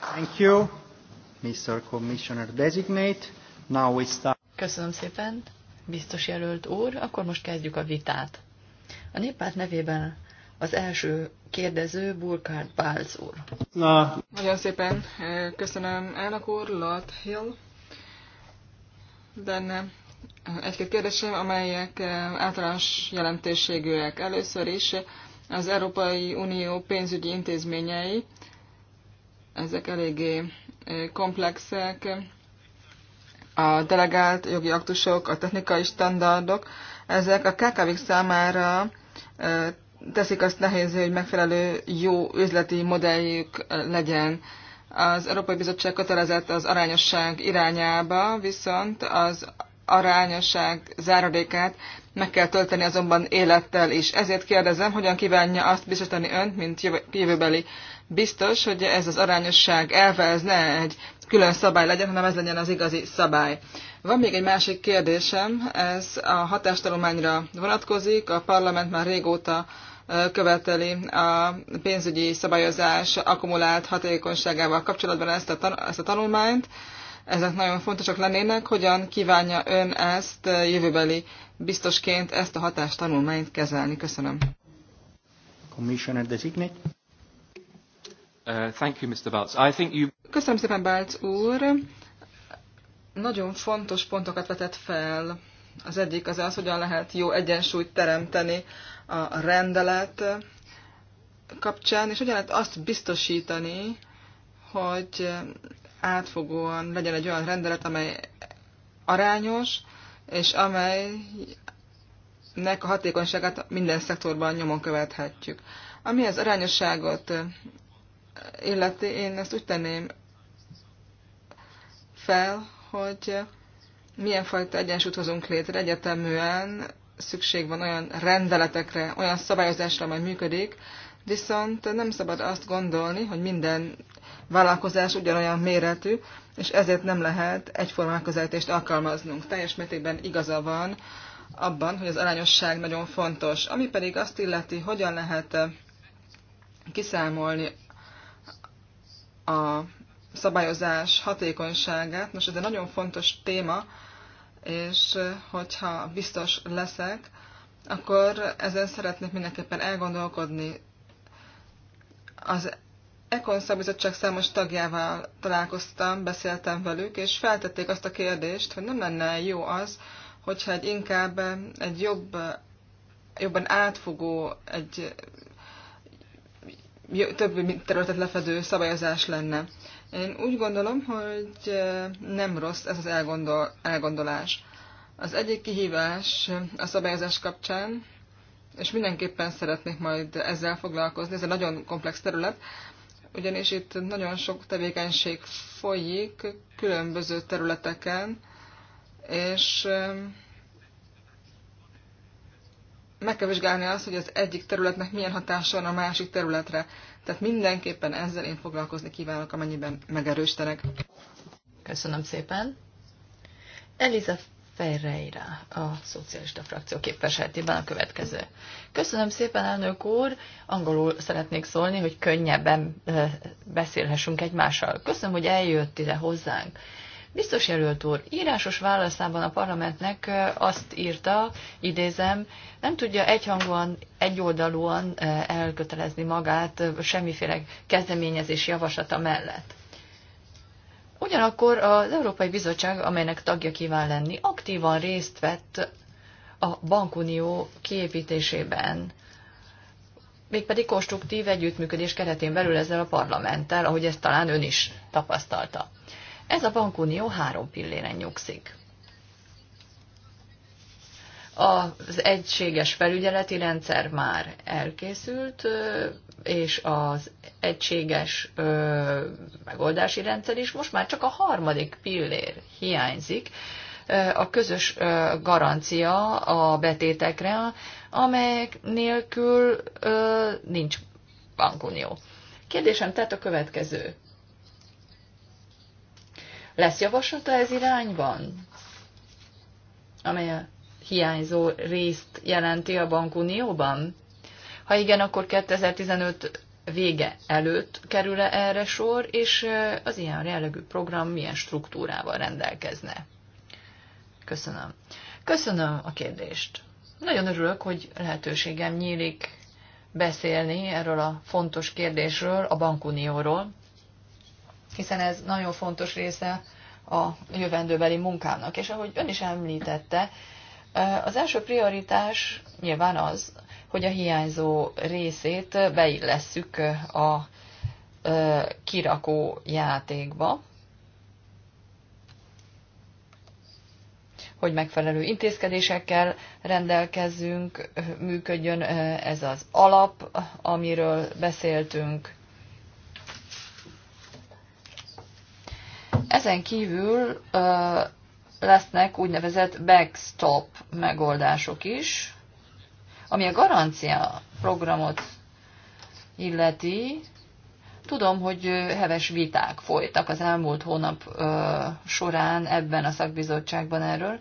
Thank you, Mr. Commissioner Designate. Now we start. Köszönöm szépen, biztos jelölt úr. Akkor most kezdjük a vitát. A néppárt nevében az első kérdező Burkhard Bálz úr. Na. Nagyon szépen eh, köszönöm elnök úr, Lott Hill. Lenne eh, egy-két kérdésem, amelyek eh, általános jelentőségűek. Először is az Európai Unió pénzügyi intézményei ezek eléggé komplexek, a delegált jogi aktusok, a technikai standardok, ezek a kkv számára teszik azt nehéz, hogy megfelelő jó üzleti modelljük legyen. Az Európai Bizottság kötelezett az arányosság irányába, viszont az arányosság záradékát meg kell tölteni azonban élettel is. Ezért kérdezem, hogyan kívánja azt biztosítani önt, mint jövőbeli biztos, hogy ez az arányosság elve, ez ne egy külön szabály legyen, hanem ez legyen az igazi szabály. Van még egy másik kérdésem, ez a hatástalományra vonatkozik, a parlament már régóta követeli a pénzügyi szabályozás akkumulált hatékonyságával kapcsolatban ezt a, tan- ezt a tanulmányt. Ezek nagyon fontosak lennének. Hogyan kívánja ön ezt jövőbeli biztosként ezt a hatástanulmányt kezelni? Köszönöm. Commissioner designate. Uh, thank you, Mr. Balz. I think you... Köszönöm szépen, Balz úr. Nagyon fontos pontokat vetett fel. Az egyik az az, hogyan lehet jó egyensúlyt teremteni a rendelet kapcsán, és hogyan lehet azt biztosítani, hogy átfogóan legyen egy olyan rendelet, amely arányos, és amelynek a hatékonyságát minden szektorban nyomon követhetjük. Ami az arányosságot illeti, én ezt úgy tenném fel, hogy milyen fajta egyensúlyt hozunk létre egyeteműen, szükség van olyan rendeletekre, olyan szabályozásra, amely működik, viszont nem szabad azt gondolni, hogy minden vállalkozás ugyanolyan méretű, és ezért nem lehet egyforma megközelítést alkalmaznunk. Teljes mértékben igaza van abban, hogy az arányosság nagyon fontos. Ami pedig azt illeti, hogyan lehet kiszámolni a szabályozás hatékonyságát. Most ez egy nagyon fontos téma, és eh, hogyha biztos leszek, akkor ezen szeretnék mindenképpen elgondolkodni. Az Ekon szabizottság számos tagjával találkoztam, beszéltem velük, és feltették azt a kérdést, hogy nem lenne jó az, hogyha egy inkább egy jobb, jobban átfogó, egy több területet lefedő szabályozás lenne. Én úgy gondolom, hogy nem rossz ez az elgondol, elgondolás. Az egyik kihívás a szabályozás kapcsán, és mindenképpen szeretnék majd ezzel foglalkozni, ez egy nagyon komplex terület, ugyanis itt nagyon sok tevékenység folyik különböző területeken, és meg kell vizsgálni azt, hogy az egyik területnek milyen hatása van a másik területre. Tehát mindenképpen ezzel én foglalkozni kívánok, amennyiben megerősítenek. Köszönöm szépen. Eliza Ferreira, a szocialista frakció képviseletében a következő. Köszönöm szépen, elnök úr! Angolul szeretnék szólni, hogy könnyebben eh, beszélhessünk egymással. Köszönöm, hogy eljött ide hozzánk. Biztos jelölt úr, írásos válaszában a parlamentnek azt írta, idézem, nem tudja egyhangúan, egyoldalúan elkötelezni magát semmiféle kezdeményezés javaslata mellett. Ugyanakkor az Európai Bizottság, amelynek tagja kíván lenni, aktívan részt vett a bankunió kiépítésében, mégpedig konstruktív együttműködés keretén belül ezzel a parlamenttel, ahogy ezt talán ön is tapasztalta. Ez a bankunió három pilléren nyugszik. Az egységes felügyeleti rendszer már elkészült, és az egységes megoldási rendszer is. Most már csak a harmadik pillér hiányzik, a közös garancia a betétekre, amelyek nélkül nincs bankunió. Kérdésem tehát a következő. Lesz javaslata ez irányban, amely a hiányzó részt jelenti a bankunióban? Ha igen, akkor 2015 vége előtt kerül -e erre sor, és az ilyen jellegű program milyen struktúrával rendelkezne? Köszönöm. Köszönöm a kérdést. Nagyon örülök, hogy lehetőségem nyílik beszélni erről a fontos kérdésről, a bankunióról hiszen ez nagyon fontos része a jövendőbeli munkának, És ahogy ön is említette, eh, az első prioritás nyilván az, hogy a hiányzó részét beillesszük a eh, kirakó játékba, hogy megfelelő intézkedésekkel rendelkezzünk, eh, működjön ez az alap, amiről beszéltünk, Ezen kívül lesznek úgynevezett backstop megoldások is, ami a garancia programot illeti. Tudom, hogy heves viták folytak az elmúlt hónap során ebben a szakbizottságban erről.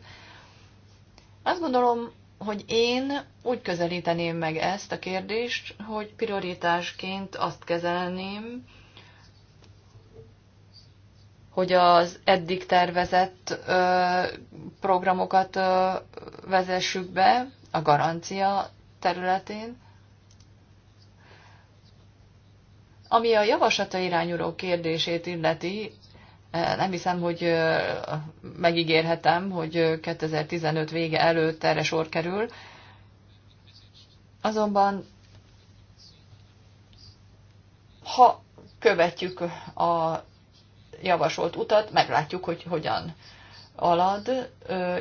Azt gondolom, hogy én úgy közelíteném meg ezt a kérdést, hogy prioritásként azt kezelném, hogy az eddig tervezett programokat vezessük be a garancia területén. Ami a javaslata irányuló kérdését illeti, nem hiszem, hogy megígérhetem, hogy 2015 vége előtt erre sor kerül. Azonban, ha követjük a javasolt utat, meglátjuk, hogy hogyan alad,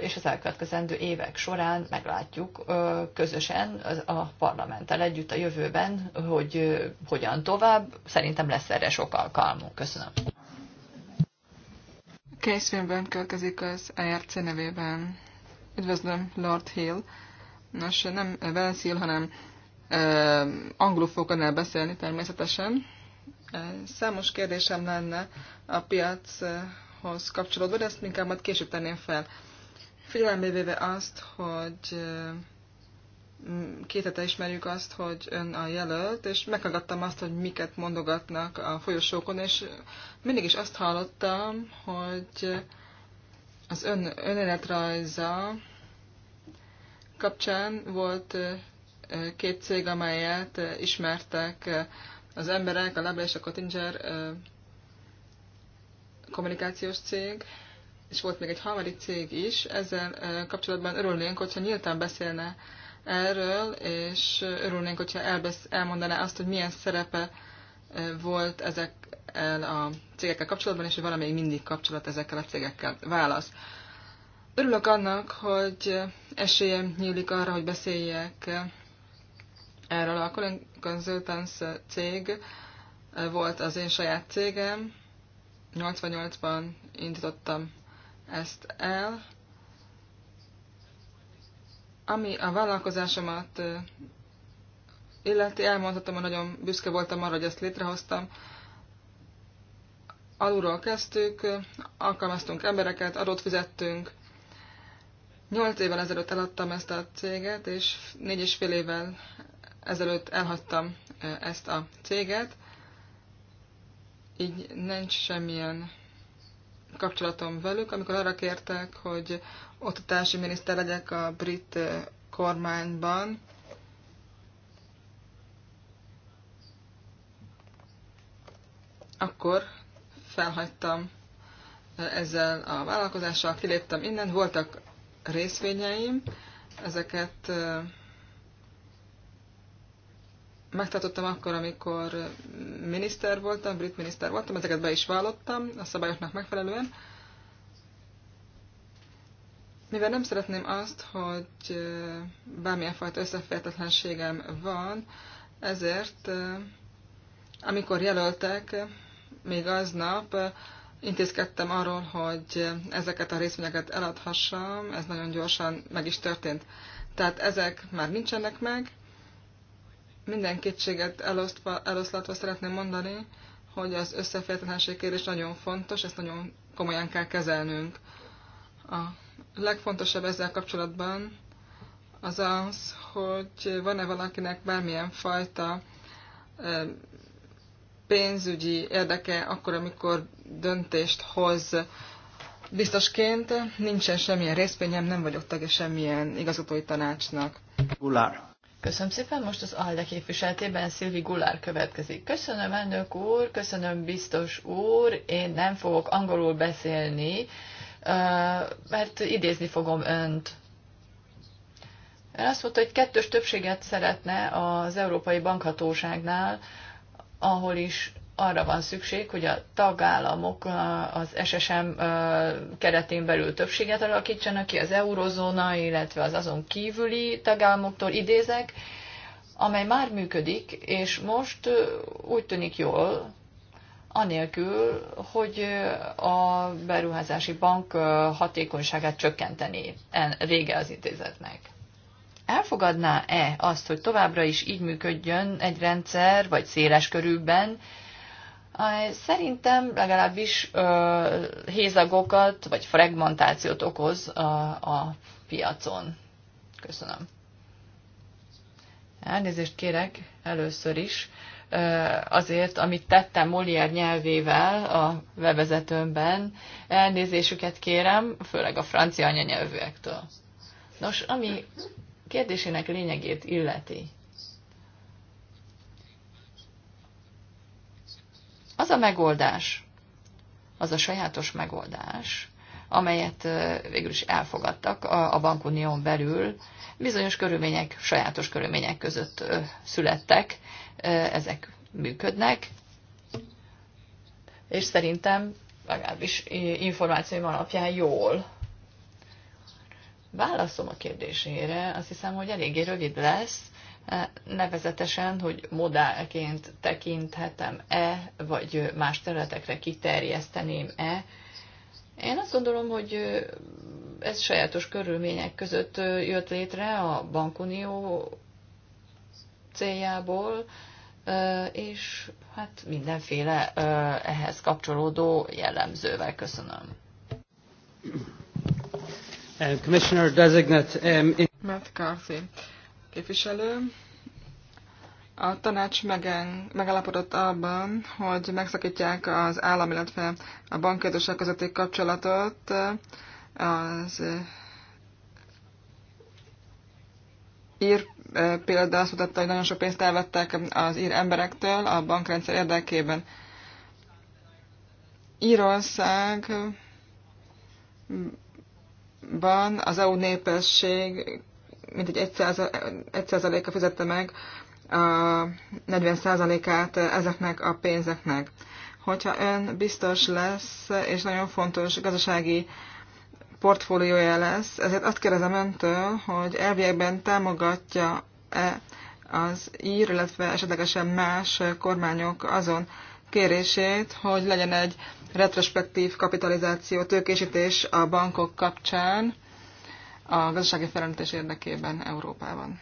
és az elkövetkezendő évek során meglátjuk közösen a parlamenttel együtt a jövőben, hogy hogyan tovább. Szerintem lesz erre sok alkalmunk. Köszönöm. Készvényben következik az ARC nevében. Üdvözlöm, Lord Hill. Nos, nem Vance Hill, hanem angolul fogok beszélni természetesen. Számos kérdésem lenne a piachoz kapcsolódva, de ezt inkább majd később tenném fel. Figyelembe véve azt, hogy mm, két hete ismerjük azt, hogy ön a jelölt, és meghallgattam azt, hogy miket mondogatnak a folyosókon, és mindig is azt hallottam, hogy az ön, önéletrajza kapcsán volt két cég, amelyet ismertek az emberek, a Label és a Kottinger kommunikációs cég, és volt még egy harmadik cég is, ezzel kapcsolatban örülnénk, hogyha nyíltan beszélne erről, és örülnénk, hogyha elbesz, elmondaná azt, hogy milyen szerepe volt ezekkel a cégekkel kapcsolatban, és hogy valamelyik mindig kapcsolat ezekkel a cégekkel. Válasz. Örülök annak, hogy esélyem nyílik arra, hogy beszéljek erről. A Colin Consultants cég eh, volt az én saját cégem. 88-ban indítottam ezt el. Ami a vállalkozásomat eh, illeti, elmondhatom, hogy nagyon büszke voltam arra, hogy ezt létrehoztam. Alulról kezdtük, alkalmaztunk embereket, adót fizettünk, Nyolc évvel ezelőtt eladtam ezt a céget, és négy és fél évvel ezelőtt elhagytam ezt a céget, így nincs semmilyen kapcsolatom velük, amikor arra kértek, hogy oktatási miniszter legyek a brit kormányban. Akkor felhagytam ezzel a vállalkozással, kiléptem innen, voltak részvényeim, ezeket megtartottam akkor, amikor miniszter voltam, brit miniszter voltam, ezeket be is vállottam a szabályoknak megfelelően. Mivel nem szeretném azt, hogy bármilyen fajta összefértetlenségem van, ezért amikor jelöltek, még aznap intézkedtem arról, hogy ezeket a részvényeket eladhassam, ez nagyon gyorsan meg is történt. Tehát ezek már nincsenek meg, minden kétséget elosztva, eloszlatva szeretném mondani, hogy az összeférhetetlenség kérdés nagyon fontos, ezt nagyon komolyan kell kezelnünk. A legfontosabb ezzel kapcsolatban az az, hogy van-e valakinek bármilyen fajta pénzügyi érdeke akkor, amikor döntést hoz. Biztosként nincsen semmilyen részpényem, nem vagyok tagja semmilyen igazgatói tanácsnak. Bullár. Köszönöm szépen, most az ALDE képviseltében Szilvi Gulár következik. Köszönöm, elnök úr, köszönöm, biztos úr, én nem fogok angolul beszélni, mert idézni fogom önt. Ön azt mondta, hogy kettős többséget szeretne az Európai Bankhatóságnál, ahol is arra van szükség, hogy a tagállamok az SSM keretén belül többséget alakítsanak ki, az eurozóna, illetve az azon kívüli tagállamoktól idézek, amely már működik, és most úgy tűnik jól, anélkül, hogy a beruházási bank hatékonyságát csökkenteni vége az intézetnek. Elfogadná-e azt, hogy továbbra is így működjön egy rendszer, vagy széles körülben, Szerintem legalábbis hézagokat vagy fragmentációt okoz a, a piacon. Köszönöm. Elnézést kérek először is azért, amit tettem Molière nyelvével a webvezetőmben. Elnézésüket kérem, főleg a francia anyanyelvűektől. Nos, ami kérdésének lényegét illeti. Az a megoldás, az a sajátos megoldás, amelyet végül is elfogadtak a bankunión belül, bizonyos körülmények, sajátos körülmények között születtek, ezek működnek, és szerintem legalábbis információim alapján jól. Válaszom a kérdésére, azt hiszem, hogy eléggé rövid lesz, nevezetesen, hogy modálként tekinthetem-e, vagy más területekre kiterjeszteném-e. Én azt gondolom, hogy ez sajátos körülmények között jött létre a bankunió céljából, és hát mindenféle ehhez kapcsolódó jellemzővel köszönöm. Uh, Commissioner Designate. Um, in... Carthy képviselő. A tanács megen, megállapodott abban, hogy megszakítják az állam, illetve a bankkérdések közötti kapcsolatot az eh, ír eh, példa azt mutatta, hogy nagyon sok pénzt elvettek az ír emberektől a bankrendszer érdekében. van az EU népesség mint egy 1 százaléka fizette meg a 40 százalékát ezeknek a pénzeknek. Hogyha ön biztos lesz, és nagyon fontos gazdasági portfóliója lesz, ezért azt kérdezem öntől, hogy elviekben támogatja-e az ír, illetve esetlegesen más kormányok azon kérését, hogy legyen egy retrospektív kapitalizáció, tőkésítés a bankok kapcsán, a gazdasági felelőtés érdekében Európában?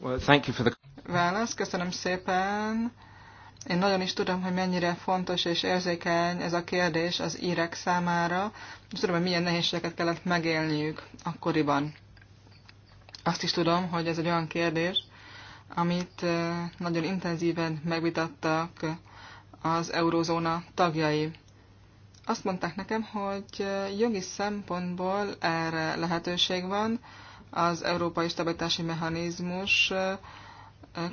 Well, thank you for the... Válasz, köszönöm szépen. Én nagyon is tudom, hogy mennyire fontos és érzékeny ez a kérdés az írek számára, és tudom, hogy milyen nehézségeket kellett megélniük akkoriban. Azt is tudom, hogy ez egy olyan kérdés, amit eh, nagyon intenzíven megvitattak az eurózóna tagjai azt mondták nekem, hogy jogi szempontból erre lehetőség van az európai stabilitási mechanizmus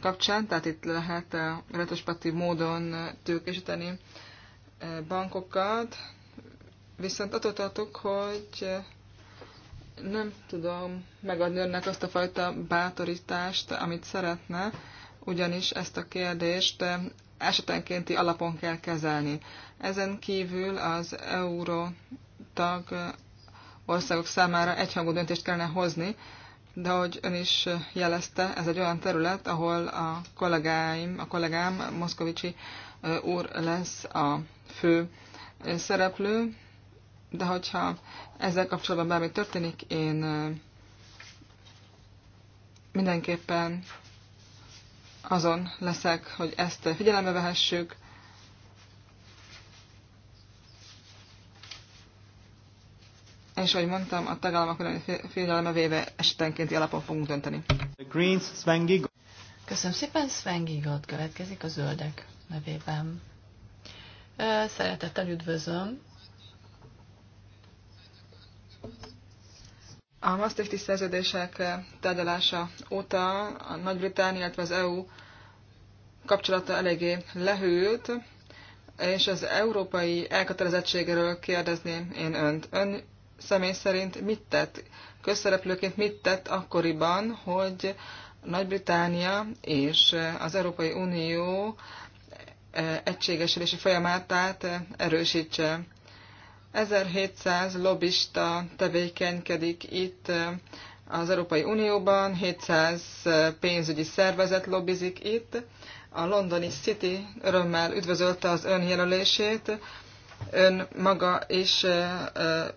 kapcsán, tehát itt lehet retrospektív módon tőkésíteni bankokat, viszont attól tartok, hogy nem tudom megadni önnek azt a fajta bátorítást, amit szeretne, ugyanis ezt a kérdést esetenkénti alapon kell kezelni. Ezen kívül az euró tag országok számára egyhangú döntést kellene hozni, de ahogy ön is jelezte, ez egy olyan terület, ahol a kollégáim, a kollégám Moszkovicsi úr lesz a fő szereplő, de hogyha ezzel kapcsolatban bármi történik, én mindenképpen azon leszek, hogy ezt figyelembe vehessük. És ahogy mondtam, a tagállamok figyelembe véve esetenkénti alapon fogunk dönteni. Greens, Köszönöm szépen, Sven Gigot következik a zöldek nevében. Szeretettel üdvözlöm A Maastrichti szerződések eh, tárgyalása óta a nagy britannia illetve az EU kapcsolata eléggé lehűlt, és az európai elkötelezettségéről kérdezném én önt. Ön személy szerint mit tett, közszereplőként mit tett akkoriban, hogy Nagy-Británia és eh, az Európai Unió eh, egységesülési folyamátát erősítse? 1700 lobbista tevékenykedik itt az Európai Unióban, 700 pénzügyi szervezet lobbizik itt. A londoni City örömmel üdvözölte az ön jelölését, Ön maga is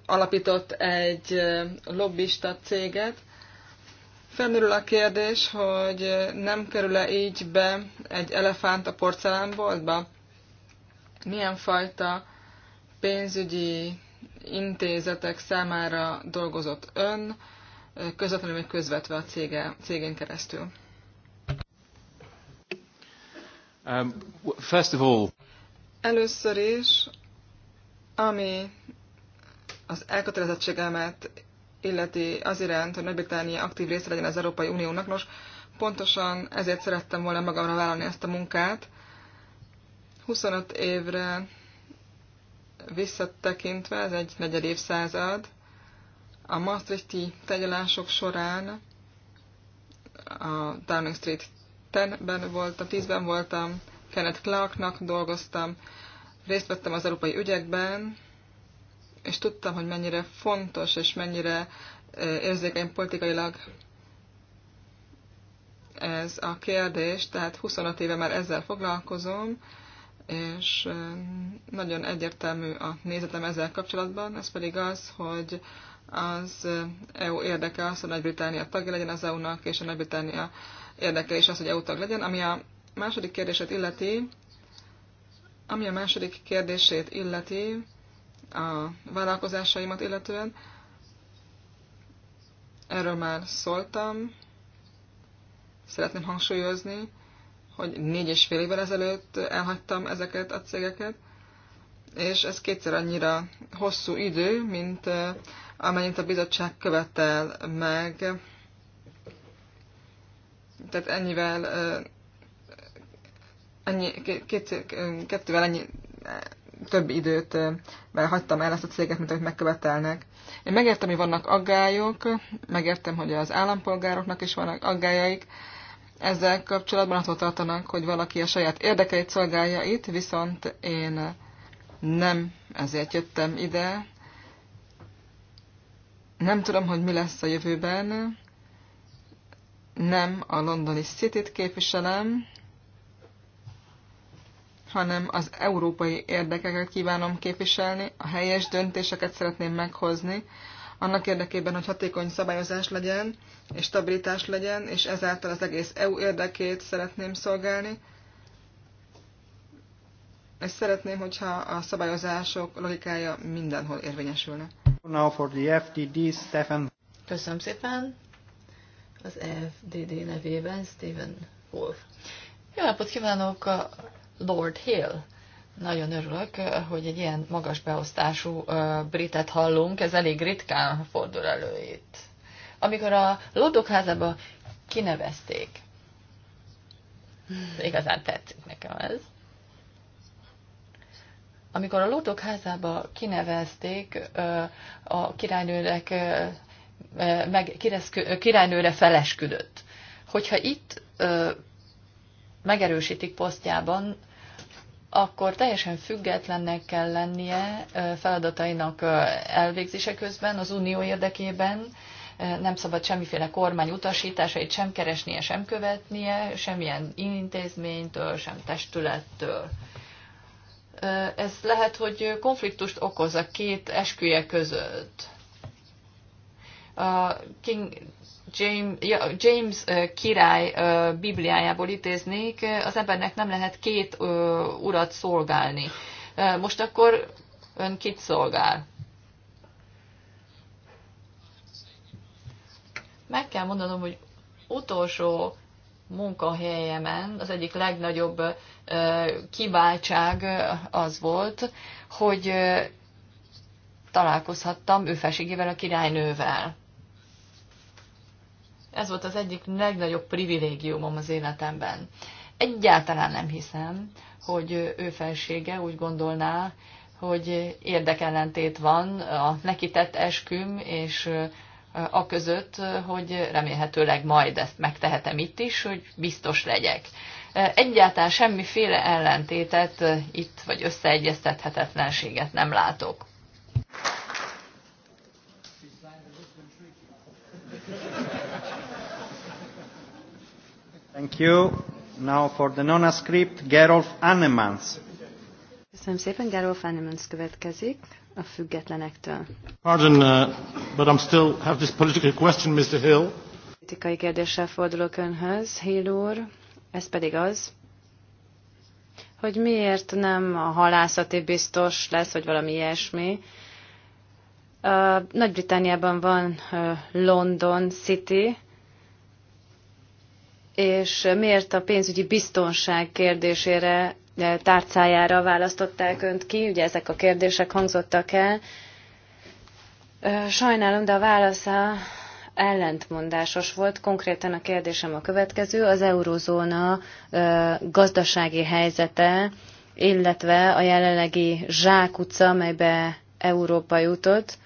alapított egy lobbista céget. Felmerül a kérdés, hogy nem kerül-e így be egy elefánt a porcelánboltba? Milyen fajta uh, pénzügyi intézetek számára dolgozott ön, közvetlenül vagy közvetve a cége, cégén keresztül? Um, first of all... Először is, ami az elkötelezettségemet illeti az iránt, hogy Nagy-Britannia aktív része legyen az Európai Uniónak. Nos, pontosan ezért szerettem volna magamra vállalni ezt a munkát. 25 évre visszatekintve, ez egy negyed évszázad, a Maastrichti tegyelások során a Downing Street 10-ben voltam, 10-ben voltam, Kenneth Clarknak dolgoztam, részt vettem az európai ügyekben, és tudtam, hogy mennyire fontos és mennyire érzékeny politikailag ez a kérdés, tehát 25 éve már ezzel foglalkozom, és nagyon egyértelmű a nézetem ezzel kapcsolatban, ez pedig az, hogy az EU érdeke az, hogy Nagy-Británia tagja legyen az EU-nak, és a Nagy-Británia érdeke is az, hogy EU tag legyen. Ami a második kérdését illeti, ami a második kérdését illeti, a vállalkozásaimat illetően, erről már szóltam, szeretném hangsúlyozni, hogy négy és fél évvel ezelőtt elhagytam ezeket a cégeket, és ez kétszer annyira hosszú idő, mint amennyit a bizottság követel meg. Tehát ennyivel, ennyi, kétszer, kettővel ennyi több időt hagytam el ezt a céget, mint amit megkövetelnek. Én megértem, hogy vannak aggályok, megértem, hogy az állampolgároknak is vannak aggályaik, ezzel kapcsolatban attól tartanak, hogy valaki a saját érdekeit szolgálja itt, viszont én nem ezért jöttem ide. Nem tudom, hogy mi lesz a jövőben. Nem a londoni City-t képviselem, hanem az európai érdekeket kívánom képviselni, a helyes döntéseket szeretném meghozni, annak érdekében, hogy hatékony szabályozás legyen, és stabilitás legyen, és ezáltal az egész EU érdekét szeretném szolgálni. És szeretném, hogyha a szabályozások logikája mindenhol érvényesülne. Now for the FDD, Stephen. Köszönöm szépen. Az FDD nevében Stephen Wolf. Jó napot kívánok, Lord Hill. Nagyon örülök, hogy egy ilyen magas beosztású britet hallunk, ez elég ritkán fordul elő itt. Amikor a Lodokházába kinevezték, igazán tetszik nekem ez. Amikor a Lordok házába kinevezték a királynőnek, meg királynőre felesküdött. Hogyha itt megerősítik posztjában, akkor teljesen függetlennek kell lennie feladatainak elvégzése közben az unió érdekében, nem szabad semmiféle kormány utasításait sem keresnie, sem követnie, semmilyen intézménytől, sem testülettől. Ez lehet, hogy konfliktust okoz a két esküje között. A King James, James király Bibliájából idéznék, az embernek nem lehet két urat szolgálni. Most akkor ön kit szolgál? Meg kell mondanom, hogy utolsó munkahelyemen az egyik legnagyobb kiváltság az volt, hogy találkozhattam ő a királynővel. Ez volt az egyik legnagyobb privilégiumom az életemben. Egyáltalán nem hiszem, hogy ő felsége úgy gondolná, hogy érdekellentét van a neki tett esküm és a között, hogy remélhetőleg majd ezt megtehetem itt is, hogy biztos legyek. Egyáltalán semmiféle ellentétet itt, vagy összeegyeztethetetlenséget nem látok. Thank you. Now for the non-script, Gerolf Annemans. Köszönöm szépen, Gerolf Annemans következik a függetlenektől. Pardon, uh, but I'm still have this political question, Mr. Hill. Politikai kérdéssel fordulok önhöz, Hill úr. Ez pedig az, hogy miért nem a halászati biztos lesz, vagy valami ilyesmi. Uh, Nagy-Britániában van uh, London City, és miért a pénzügyi biztonság kérdésére e, tárcájára választották önt ki, ugye ezek a kérdések hangzottak el. Sajnálom, de a válasza ellentmondásos volt. Konkrétan a kérdésem a következő. Az eurozóna gazdasági helyzete, illetve a jelenlegi zsákutca, amelybe Európa jutott,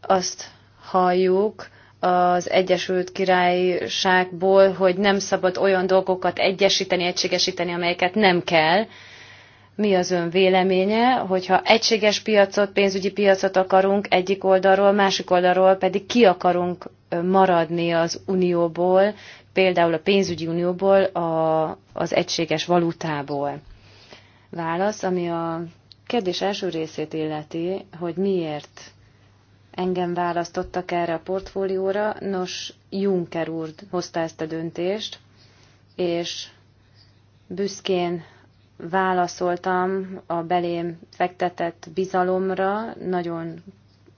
azt halljuk az Egyesült Királyságból, hogy nem szabad olyan dolgokat egyesíteni, egységesíteni, amelyeket nem kell. Mi az ön véleménye, hogyha egységes piacot, pénzügyi piacot akarunk egyik oldalról, másik oldalról pedig ki akarunk maradni az unióból, például a pénzügyi unióból, a, az egységes valutából? Válasz, ami a kérdés első részét illeti, hogy miért engem választottak erre a portfólióra. Nos, Juncker úr hozta ezt a döntést, és büszkén válaszoltam a belém fektetett bizalomra, nagyon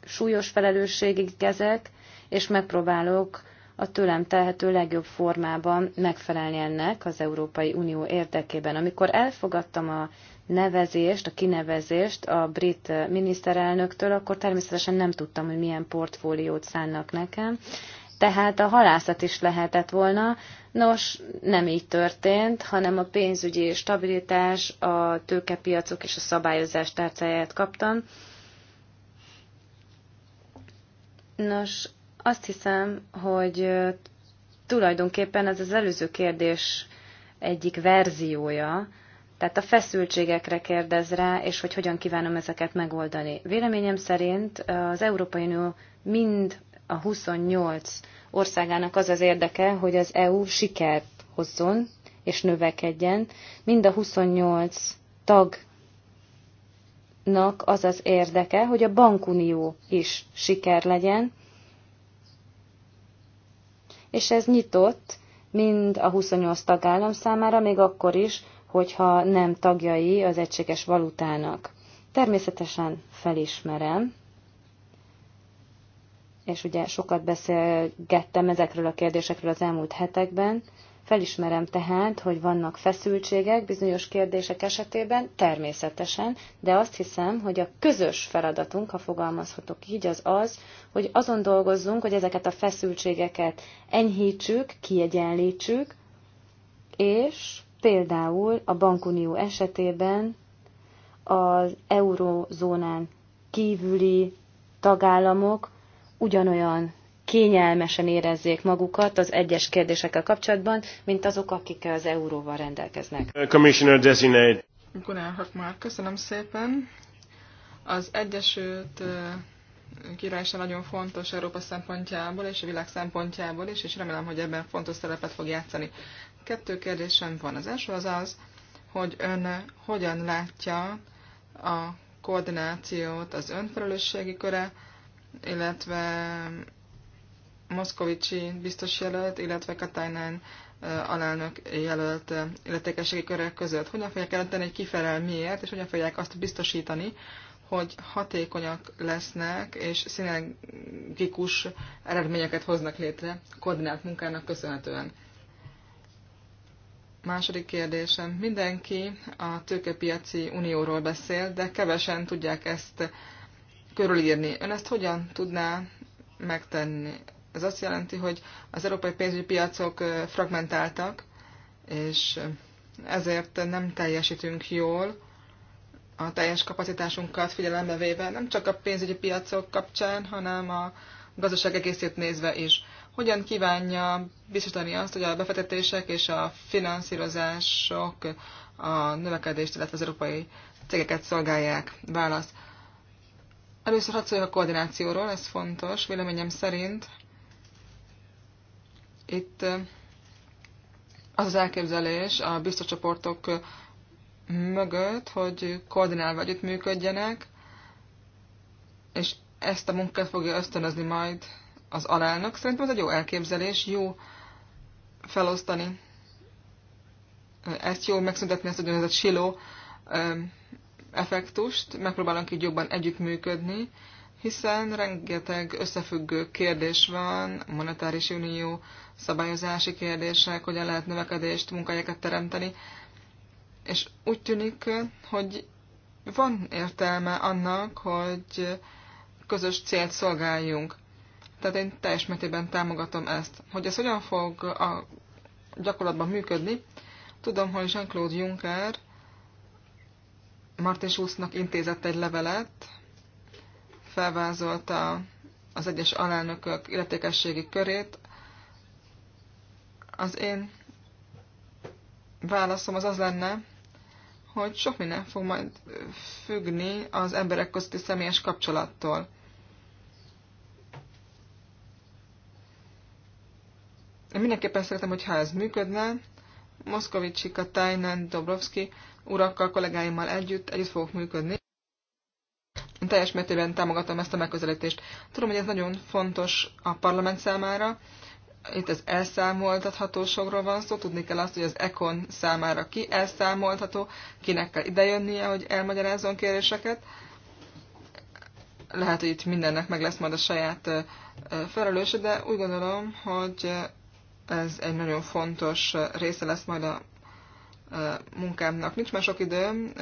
súlyos felelősségig ezek, és megpróbálok a tőlem telhető legjobb formában megfelelni ennek az Európai Unió érdekében. Amikor elfogadtam a nevezést, a kinevezést a brit miniszterelnöktől, akkor természetesen nem tudtam, hogy milyen portfóliót szánnak nekem. Tehát a halászat is lehetett volna, nos, nem így történt, hanem a pénzügyi stabilitás, a tőkepiacok és a szabályozás tárcáját kaptam. Nos, azt hiszem, hogy tulajdonképpen ez az előző kérdés egyik verziója, tehát a feszültségekre kérdez rá, és hogy hogyan kívánom ezeket megoldani. Véleményem szerint az Európai Unió mind a 28 országának az az érdeke, hogy az EU sikert hozzon és növekedjen. Mind a 28 tagnak az az érdeke, hogy a bankunió is siker legyen, és ez nyitott mind a 28 tagállam számára, még akkor is, hogyha nem tagjai az egységes valutának. Természetesen felismerem, és ugye sokat beszélgettem ezekről a kérdésekről az elmúlt hetekben, Felismerem tehát, hogy vannak feszültségek bizonyos kérdések esetében, természetesen, de azt hiszem, hogy a közös feladatunk, ha fogalmazhatok így, az az, hogy azon dolgozzunk, hogy ezeket a feszültségeket enyhítsük, kiegyenlítsük, és például a bankunió esetében az eurozónán kívüli tagállamok ugyanolyan kényelmesen érezzék magukat az egyes kérdésekkel kapcsolatban, mint azok, akik az euróval rendelkeznek. Uh, Commissioner Designate. Gunnar már köszönöm szépen. Az Egyesült uh, Királyság nagyon fontos Európa szempontjából és a világ szempontjából is, és remélem, hogy ebben fontos szerepet fog játszani. Kettő kérdésem van. Az első az az, hogy ön hogyan látja a koordinációt az önfelelősségi köre, illetve Moszkovicsi biztos jelölt, illetve Katajnán alelnök jelölt illetékességi körök között. Hogyan fogják jelenteni, hogy kifelel miért, és hogyan fogják azt biztosítani, hogy hatékonyak lesznek, és szinergikus eredményeket hoznak létre koordinált munkának köszönhetően. Második kérdésem. Mindenki a tőkepiaci unióról beszél, de kevesen tudják ezt körülírni. Ön ezt hogyan tudná megtenni? Ez azt jelenti, hogy az európai pénzügyi piacok fragmentáltak, és ezért nem teljesítünk jól a teljes kapacitásunkat figyelembe véve, nem csak a pénzügyi piacok kapcsán, hanem a gazdaság egészét nézve is. Hogyan kívánja biztosítani azt, hogy a befektetések és a finanszírozások a növekedést, illetve az európai cégeket szolgálják? Válasz. Először hadd a koordinációról, ez fontos. Véleményem szerint itt az az elképzelés a biztos csoportok mögött, hogy koordinálva együttműködjenek, és ezt a munkát fogja ösztönözni majd az alelnök. Szerintem ez egy jó elképzelés, jó felosztani ezt, jó megszüntetni ezt úgynevezett siló effektust, megpróbálunk így jobban együttműködni, hiszen rengeteg összefüggő kérdés van, monetáris unió, szabályozási kérdések, hogyan lehet növekedést, munkahelyeket teremteni, és úgy tűnik, hogy van értelme annak, hogy közös célt szolgáljunk. Tehát én teljes mértékben támogatom ezt. Hogy ez hogyan fog a gyakorlatban működni, tudom, hogy Jean-Claude Juncker Martin Schulznak intézett egy levelet, felvázolta az egyes alelnökök illetékességi körét. Az én válaszom az az lenne, hogy sok minden fog majd függni az emberek közti személyes kapcsolattól. Én mindenképpen szeretem, hogyha ez működne. Moszkovicsika, Tajnen, Dobrovski urakkal, kollégáimmal együtt, együtt fogok működni teljes mértékben támogatom ezt a megközelítést. Tudom, hogy ez nagyon fontos a parlament számára. Itt az elszámoltathatóságról van szó, tudni kell azt, hogy az ECON számára ki elszámoltható, kinek kell idejönnie, hogy elmagyarázzon kéréseket. Lehet, hogy itt mindennek meg lesz majd a saját felelőse, de úgy gondolom, hogy ez egy nagyon fontos része lesz majd a munkámnak. Nincs már sok időm,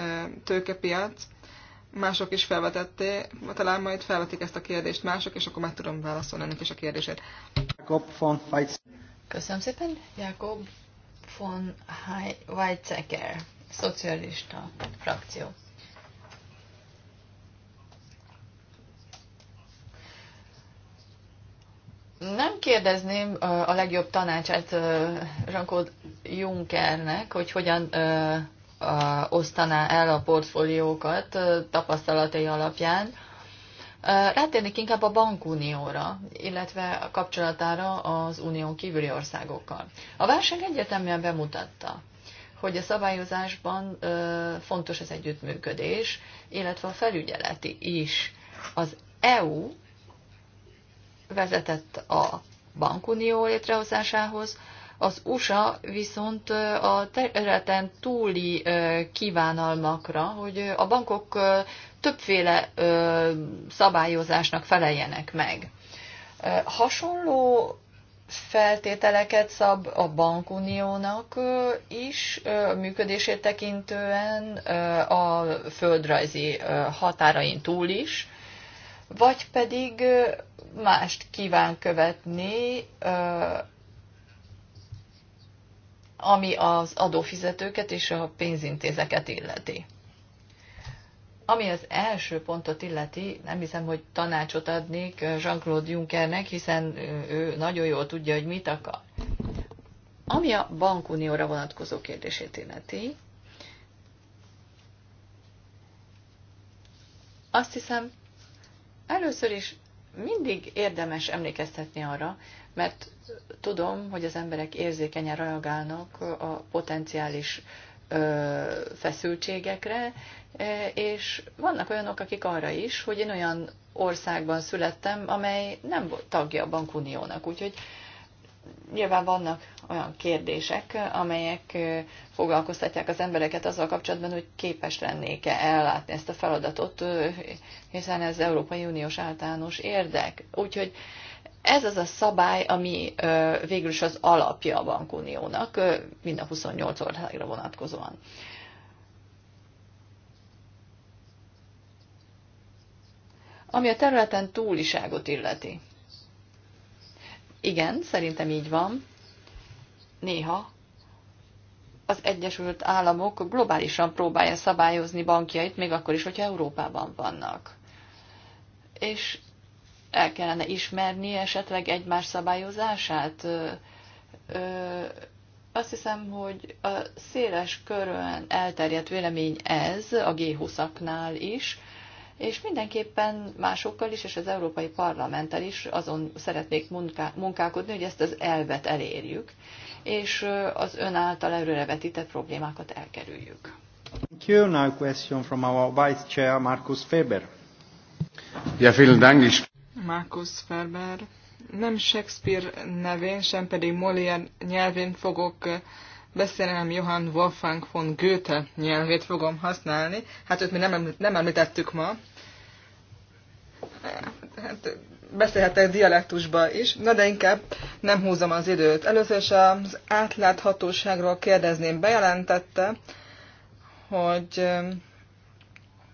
tőkepiac, mások is felvetették, talán majd felvetik ezt a kérdést mások, és akkor meg tudom válaszolni ennek is a kérdését. Jakob von Köszönöm szépen, Jakob von Weizsäcker, szocialista frakció. Nem kérdezném a legjobb tanácsát Jean-Claude Junckernek, hogy hogyan osztaná el a portfóliókat tapasztalatai alapján. Rátérnék inkább a bankunióra, illetve a kapcsolatára az unión kívüli országokkal. A válság egyértelműen bemutatta, hogy a szabályozásban fontos az együttműködés, illetve a felügyeleti is. Az EU vezetett a bankunió létrehozásához, az USA viszont a területen túli kívánalmakra, hogy a bankok többféle szabályozásnak feleljenek meg. Hasonló feltételeket szab a bankuniónak is működését tekintően a földrajzi határain túl is, vagy pedig mást kíván követni ami az adófizetőket és a pénzintézeket illeti. Ami az első pontot illeti, nem hiszem, hogy tanácsot adnék Jean-Claude Junckernek, hiszen ő nagyon jól tudja, hogy mit akar. Ami a bankunióra vonatkozó kérdését illeti, azt hiszem, először is mindig érdemes emlékeztetni arra, mert tudom, hogy az emberek érzékenyen reagálnak a potenciális feszültségekre, és vannak olyanok, akik arra is, hogy én olyan országban születtem, amely nem tagja a bankuniónak. Úgyhogy nyilván vannak olyan kérdések, amelyek foglalkoztatják az embereket azzal kapcsolatban, hogy képes lennék-e ellátni ezt a feladatot, hiszen ez Európai Uniós általános érdek. Úgyhogy ez az a szabály, ami végül is az alapja a bankuniónak, mind a 28 országra vonatkozóan. Ami a területen túliságot illeti. Igen, szerintem így van. Néha az Egyesült Államok globálisan próbálja szabályozni bankjait, még akkor is, hogyha Európában vannak. És el kellene ismerni esetleg egymás szabályozását. Azt hiszem, hogy a széles körön elterjedt vélemény ez, a G20-aknál is, és mindenképpen másokkal is, és az Európai Parlamenttel is azon szeretnék munká- munkálkodni, hogy ezt az elvet elérjük, és az ön által előre vetített problémákat elkerüljük. Thank you. Now question from our Vice Chair Markus Feber. Ja, vielen Dank. Ich Markus Ferber. Nem Shakespeare nevén, sem pedig Molière nyelvén fogok beszélni, hanem Johann Wolfgang von Goethe nyelvét fogom használni. Hát őt mi nem, említ, nem említettük ma. Hát, beszélhetek dialektusba is, na de inkább nem húzom az időt. Először is az átláthatóságról kérdezném. Bejelentette, hogy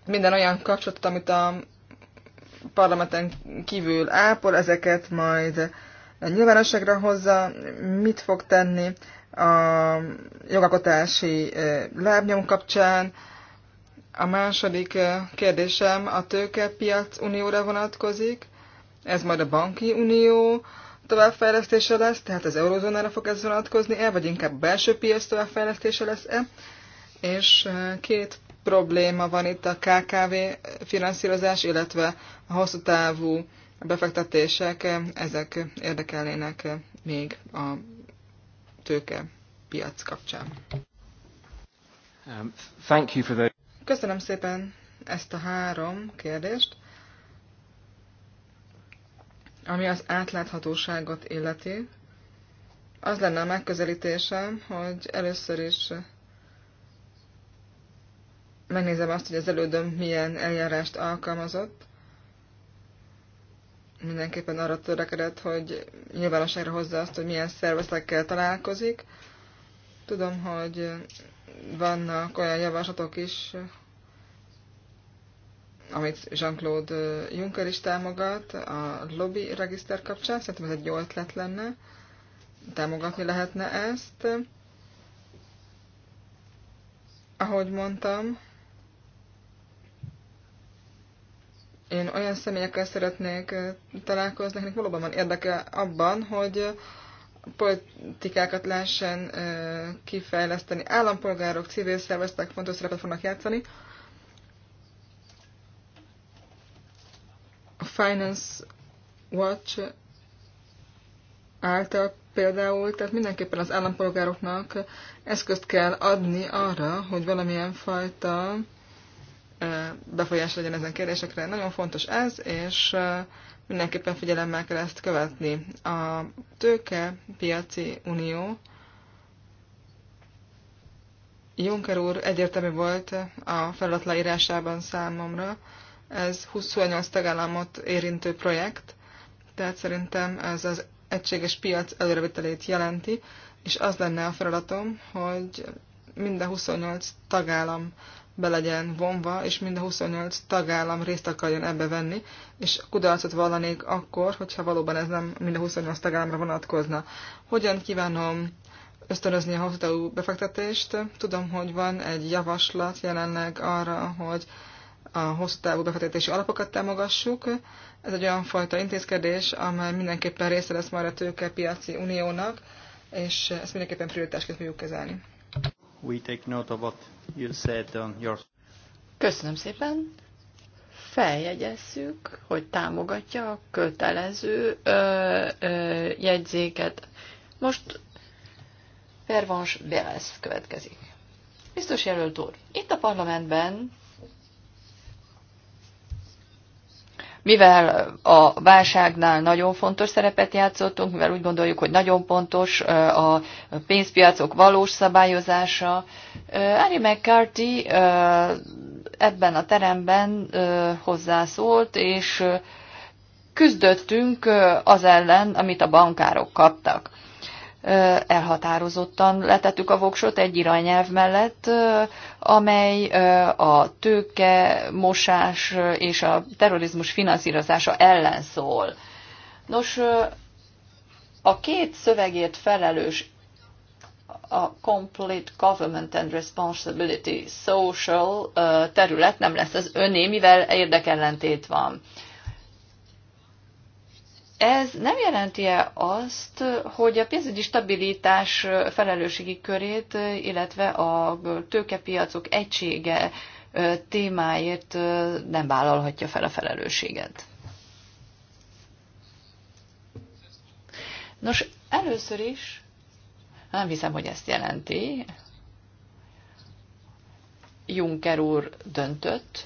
minden olyan kapcsolatot, amit a parlamenten kívül ápol, ezeket majd nyilvánosságra hozza, mit fog tenni a jogalkotási lábnyom kapcsán. A második kérdésem a tőkepiac unióra vonatkozik, ez majd a banki unió továbbfejlesztése lesz, tehát az eurozónára fog ez vonatkozni-e, vagy inkább belső piac továbbfejlesztése lesz-e? És két probléma van itt a KKV finanszírozás, illetve a hosszú távú befektetések, ezek érdekelnének még a tőke piac kapcsán. Um, thank you for the... Köszönöm szépen ezt a három kérdést. Ami az átláthatóságot illeti, az lenne a megközelítésem, hogy először is megnézem azt, hogy az elődöm milyen eljárást alkalmazott. Mindenképpen arra törekedett, hogy nyilvánosságra hozza azt, hogy milyen szervezetekkel találkozik. Tudom, hogy vannak olyan javaslatok is, amit Jean-Claude Juncker is támogat a lobby regiszter kapcsán. Szerintem ez egy jó ötlet lenne. Támogatni lehetne ezt. Ahogy mondtam, Én olyan személyekkel szeretnék találkozni, akiknek valóban van érdeke abban, hogy politikákat lehessen kifejleszteni. Állampolgárok, civil szervezetek fontos szerepet fognak játszani. A Finance Watch által például, tehát mindenképpen az állampolgároknak eszközt kell adni arra, hogy valamilyen fajta befolyás legyen ezen kérdésekre. Nagyon fontos ez, és mindenképpen figyelemmel kell ezt követni. A tőke piaci unió Juncker úr egyértelmű volt a feladat leírásában számomra. Ez 28 tagállamot érintő projekt, tehát szerintem ez az egységes piac előrevitelét jelenti, és az lenne a feladatom, hogy minden 28 tagállam be legyen vonva, és mind a 28 tagállam részt akarjon ebbe venni, és kudarcot vallanék akkor, hogyha valóban ez nem mind a 28 tagállamra vonatkozna. Hogyan kívánom ösztönözni a hosszú befektetést? Tudom, hogy van egy javaslat jelenleg arra, hogy a hosszú távú befektetési alapokat támogassuk. Ez egy olyan fajta intézkedés, amely mindenképpen része lesz majd a tőkepiaci uniónak, és ezt mindenképpen prioritásként fogjuk kezelni. We take note of what you said on your... Köszönöm szépen. Feljegyezzük, hogy támogatja a kötelező ö, ö, jegyzéket. Most Pervans Belesz következik. Biztos jelölt úr, itt a parlamentben mivel a válságnál nagyon fontos szerepet játszottunk, mivel úgy gondoljuk, hogy nagyon pontos a pénzpiacok valós szabályozása, Ari McCarthy ebben a teremben hozzászólt, és küzdöttünk az ellen, amit a bankárok kaptak elhatározottan letettük a voksot egy irányelv mellett, amely a tőke, mosás és a terrorizmus finanszírozása ellen szól. Nos, a két szövegért felelős a Complete Government and Responsibility Social terület nem lesz az öné, mivel érdekellentét van ez nem jelenti-e azt, hogy a pénzügyi stabilitás felelősségi körét, illetve a tőkepiacok egysége témáért nem vállalhatja fel a felelősséget? Nos, először is nem hiszem, hogy ezt jelenti. Juncker úr döntött,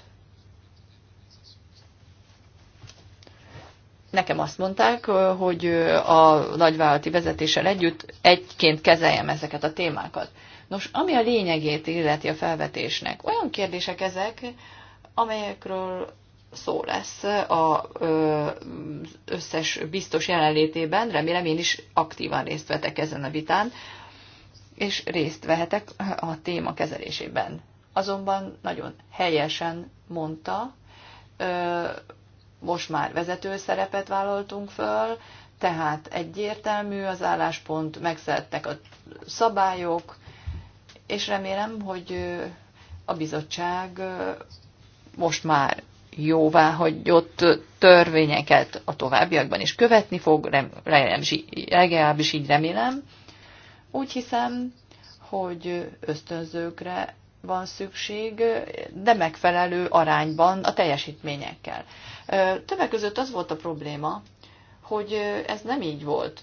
nekem azt mondták, hogy a nagyvállalati vezetéssel együtt egyként kezeljem ezeket a témákat. Nos, ami a lényegét illeti a felvetésnek, olyan kérdések ezek, amelyekről szó lesz az összes biztos jelenlétében, remélem én is aktívan részt vetek ezen a vitán, és részt vehetek a téma kezelésében. Azonban nagyon helyesen mondta, most már vezető szerepet vállaltunk föl, tehát egyértelmű az álláspont, megszerettek a szabályok, és remélem, hogy a bizottság most már jóvá hagyott törvényeket a továbbiakban is követni fog, legalábbis így remélem. Úgy hiszem, hogy ösztönzőkre van szükség, de megfelelő arányban a teljesítményekkel. Többek között az volt a probléma, hogy ez nem így volt.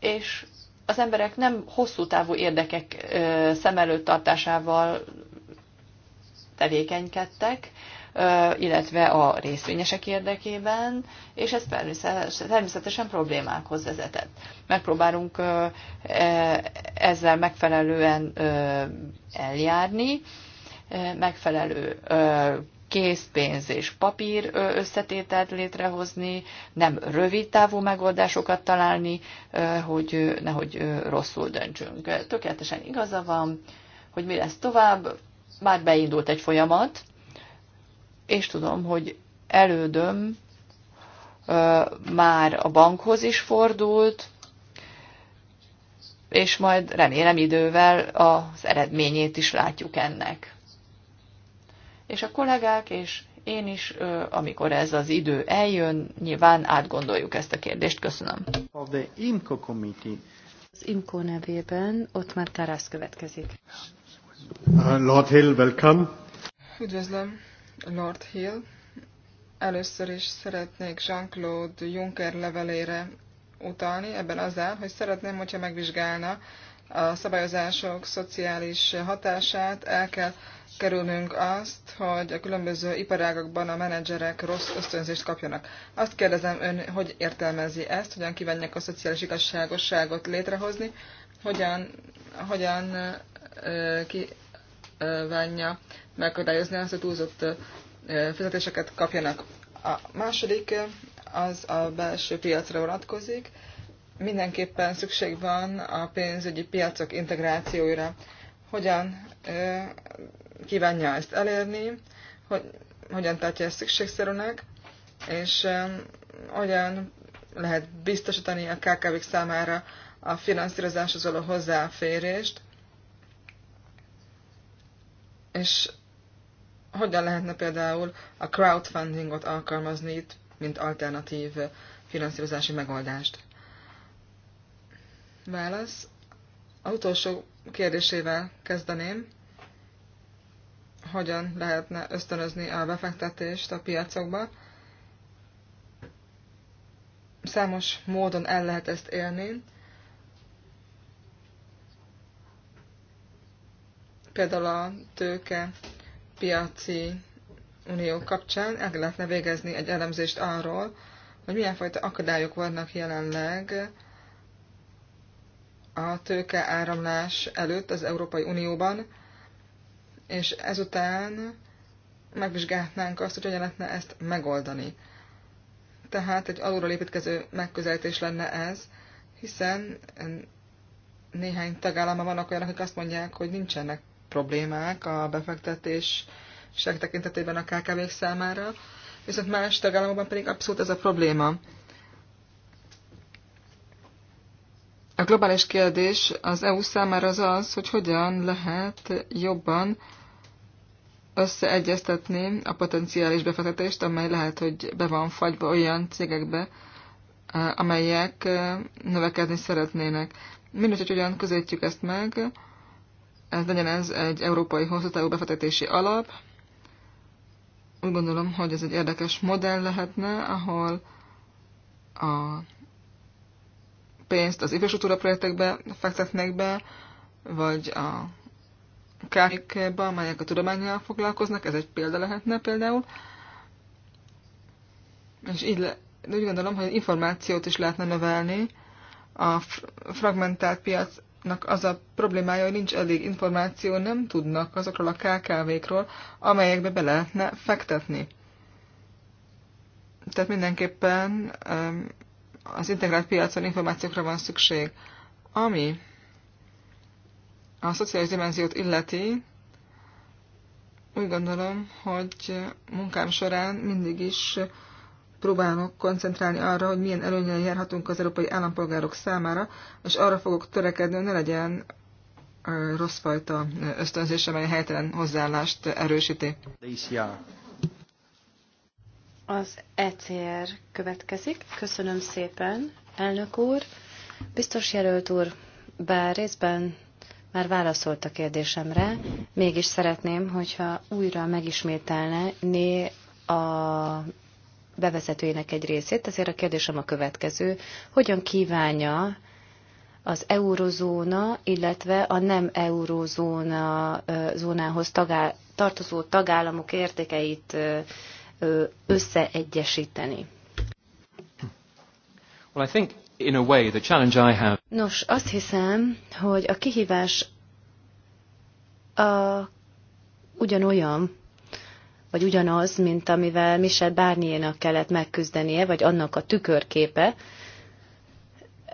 És az emberek nem hosszú távú érdekek szem előtt tartásával tevékenykedtek, illetve a részvényesek érdekében, és ez természetesen problémákhoz vezetett. Megpróbálunk e, ezzel megfelelően eljárni, megfelelő készpénz és papír összetételt létrehozni, nem rövid távú megoldásokat találni, hogy nehogy rosszul döntsünk. Tökéletesen igaza van, hogy mi lesz tovább, már beindult egy folyamat, és tudom, hogy elődöm már a bankhoz is fordult, és majd remélem idővel az eredményét is látjuk ennek. És a kollégák és én is, amikor ez az idő eljön, nyilván átgondoljuk ezt a kérdést. Köszönöm. Az IMCO nevében ott már Tarász következik. Uh, Lord Hill, welcome. Üdvözlöm, Lord Hill. Először is szeretnék Jean-Claude Juncker levelére utalni, ebben az áll, hogy szeretném, hogyha megvizsgálna a szabályozások szociális hatását, el kell kerülnünk azt, hogy a különböző iparágakban a menedzserek rossz ösztönzést kapjanak. Azt kérdezem ön, hogy értelmezi ezt, hogyan kívánják a szociális igazságosságot létrehozni, hogyan, hogyan ö, ki, megakadályozni azt, hogy túlzott fizetéseket kapjanak. A második az a belső piacra vonatkozik. Mindenképpen szükség van a pénzügyi piacok integrációira. Hogyan kívánja ezt elérni, hogy hogyan tartja ezt szükségszerűnek, és hogyan lehet biztosítani a kkv számára a finanszírozáshoz való hozzáférést, és hogyan lehetne például a crowdfundingot alkalmazni itt, mint alternatív finanszírozási megoldást? Válasz. Az utolsó kérdésével kezdeném. Hogyan lehetne ösztönözni a befektetést a piacokba? Számos módon el lehet ezt élni. Például a tőke piaci unió kapcsán el lehetne végezni egy elemzést arról, hogy milyen fajta akadályok vannak jelenleg a tőke áramlás előtt az Európai Unióban, és ezután megvizsgálhatnánk azt, hogy hogyan lehetne ezt megoldani. Tehát egy alulról építkező megközelítés lenne ez, hiszen néhány tagállama vannak olyanok, akik azt mondják, hogy nincsenek problémák a befektetések tekintetében a kkv számára, viszont más tagállamokban pedig abszolút ez a probléma. A globális kérdés az EU számára az az, hogy hogyan lehet jobban összeegyeztetni a potenciális befektetést, amely lehet, hogy be van fagyva olyan cégekbe, eh, amelyek eh, növekedni szeretnének. Mindegy, hogy hogyan közelítjük ezt meg, ez legyen ez egy európai hosszútávú befektetési alap. Úgy gondolom, hogy ez egy érdekes modell lehetne, ahol a pénzt az infrastruktúra projektekbe fektetnek be, vagy a kártyákba, amelyek a tudományjal foglalkoznak, ez egy példa lehetne például. És így le, úgy gondolom, hogy információt is lehetne növelni a fragmentált piac Nak az a problémája, hogy nincs elég információ, nem tudnak azokról a KKV-król, amelyekbe be lehetne fektetni. Tehát mindenképpen az integrált piacon információkra van szükség. Ami a szociális dimenziót illeti, úgy gondolom, hogy munkám során mindig is próbálok koncentrálni arra, hogy milyen előnyel járhatunk az európai állampolgárok számára, és arra fogok törekedni, hogy ne legyen rosszfajta ösztönzés, amely helytelen hozzáállást erősíti. Az ECR következik. Köszönöm szépen, elnök úr. Biztos jelölt úr, bár részben már válaszolt a kérdésemre, mégis szeretném, hogyha újra megismételné a bevezetőjének egy részét, ezért a kérdésem a következő. Hogyan kívánja az eurozóna, illetve a nem eurozóna zónához tagá, tartozó tagállamok értékeit összeegyesíteni? Well, I think in a way the challenge I have... Nos, azt hiszem, hogy a kihívás a, ugyanolyan, vagy ugyanaz, mint amivel Michel Barnier-nak kellett megküzdenie, vagy annak a tükörképe.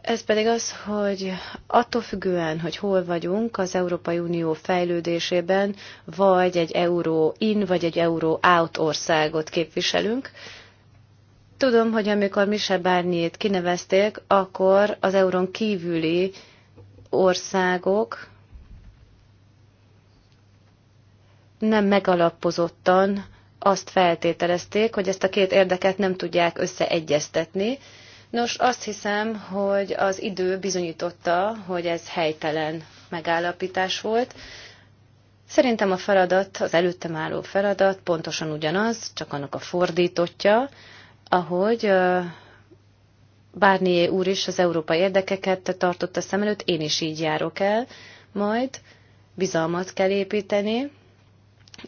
Ez pedig az, hogy attól függően, hogy hol vagyunk az Európai Unió fejlődésében, vagy egy euró in, vagy egy euró out országot képviselünk, Tudom, hogy amikor Michel Barnier-t kinevezték, akkor az eurón kívüli országok, nem megalapozottan azt feltételezték, hogy ezt a két érdeket nem tudják összeegyeztetni. Nos, azt hiszem, hogy az idő bizonyította, hogy ez helytelen megállapítás volt. Szerintem a feladat, az előttem álló feladat pontosan ugyanaz, csak annak a fordítotja, ahogy Bárnié úr is az európai érdekeket tartotta szem előtt, én is így járok el, majd bizalmat kell építeni,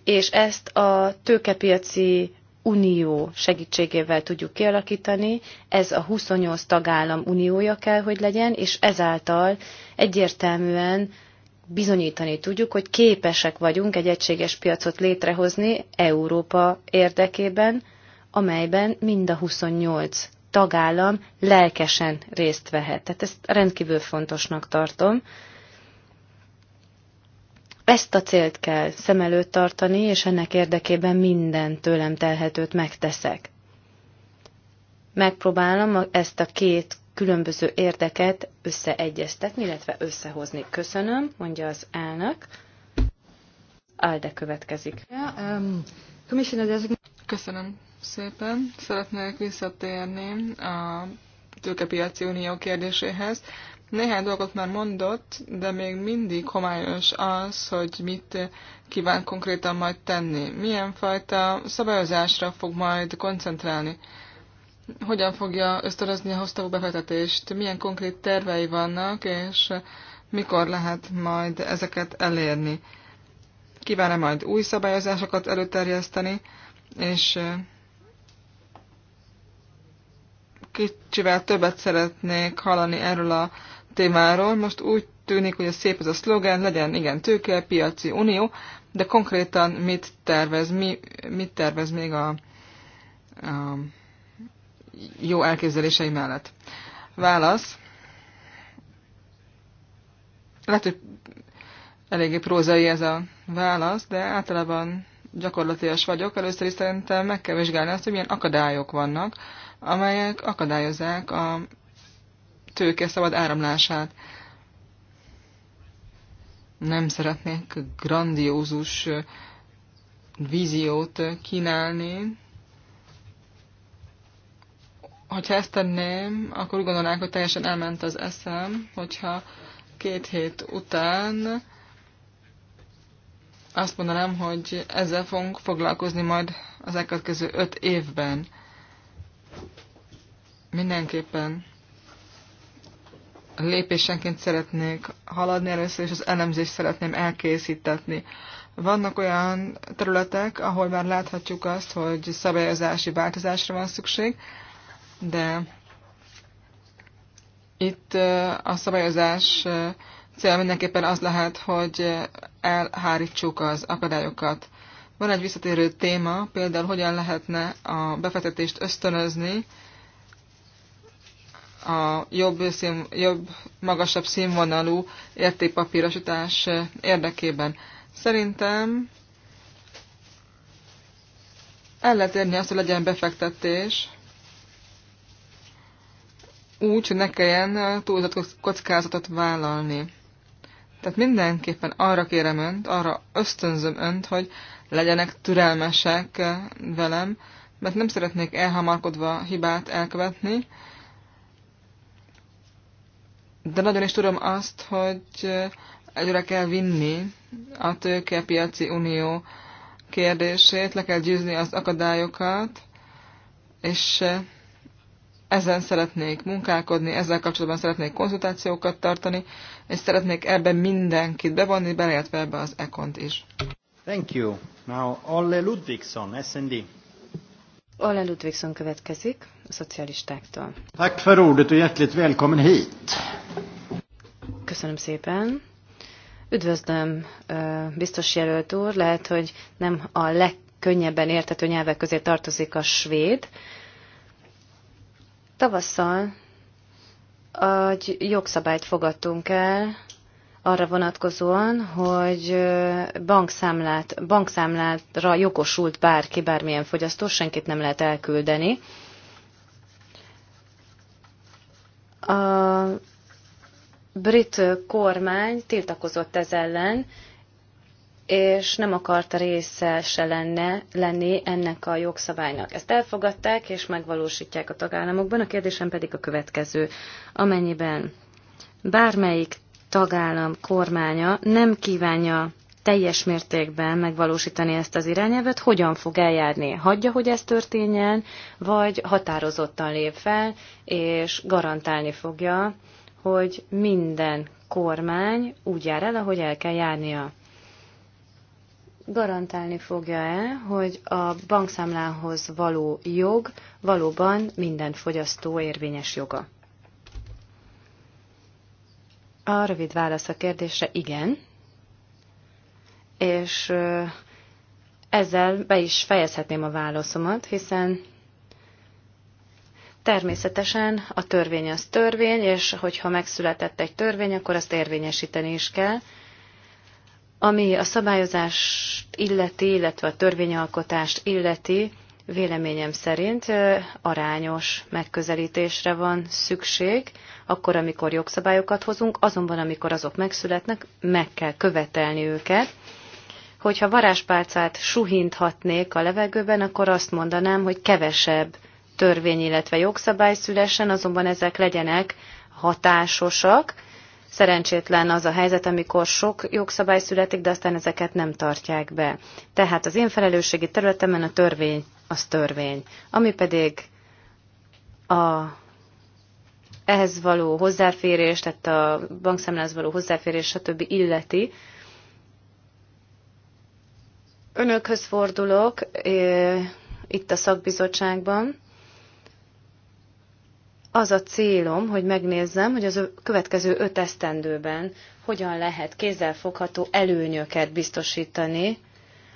és ezt a tőkepiaci unió segítségével tudjuk kialakítani. Ez a 28 tagállam uniója kell, hogy legyen, és ezáltal egyértelműen bizonyítani tudjuk, hogy képesek vagyunk egy egységes piacot létrehozni Európa érdekében, amelyben mind a 28 tagállam lelkesen részt vehet. Tehát ezt rendkívül fontosnak tartom. Ezt a célt kell szem előtt tartani, és ennek érdekében minden tőlem telhetőt megteszek. Megpróbálom ezt a két különböző érdeket összeegyeztetni, illetve összehozni. Köszönöm, mondja az elnök. Alde következik. Um, Köszönöm szépen. Szeretnék visszatérni a tőkepiaci unió kérdéséhez. Néhány dolgot már mondott, de még mindig homályos az, hogy mit kíván konkrétan majd tenni. Milyen fajta szabályozásra fog majd koncentrálni? Hogyan fogja ösztönözni a hosszú befektetést? Milyen konkrét tervei vannak, és mikor lehet majd ezeket elérni? Kíván-e majd új szabályozásokat előterjeszteni, és kicsivel többet szeretnék hallani erről a témáról. Most úgy tűnik, hogy a szép ez a szlogen, legyen igen tőke, piaci unió, de konkrétan mit tervez, mi, mit tervez még a, a jó elképzelései mellett? Válasz. Lehet, hogy eléggé prózai ez a válasz, de általában gyakorlatilag vagyok. Először is szerintem meg kell vizsgálni azt, hogy milyen akadályok vannak, amelyek akadályozzák a tőke szabad áramlását. Nem szeretnék grandiózus víziót kínálni. Hogyha ezt tenném, akkor gondolnák, hogy teljesen elment az eszem, hogyha két hét után azt mondanám, hogy ezzel fogunk foglalkozni majd az elkövetkező öt évben. Mindenképpen lépésenként szeretnék haladni először, és az elemzést szeretném elkészítetni. Vannak olyan területek, ahol már láthatjuk azt, hogy szabályozási változásra van szükség, de itt a szabályozás cél mindenképpen az lehet, hogy elhárítsuk az akadályokat. Van egy visszatérő téma, például hogyan lehetne a befektetést ösztönözni, a jobb, szín, jobb magasabb színvonalú értékpapírosítás érdekében. Szerintem el lehet érni azt, hogy legyen befektetés, úgy, hogy ne kelljen túlzott kockázatot vállalni. Tehát mindenképpen arra kérem önt, arra ösztönzöm önt, hogy legyenek türelmesek velem, mert nem szeretnék elhamarkodva hibát elkövetni, de nagyon is tudom azt, hogy egyre kell vinni a tőkepiaci unió kérdését, le kell győzni az akadályokat, és ezen szeretnék munkálkodni, ezzel kapcsolatban szeretnék konzultációkat tartani, és szeretnék ebben mindenkit bevonni, beleértve ebbe az ekont is. Thank you. Now Olle Ludvigson, SND. Olle Ludvigson következik, a szocialistáktól. Tack för ordet och hjärtligt välkommen hit. Köszönöm szépen. Üdvözlöm, biztos jelölt úr. Lehet, hogy nem a legkönnyebben értető nyelvek közé tartozik a svéd. Tavasszal egy jogszabályt fogadtunk el arra vonatkozóan, hogy bankszámlát, bankszámlátra jogosult bárki, bármilyen fogyasztó, senkit nem lehet elküldeni. A brit kormány tiltakozott ez ellen, és nem akarta része se lenne, lenni ennek a jogszabálynak. Ezt elfogadták, és megvalósítják a tagállamokban. A kérdésem pedig a következő. Amennyiben bármelyik tagállam kormánya nem kívánja teljes mértékben megvalósítani ezt az irányelvet, hogyan fog eljárni? Hagyja, hogy ez történjen, vagy határozottan lép fel, és garantálni fogja hogy minden kormány úgy jár el, ahogy el kell járnia. Garantálni fogja-e, hogy a bankszámlához való jog valóban minden fogyasztó érvényes joga? A rövid válasz a kérdésre igen. És ezzel be is fejezhetném a válaszomat, hiszen Természetesen a törvény az törvény, és hogyha megszületett egy törvény, akkor azt érvényesíteni is kell. Ami a szabályozást illeti, illetve a törvényalkotást illeti, véleményem szerint arányos megközelítésre van szükség, akkor, amikor jogszabályokat hozunk, azonban, amikor azok megszületnek, meg kell követelni őket. Hogyha varázspálcát suhinthatnék a levegőben, akkor azt mondanám, hogy kevesebb törvény, illetve jogszabály szülessen, azonban ezek legyenek hatásosak. Szerencsétlen az a helyzet, amikor sok jogszabály születik, de aztán ezeket nem tartják be. Tehát az én felelősségi területemen a törvény az törvény. Ami pedig a ehhez való hozzáférés, tehát a bankszámlához való hozzáférés, stb. illeti. Önökhöz fordulok eh, itt a szakbizottságban az a célom, hogy megnézzem, hogy az következő öt esztendőben hogyan lehet kézzelfogható előnyöket biztosítani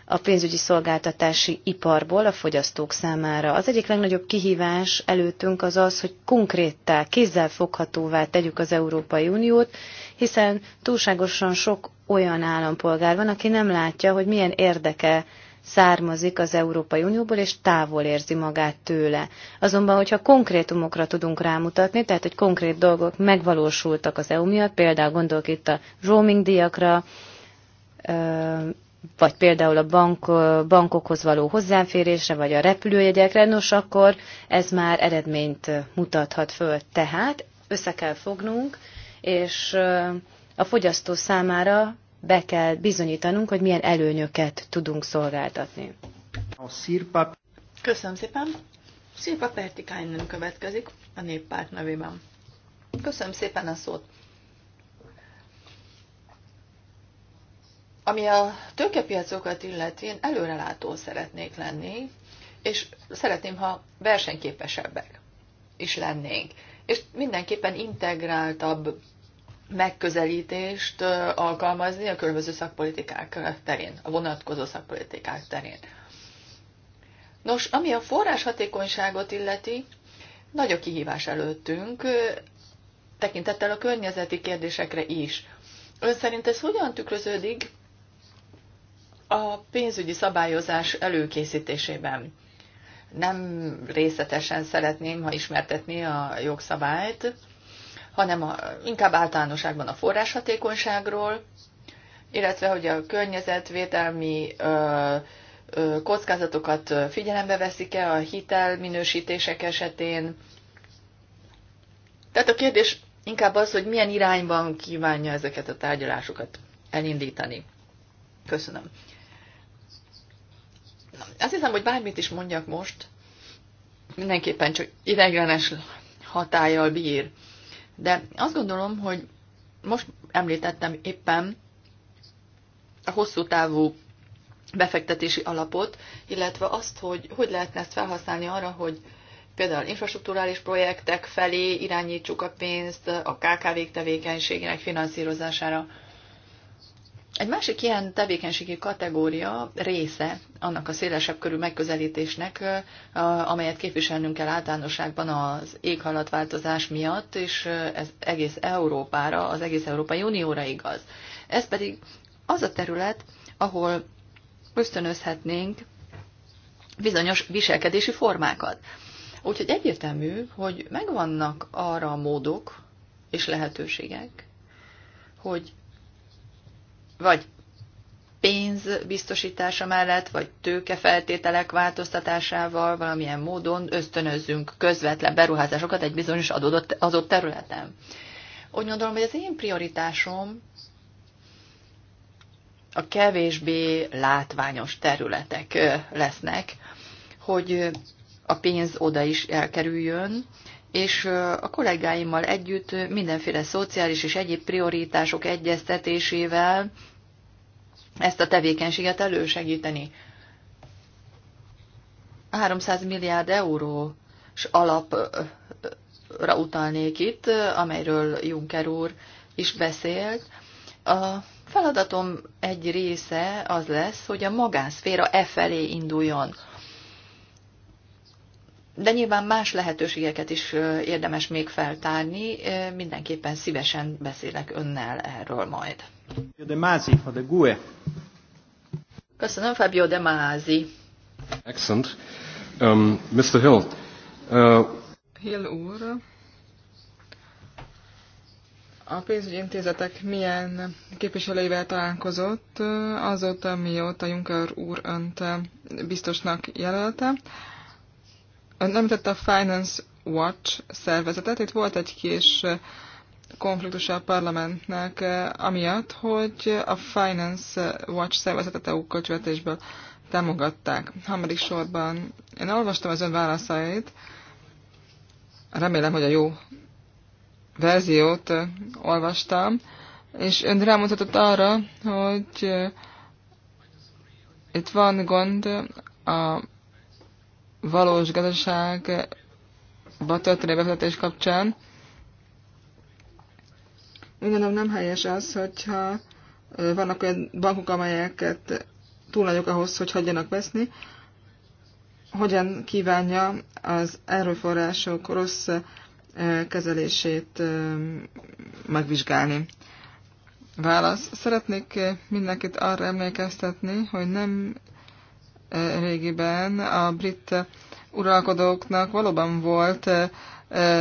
a pénzügyi szolgáltatási iparból a fogyasztók számára. Az egyik legnagyobb kihívás előttünk az az, hogy konkréttá, kézzelfoghatóvá tegyük az Európai Uniót, hiszen túlságosan sok olyan állampolgár van, aki nem látja, hogy milyen érdeke származik az Európai Unióból, és távol érzi magát tőle. Azonban, hogyha konkrétumokra tudunk rámutatni, tehát hogy konkrét dolgok megvalósultak az EU miatt, például gondolok itt a roaming díjakra, vagy például a bank, bankokhoz való hozzáférésre, vagy a repülőjegyekre, nos akkor ez már eredményt mutathat föl. Tehát össze kell fognunk, és a fogyasztó számára be kell bizonyítanunk, hogy milyen előnyöket tudunk szolgáltatni. A szírpa... Köszönöm szépen. Szirpa nem következik a néppárt nevében. Köszönöm szépen a szót. Ami a tőkepiacokat illeti, én előrelátó szeretnék lenni, és szeretném, ha versenyképesebbek is lennénk, és mindenképpen integráltabb megközelítést alkalmazni a különböző szakpolitikák terén, a vonatkozó szakpolitikák terén. Nos, ami a forrás hatékonyságot illeti, nagy a kihívás előttünk, tekintettel a környezeti kérdésekre is. Ön szerint ez hogyan tükröződik a pénzügyi szabályozás előkészítésében? Nem részletesen szeretném, ha ismertetné a jogszabályt, hanem a, inkább általánosságban a forráshatékonyságról, illetve hogy a környezetvédelmi ö, ö, kockázatokat figyelembe veszik-e a minősítések esetén. Tehát a kérdés inkább az, hogy milyen irányban kívánja ezeket a tárgyalásokat elindítani. Köszönöm. Azt hiszem, hogy bármit is mondjak most, mindenképpen csak ideiglenes hatállyal bír. De azt gondolom, hogy most említettem éppen a hosszú távú befektetési alapot, illetve azt, hogy hogy lehetne ezt felhasználni arra, hogy például infrastruktúrális projektek felé irányítsuk a pénzt, a KKV-k tevékenységének finanszírozására. Egy másik ilyen tevékenységi kategória része annak a szélesebb körű megközelítésnek, amelyet képviselnünk kell általánosságban az éghajlatváltozás miatt, és ez egész Európára, az egész Európai Unióra igaz. Ez pedig az a terület, ahol ösztönözhetnénk bizonyos viselkedési formákat. Úgyhogy egyértelmű, hogy megvannak arra a módok és lehetőségek, hogy vagy pénz biztosítása mellett, vagy tőkefeltételek változtatásával valamilyen módon ösztönözzünk közvetlen beruházásokat egy bizonyos adott, adott területen. Úgy gondolom, hogy az én prioritásom a kevésbé látványos területek lesznek, hogy a pénz oda is elkerüljön, és a kollégáimmal együtt mindenféle szociális és egyéb prioritások egyeztetésével ezt a tevékenységet elősegíteni. 300 milliárd euró alapra utalnék itt, amelyről Juncker úr is beszélt. A feladatom egy része az lesz, hogy a magánszféra e felé induljon de nyilván más lehetőségeket is érdemes még feltárni. Mindenképpen szívesen beszélek önnel erről majd. De Mázi, de GUE. Köszönöm, Fabio De Mázi. Excellent. Um, Mr. Hill. Uh... Hill úr. A pénzügyi intézetek milyen képviselőivel találkozott azóta, mióta Juncker úr önt biztosnak jelölte. Nem említette a Finance Watch szervezetet. Itt volt egy kis konfliktus a parlamentnek, amiatt, hogy a Finance Watch szervezetet EU költségvetésből támogatták. Hamarik sorban én olvastam az ön válaszait, remélem, hogy a jó verziót olvastam, és ön rámutatott arra, hogy itt van gond a valós gazdaság történő bevezetés kapcsán. Úgy gondolom nem helyes az, hogyha vannak olyan bankok, amelyeket túl nagyok ahhoz, hogy hagyjanak veszni. Hogyan kívánja az erőforrások rossz kezelését megvizsgálni? Válasz. Szeretnék mindenkit arra emlékeztetni, hogy nem régiben. A brit uralkodóknak valóban volt eh,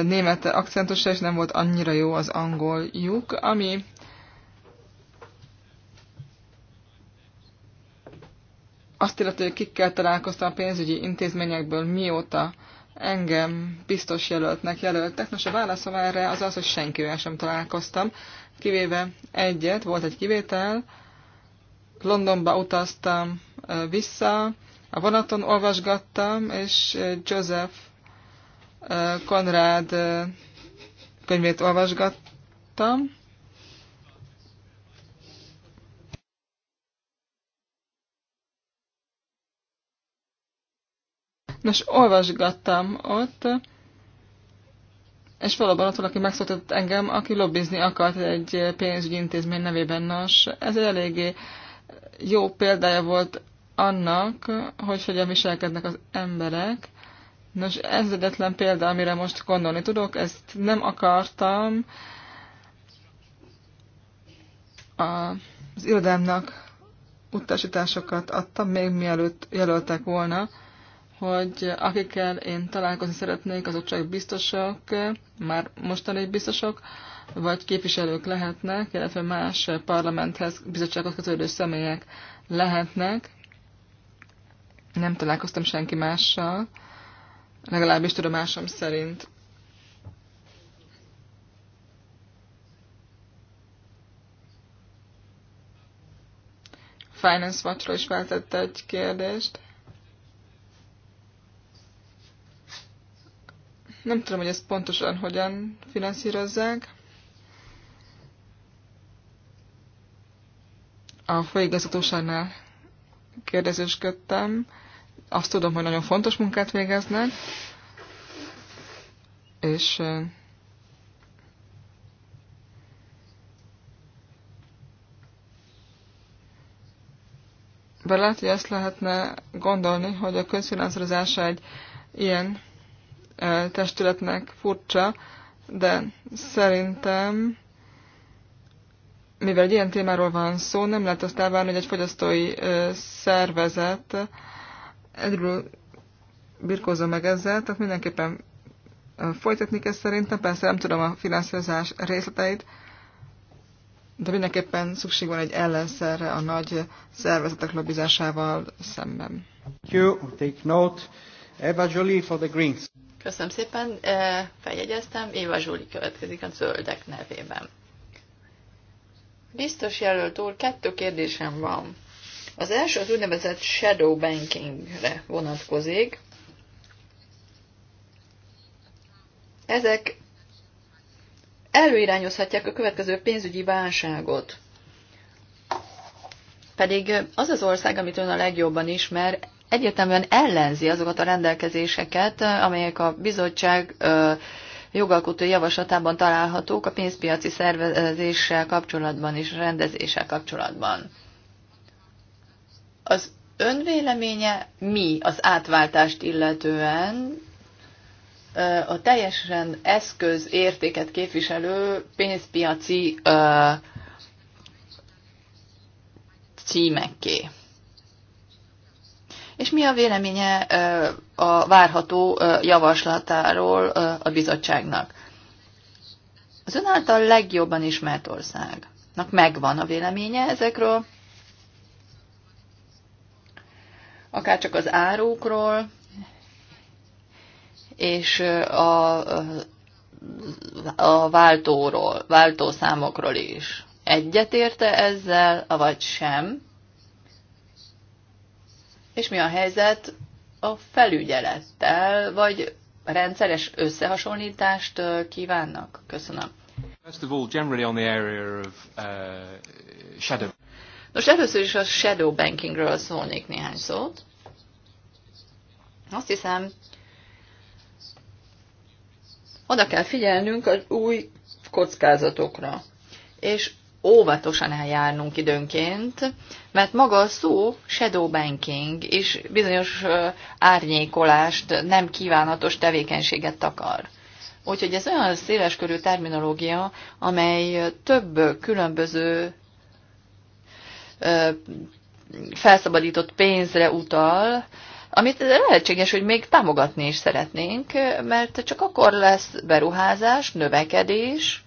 német akcentusa, és nem volt annyira jó az angoljuk, ami azt illetve, hogy kikkel találkoztam a pénzügyi intézményekből, mióta engem biztos jelöltnek jelöltek. Nos, a válaszom erre az az, hogy senkivel sem találkoztam, kivéve egyet, volt egy kivétel, Londonba utaztam vissza, a vonaton olvasgattam, és Joseph Konrád könyvét olvasgattam. Nos, olvasgattam ott, és valóban ott valaki megszólított engem, aki lobbizni akart egy pénzügyi intézmény nevében. Nos, ez egy eléggé jó példája volt annak, hogy hogyan viselkednek az emberek. Nos, ez egyetlen példa, amire most gondolni tudok, ezt nem akartam az irodámnak utasításokat adtam, még mielőtt jelöltek volna, hogy akikkel én találkozni szeretnék, azok csak biztosak, már mostanig biztosak, vagy képviselők lehetnek, illetve más parlamenthez, bizottsághoz kötődő személyek lehetnek. Nem találkoztam senki mással, legalábbis tudomásom szerint. Finance Watchról is feltette egy kérdést. Nem tudom, hogy ezt pontosan hogyan finanszírozzák. a főigazgatóságnál kérdezősködtem. Azt tudom, hogy nagyon fontos munkát végeznek, és Be lehet, hogy ezt lehetne gondolni, hogy a közfinanszírozása egy ilyen testületnek furcsa, de szerintem mivel egy ilyen témáról van szó, nem lehet azt elvárni, hogy egy fogyasztói szervezet egyről birkózza meg ezzel, tehát mindenképpen folytatni kell szerintem, persze nem tudom a finanszírozás részleteit, de mindenképpen szükség van egy ellenszerre a nagy szervezetek lobbizásával szemben. Köszönöm szépen, eh, feljegyeztem, Éva Zsuli következik a zöldek nevében. Biztos jelölt úr, kettő kérdésem van. Az első az úgynevezett shadow bankingre vonatkozik. Ezek előirányozhatják a következő pénzügyi válságot. Pedig az az ország, amit ön a legjobban ismer, egyértelműen ellenzi azokat a rendelkezéseket, amelyek a bizottság jogalkotó javaslatában találhatók a pénzpiaci szervezéssel kapcsolatban és rendezéssel kapcsolatban. Az önvéleménye mi az átváltást illetően a teljesen eszközértéket képviselő pénzpiaci címekké? és mi a véleménye a várható javaslatáról a bizottságnak? Az ön által legjobban ismert országnak megvan a véleménye ezekről, akár csak az árukról, és a, a váltóról, váltószámokról is. Egyetérte ezzel, vagy sem? és mi a helyzet a felügyelettel, vagy rendszeres összehasonlítást kívánnak? Köszönöm. First of all, generally on the area of uh, shadow. Nos, először is a shadow bankingről szólnék néhány szót. Azt hiszem, oda kell figyelnünk az új kockázatokra. És óvatosan eljárnunk időnként, mert maga a szó shadow banking és bizonyos árnyékolást, nem kívánatos tevékenységet takar. Úgyhogy ez olyan széleskörű terminológia, amely több különböző felszabadított pénzre utal, amit lehetséges, hogy még támogatni is szeretnénk, mert csak akkor lesz beruházás, növekedés,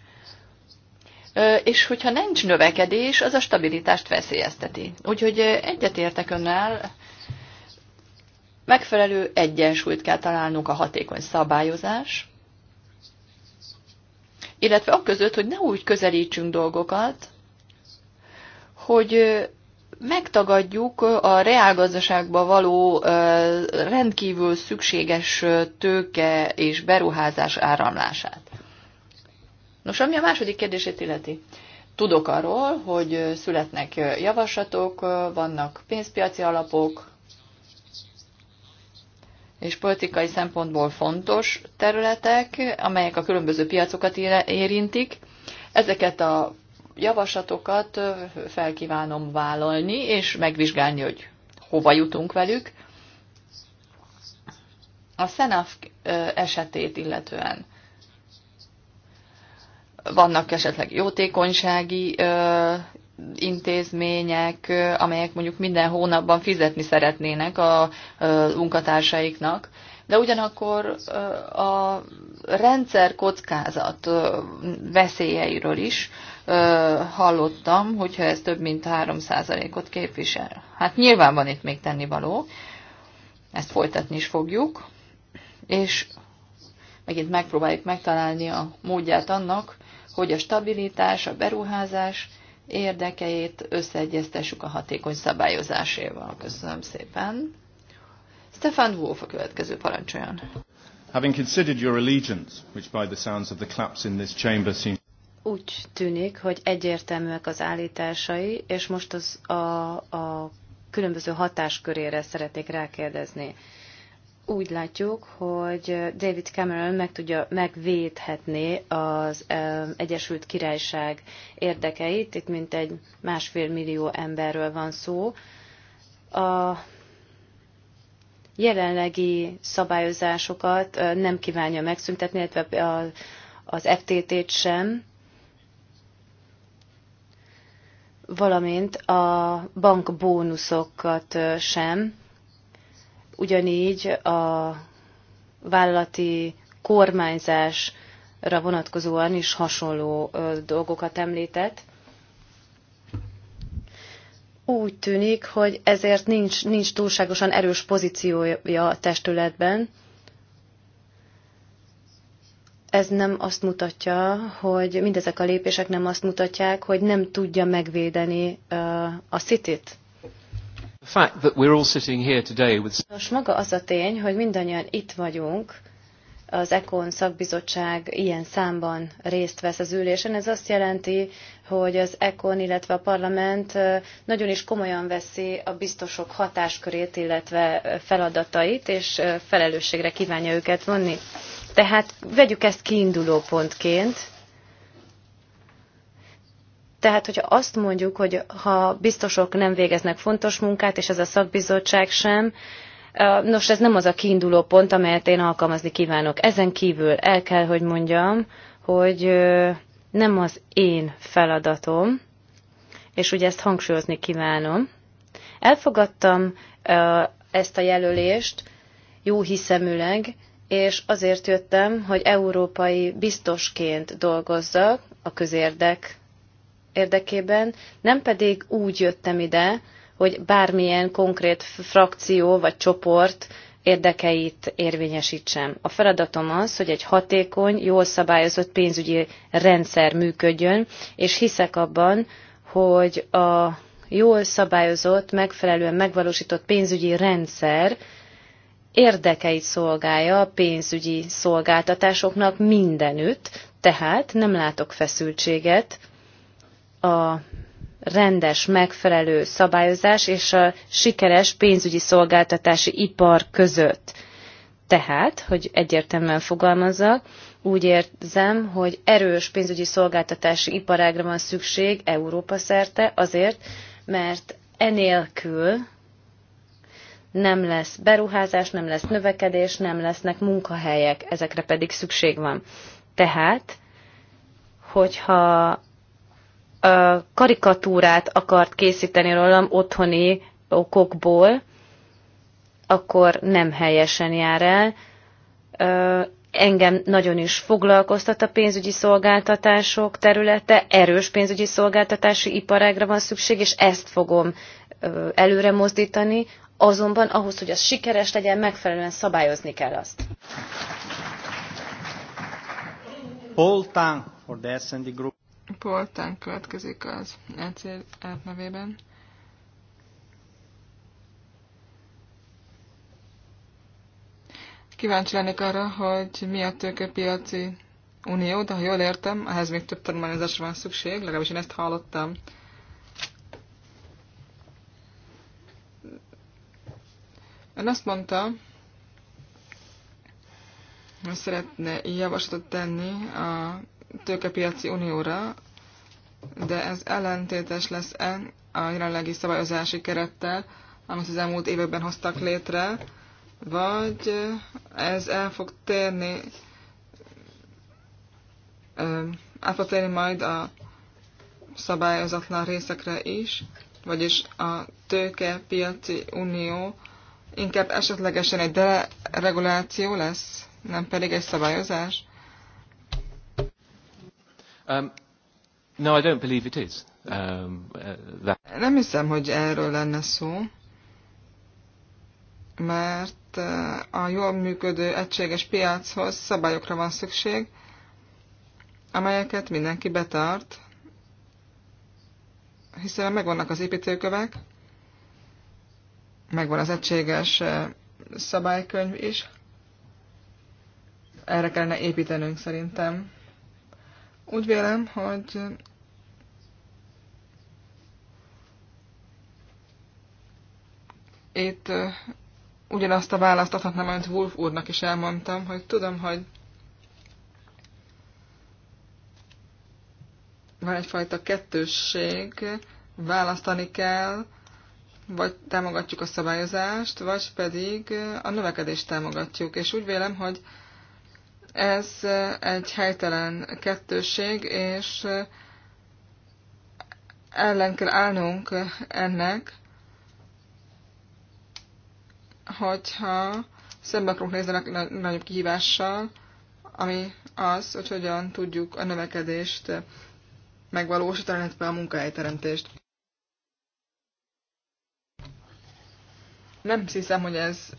és hogyha nincs növekedés, az a stabilitást veszélyezteti. Úgyhogy egyetértek önnel, megfelelő egyensúlyt kell találnunk a hatékony szabályozás, illetve a között, hogy ne úgy közelítsünk dolgokat, hogy megtagadjuk a reálgazdaságba való rendkívül szükséges tőke és beruházás áramlását. Nos, ami a második kérdését illeti. Tudok arról, hogy születnek javaslatok, vannak pénzpiaci alapok, és politikai szempontból fontos területek, amelyek a különböző piacokat érintik. Ezeket a javaslatokat felkívánom vállalni, és megvizsgálni, hogy hova jutunk velük. A SENAF esetét illetően vannak esetleg jótékonysági intézmények, amelyek mondjuk minden hónapban fizetni szeretnének a munkatársaiknak, de ugyanakkor a rendszer kockázat veszélyeiről is hallottam, hogyha ez több mint 3%-ot képvisel. Hát nyilván van itt még tennivaló, ezt folytatni is fogjuk, és megint megpróbáljuk megtalálni a módját annak, hogy a stabilitás, a beruházás érdekeit összeegyeztessük a hatékony szabályozáséval. Köszönöm szépen. Stefan Wolf a következő parancsoljon. Having considered your allegiance, which by the sounds of the claps in this chamber seems úgy tűnik, hogy egyértelműek az állításai, és most az a, a különböző hatáskörére szeretnék rákérdezni úgy látjuk, hogy David Cameron meg tudja, megvédhetni az Egyesült Királyság érdekeit. Itt mint egy másfél millió emberről van szó. A jelenlegi szabályozásokat nem kívánja megszüntetni, illetve az FTT-t sem, valamint a bankbónuszokat sem ugyanígy a vállalati kormányzásra vonatkozóan is hasonló dolgokat említett. Úgy tűnik, hogy ezért nincs, nincs túlságosan erős pozíciója a testületben. Ez nem azt mutatja, hogy mindezek a lépések nem azt mutatják, hogy nem tudja megvédeni a szitit. The fact that we're all sitting here today with... Nos, maga az a tény, hogy mindannyian itt vagyunk, az ECON szakbizottság ilyen számban részt vesz az ülésen. Ez azt jelenti, hogy az ECON, illetve a parlament nagyon is komolyan veszi a biztosok hatáskörét, illetve feladatait, és felelősségre kívánja őket vonni. Tehát vegyük ezt kiinduló pontként, tehát, hogyha azt mondjuk, hogy ha biztosok nem végeznek fontos munkát, és ez a szakbizottság sem, nos, ez nem az a kiinduló pont, amelyet én alkalmazni kívánok. Ezen kívül el kell, hogy mondjam, hogy nem az én feladatom, és ugye ezt hangsúlyozni kívánom. Elfogadtam ezt a jelölést jó hiszeműleg, és azért jöttem, hogy európai biztosként dolgozzak a közérdek érdekében, nem pedig úgy jöttem ide, hogy bármilyen konkrét frakció vagy csoport érdekeit érvényesítsem. A feladatom az, hogy egy hatékony, jól szabályozott pénzügyi rendszer működjön, és hiszek abban, hogy a jól szabályozott, megfelelően megvalósított pénzügyi rendszer érdekeit szolgálja a pénzügyi szolgáltatásoknak mindenütt, tehát nem látok feszültséget a rendes, megfelelő szabályozás és a sikeres pénzügyi szolgáltatási ipar között. Tehát, hogy egyértelműen fogalmazzak, úgy érzem, hogy erős pénzügyi szolgáltatási iparágra van szükség Európa szerte azért, mert enélkül nem lesz beruházás, nem lesz növekedés, nem lesznek munkahelyek, ezekre pedig szükség van. Tehát, hogyha karikatúrát akart készíteni rólam otthoni okokból, akkor nem helyesen jár el. Engem nagyon is foglalkoztat a pénzügyi szolgáltatások területe, erős pénzügyi szolgáltatási iparágra van szükség, és ezt fogom előre mozdítani, azonban ahhoz, hogy az sikeres legyen, megfelelően szabályozni kell azt. Paul Tang for the S&D Group. Poltán következik az ECR átnevében. Kíváncsi lennék arra, hogy mi a tőkepiaci unió, de ha jól értem, ehhez még több tanulmányozásra van szükség, legalábbis én ezt hallottam. Ön azt mondta, hogy szeretne javaslatot tenni a tőkepiaci unióra, de ez ellentétes lesz-e a jelenlegi szabályozási kerettel, amit az elmúlt években hoztak létre, vagy ez el fog térni, el fog térni majd a szabályozatlan részekre is, vagyis a tőkepiaci unió inkább esetlegesen egy dereguláció lesz, nem pedig egy szabályozás. Um, no, I don't believe it is. Um, uh, that. Nem hiszem, hogy erről lenne szó, mert uh, a jól működő egységes piachoz szabályokra van szükség, amelyeket mindenki betart, hiszen megvannak az építőkövek, megvan az egységes uh, szabálykönyv is. Erre kellene építenünk szerintem. Úgy vélem, hogy itt ugyanazt a választ adhatnám, amit Wolf úrnak is elmondtam, hogy tudom, hogy van egyfajta kettősség, választani kell, vagy támogatjuk a szabályozást, vagy pedig a növekedést támogatjuk. És úgy vélem, hogy ez egy helytelen kettőség, és ellen kell állnunk ennek, hogyha szembe akarunk nézni a nagyobb kihívással, ami az, hogy hogyan tudjuk a növekedést megvalósítani, illetve a munkahelyteremtést. Nem hiszem, hogy ez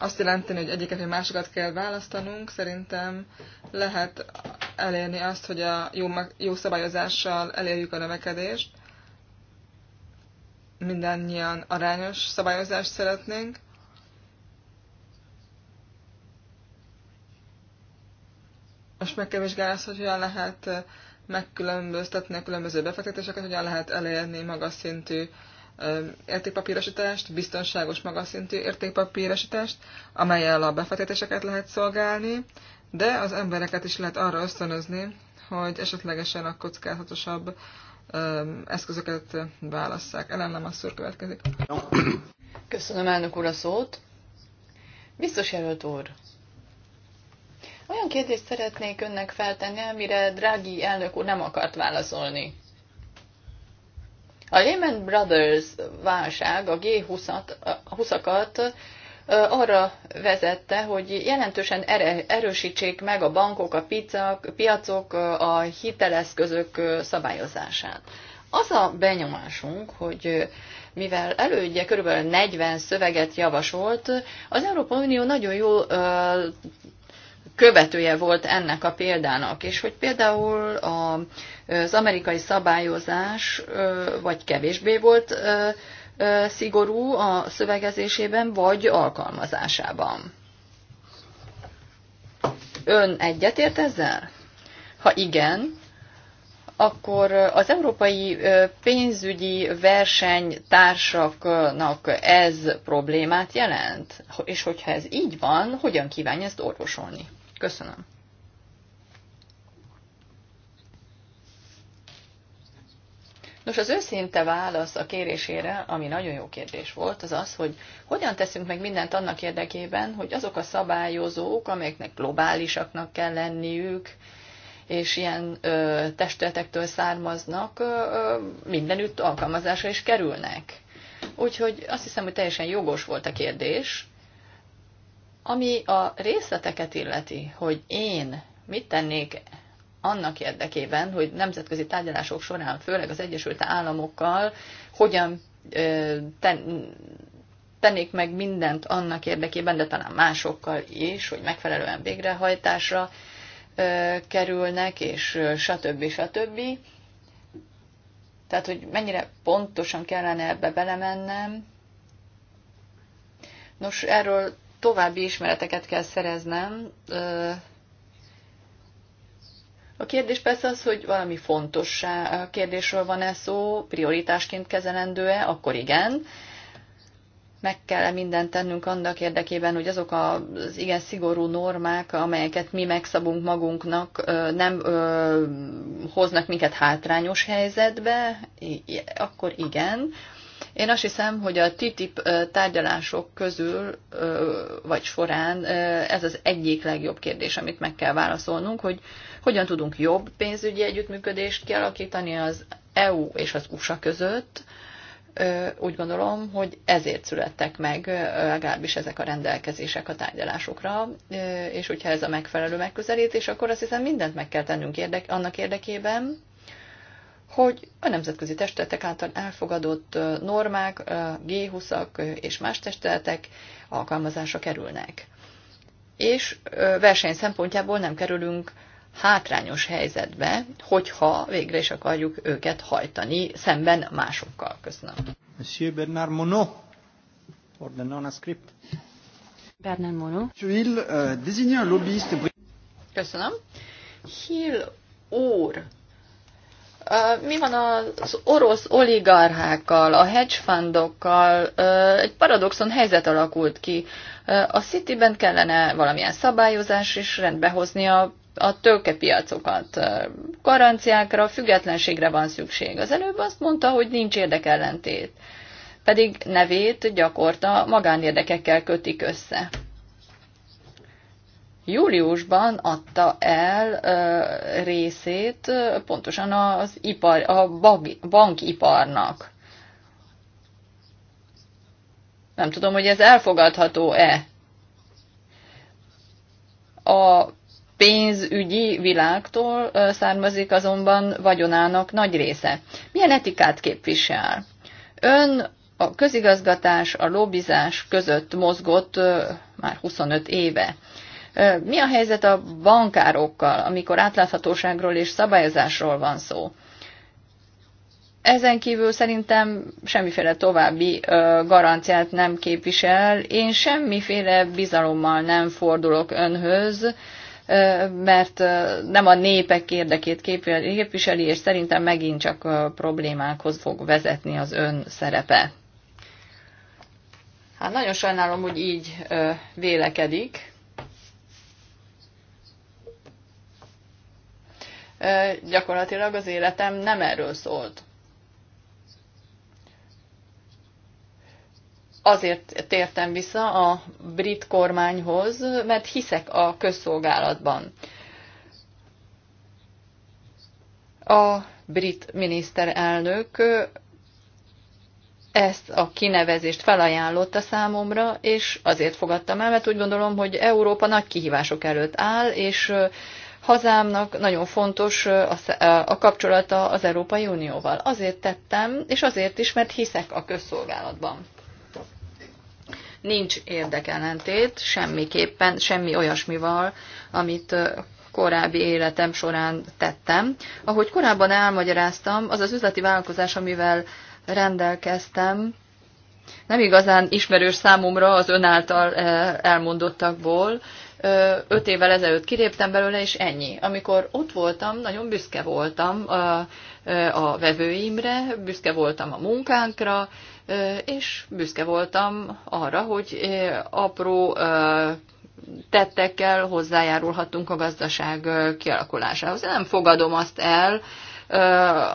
azt jelenteni, hogy egyiket vagy másikat kell választanunk, szerintem lehet elérni azt, hogy a jó, jó szabályozással elérjük a növekedést. Mindannyian arányos szabályozást szeretnénk. Most meg kell vizsgálni azt, hogy hogyan lehet megkülönböztetni a különböző befektetéseket, hogyan lehet elérni magas szintű értékpapírosítást, biztonságos magas szintű értékpapírosítást, amelyel a befektetéseket lehet szolgálni, de az embereket is lehet arra ösztönözni, hogy esetlegesen a kockázatosabb eszközöket válasszák. Ellen nem asszúr következik. Köszönöm elnök úr a szót. Biztos jelölt úr, olyan kérdést szeretnék önnek feltenni, amire Drági elnök úr nem akart válaszolni. A Lehman Brothers válság a G20-akat arra vezette, hogy jelentősen erősítsék meg a bankok, a piacok, a hiteleszközök szabályozását. Az a benyomásunk, hogy mivel elődje kb. 40 szöveget javasolt, az Európai Unió nagyon jó követője volt ennek a példának, és hogy például a az amerikai szabályozás vagy kevésbé volt szigorú a szövegezésében, vagy alkalmazásában. Ön egyetért ezzel? Ha igen, akkor az európai pénzügyi versenytársaknak ez problémát jelent? És hogyha ez így van, hogyan kívánja ezt orvosolni? Köszönöm. Nos, az őszinte válasz a kérésére, ami nagyon jó kérdés volt, az az, hogy hogyan teszünk meg mindent annak érdekében, hogy azok a szabályozók, amelyeknek globálisaknak kell lenniük, és ilyen ö, testületektől származnak, ö, mindenütt alkalmazásra is kerülnek. Úgyhogy azt hiszem, hogy teljesen jogos volt a kérdés. Ami a részleteket illeti, hogy én mit tennék annak érdekében, hogy nemzetközi tárgyalások során, főleg az Egyesült Államokkal, hogyan ten, tennék meg mindent annak érdekében, de talán másokkal is, hogy megfelelően végrehajtásra kerülnek, és stb. stb. Tehát, hogy mennyire pontosan kellene ebbe belemennem. Nos, erről további ismereteket kell szereznem a kérdés persze az, hogy valami fontos kérdésről van-e szó, prioritásként kezelendő-e, akkor igen. Meg kell mindent tennünk annak érdekében, hogy azok az igen szigorú normák, amelyeket mi megszabunk magunknak, nem hoznak minket hátrányos helyzetbe, akkor igen. Én azt hiszem, hogy a TTIP tárgyalások közül, vagy során ez az egyik legjobb kérdés, amit meg kell válaszolnunk, hogy hogyan tudunk jobb pénzügyi együttműködést kialakítani az EU és az USA között. Úgy gondolom, hogy ezért születtek meg legalábbis ezek a rendelkezések a tárgyalásokra, és hogyha ez a megfelelő megközelítés, akkor azt hiszem mindent meg kell tennünk érdek, annak érdekében, hogy a nemzetközi testületek által elfogadott normák, G20-ak és más testületek alkalmazásra kerülnek. És verseny szempontjából nem kerülünk hátrányos helyzetbe, hogyha végre is akarjuk őket hajtani szemben másokkal. Köszönöm. Monsieur Bernard Monod, for the non-script. Bernard Monod. Will, uh, désigné un lobbyiste. Köszönöm. Hill úr, mi van az orosz oligarchákkal, a hedge fundokkal? Egy paradoxon helyzet alakult ki. A Citiben kellene valamilyen szabályozás is rendbehozni a a tőkepiacokat. Garanciákra, függetlenségre van szükség. Az előbb azt mondta, hogy nincs érdekellentét, pedig nevét gyakorta magánérdekekkel kötik össze. Júliusban adta el ö, részét pontosan az ipar, a bankiparnak. Nem tudom, hogy ez elfogadható-e. A pénzügyi világtól származik azonban vagyonának nagy része. Milyen etikát képvisel? Ön a közigazgatás, a lobbizás között mozgott már 25 éve. Mi a helyzet a bankárokkal, amikor átláthatóságról és szabályozásról van szó? Ezen kívül szerintem semmiféle további garanciát nem képvisel. Én semmiféle bizalommal nem fordulok önhöz, mert nem a népek érdekét képviseli, és szerintem megint csak problémákhoz fog vezetni az ön szerepe. Hát nagyon sajnálom, hogy így vélekedik. Gyakorlatilag az életem nem erről szólt. azért tértem vissza a brit kormányhoz, mert hiszek a közszolgálatban. A brit miniszterelnök ezt a kinevezést felajánlotta számomra, és azért fogadtam el, mert úgy gondolom, hogy Európa nagy kihívások előtt áll, és hazámnak nagyon fontos a kapcsolata az Európai Unióval. Azért tettem, és azért is, mert hiszek a közszolgálatban nincs érdekelentét semmiképpen, semmi olyasmival, amit korábbi életem során tettem. Ahogy korábban elmagyaráztam, az az üzleti vállalkozás, amivel rendelkeztem, nem igazán ismerős számomra az ön által elmondottakból. Öt évvel ezelőtt kiléptem belőle, és ennyi. Amikor ott voltam, nagyon büszke voltam a, a vevőimre, büszke voltam a munkánkra, és büszke voltam arra, hogy apró tettekkel hozzájárulhatunk a gazdaság kialakulásához. Én nem fogadom azt el,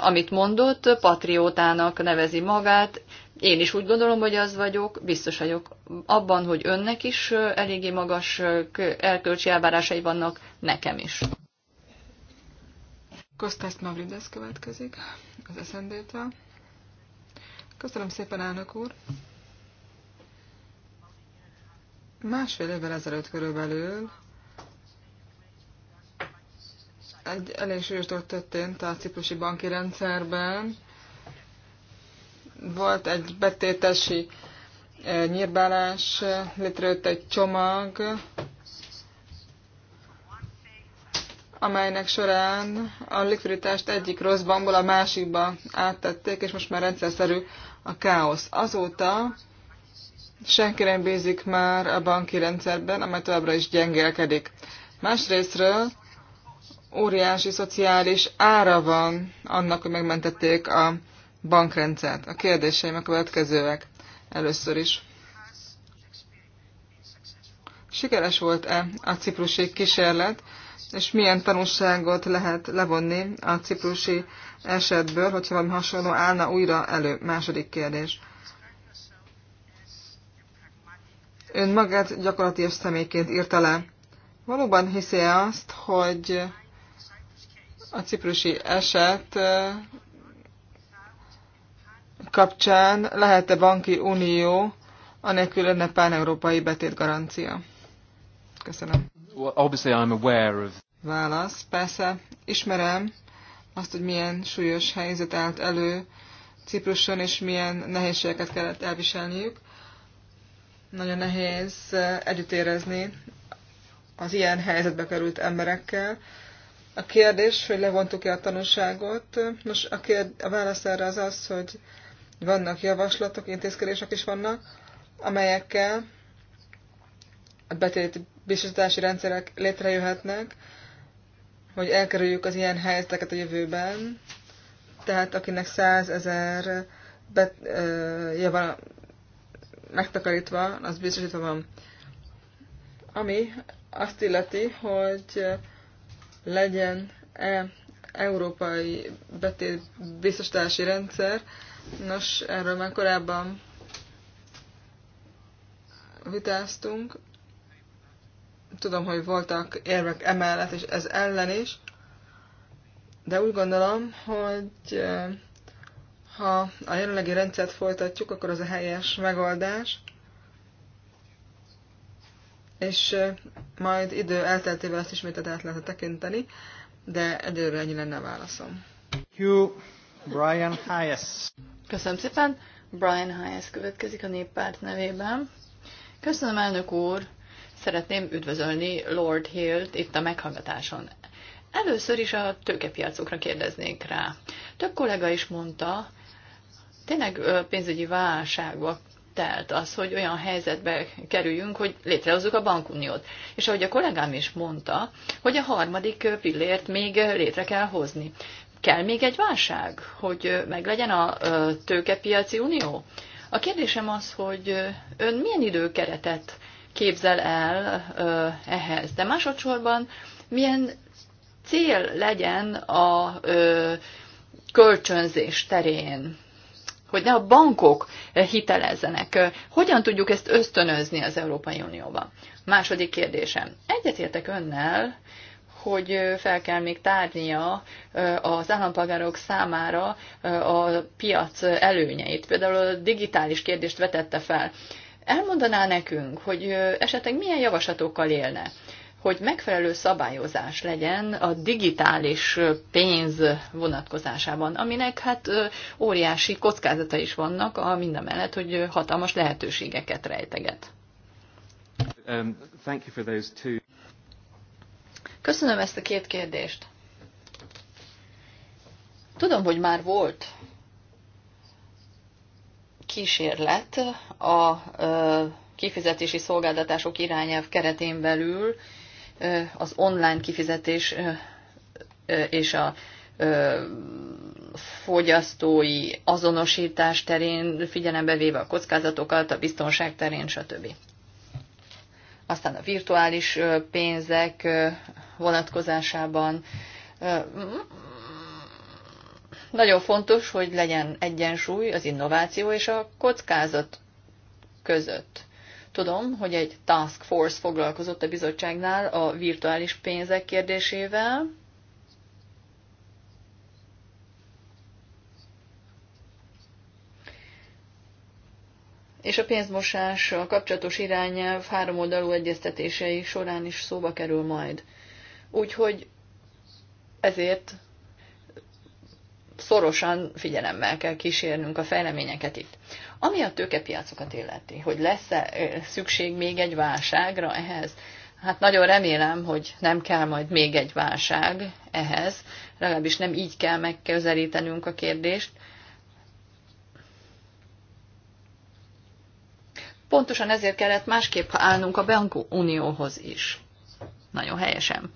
amit mondott, patriótának nevezi magát. Én is úgy gondolom, hogy az vagyok, biztos vagyok abban, hogy önnek is eléggé magas elkölcsi elvárásai vannak, nekem is. Kostas Mavridesz következik az SZND-től. Köszönöm szépen, elnök úr. Másfél évvel ezelőtt körülbelül egy elég súlyos dolog történt a ciprusi banki rendszerben. Volt egy betétesi eh, nyírbálás, létrejött egy csomag, amelynek során a likviditást egyik rossz bankból a másikba áttették, és most már rendszerszerű a káosz. Azóta senki nem bízik már a banki rendszerben, amely továbbra is gyengélkedik. Másrésztről óriási szociális ára van annak, hogy megmentették a bankrendszert. A kérdéseim a következőek először is. Sikeres volt-e a ciprusi kísérlet, és milyen tanulságot lehet levonni a ciprusi esetből, hogyha valami hasonló állna újra elő. Második kérdés. Ön magát és személyként írta le. Valóban hiszi -e azt, hogy a ciprusi eset kapcsán lehet-e banki unió, anélkül lenne pán-európai betétgarancia? Köszönöm. Well, obviously I'm aware of... Válasz, persze, ismerem azt, hogy milyen súlyos helyzet állt elő Cipruson, és milyen nehézségeket kellett elviselniük. Nagyon nehéz eh, együtt érezni az ilyen helyzetbe került emberekkel. A kérdés, hogy levontuk-e a tanulságot, most a, kérd, a válasz erre az az, hogy vannak javaslatok, intézkedések is vannak, amelyekkel a betét biztosítási rendszerek létrejöhetnek, hogy elkerüljük az ilyen helyzeteket a jövőben. Tehát akinek 100 ezer ja, van megtakarítva, az biztosítva van. Ami azt illeti, hogy legyen -e európai betét biztosítási rendszer. Nos, erről már korábban vitáztunk tudom, hogy voltak érvek emellett, és ez ellen is, de úgy gondolom, hogy ha a jelenlegi rendszert folytatjuk, akkor az a helyes megoldás, és majd idő elteltével ezt ismételt át lehet tekinteni, de egyelőre ennyi lenne a válaszom. Brian Hayes. Köszönöm szépen. Brian Hayes következik a néppárt nevében. Köszönöm, elnök úr. Szeretném üdvözölni Lord Hill-t itt a meghallgatáson. Először is a tőkepiacokra kérdeznék rá. Több kollega is mondta, tényleg pénzügyi válságba telt az, hogy olyan helyzetbe kerüljünk, hogy létrehozzuk a bankuniót. És ahogy a kollégám is mondta, hogy a harmadik pillért még létre kell hozni. Kell még egy válság, hogy meglegyen a tőkepiaci unió? A kérdésem az, hogy ön milyen időkeretet képzel el ehhez. De másodszorban milyen cél legyen a kölcsönzés terén, hogy ne a bankok hitelezzenek. Hogyan tudjuk ezt ösztönözni az Európai Unióban? Második kérdésem. Egyetértek önnel, hogy fel kell még tárnia az állampolgárok számára a piac előnyeit. Például a digitális kérdést vetette fel elmondaná nekünk, hogy esetleg milyen javaslatokkal élne, hogy megfelelő szabályozás legyen a digitális pénz vonatkozásában, aminek hát óriási kockázata is vannak, a mindamellett, hogy hatalmas lehetőségeket rejteget. Um, thank you for those two. Köszönöm ezt a két kérdést. Tudom, hogy már volt kísérlet a kifizetési szolgáltatások irányelv keretén belül az online kifizetés és a fogyasztói azonosítás terén, figyelembe véve a kockázatokat, a biztonság terén, stb. Aztán a virtuális pénzek vonatkozásában nagyon fontos, hogy legyen egyensúly az innováció és a kockázat között. Tudom, hogy egy task force foglalkozott a bizottságnál a virtuális pénzek kérdésével, és a pénzmosás a kapcsolatos irányelv oldalú egyeztetései során is szóba kerül majd. Úgyhogy ezért szorosan figyelemmel kell kísérnünk a fejleményeket itt. Ami a tőkepiacokat illeti, hogy lesz-e szükség még egy válságra ehhez, hát nagyon remélem, hogy nem kell majd még egy válság ehhez, legalábbis nem így kell megközelítenünk a kérdést. Pontosan ezért kellett másképp állnunk a bankunióhoz is. Nagyon helyesen.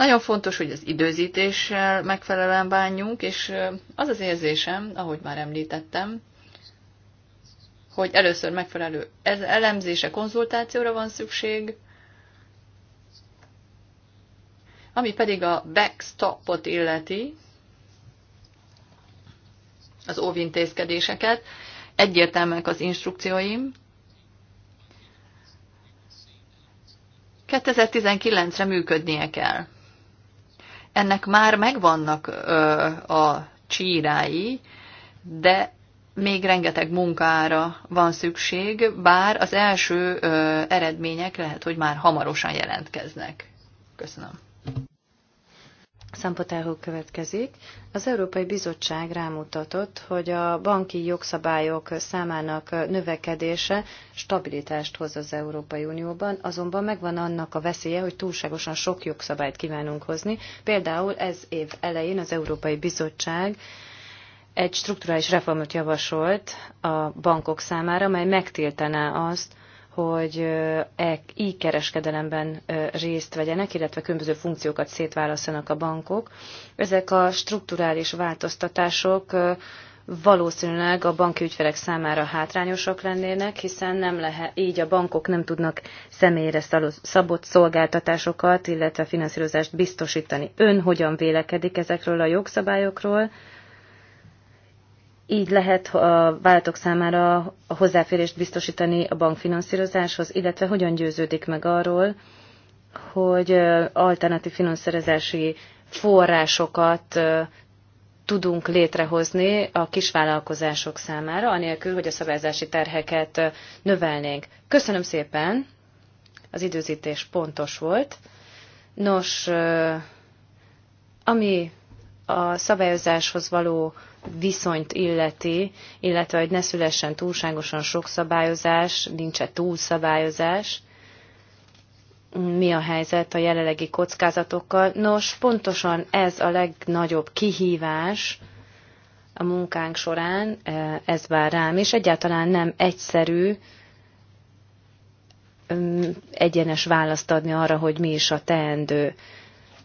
Nagyon fontos, hogy az időzítéssel megfelelően bánjunk, és az az érzésem, ahogy már említettem, hogy először megfelelő ez elemzése, konzultációra van szükség, ami pedig a backstopot illeti, az óvintézkedéseket, egyértelműek az instrukcióim. 2019-re működnie kell ennek már megvannak a csírái, de még rengeteg munkára van szükség, bár az első eredmények lehet, hogy már hamarosan jelentkeznek. Köszönöm. Szampotáhó következik. Az Európai Bizottság rámutatott, hogy a banki jogszabályok számának növekedése stabilitást hoz az Európai Unióban, azonban megvan annak a veszélye, hogy túlságosan sok jogszabályt kívánunk hozni. Például ez év elején az Európai Bizottság egy strukturális reformot javasolt a bankok számára, mely megtiltene azt, hogy e így kereskedelemben részt vegyenek, illetve különböző funkciókat szétválasztanak a bankok. Ezek a strukturális változtatások valószínűleg a banki ügyfelek számára hátrányosak lennének, hiszen nem lehet, így a bankok nem tudnak személyre szabott szolgáltatásokat, illetve finanszírozást biztosítani. Ön hogyan vélekedik ezekről a jogszabályokról? Így lehet a váltok számára a hozzáférést biztosítani a bankfinanszírozáshoz, illetve hogyan győződik meg arról, hogy alternatív finanszírozási forrásokat tudunk létrehozni a kisvállalkozások számára, anélkül, hogy a szabályzási terheket növelnénk. Köszönöm szépen, az időzítés pontos volt. Nos, ami a szabályozáshoz való viszonyt illeti, illetve hogy ne szülessen túlságosan sok szabályozás, nincs-e túlszabályozás, mi a helyzet a jelenlegi kockázatokkal. Nos, pontosan ez a legnagyobb kihívás a munkánk során, e, ez vár rám, és egyáltalán nem egyszerű egyenes választ adni arra, hogy mi is a teendő.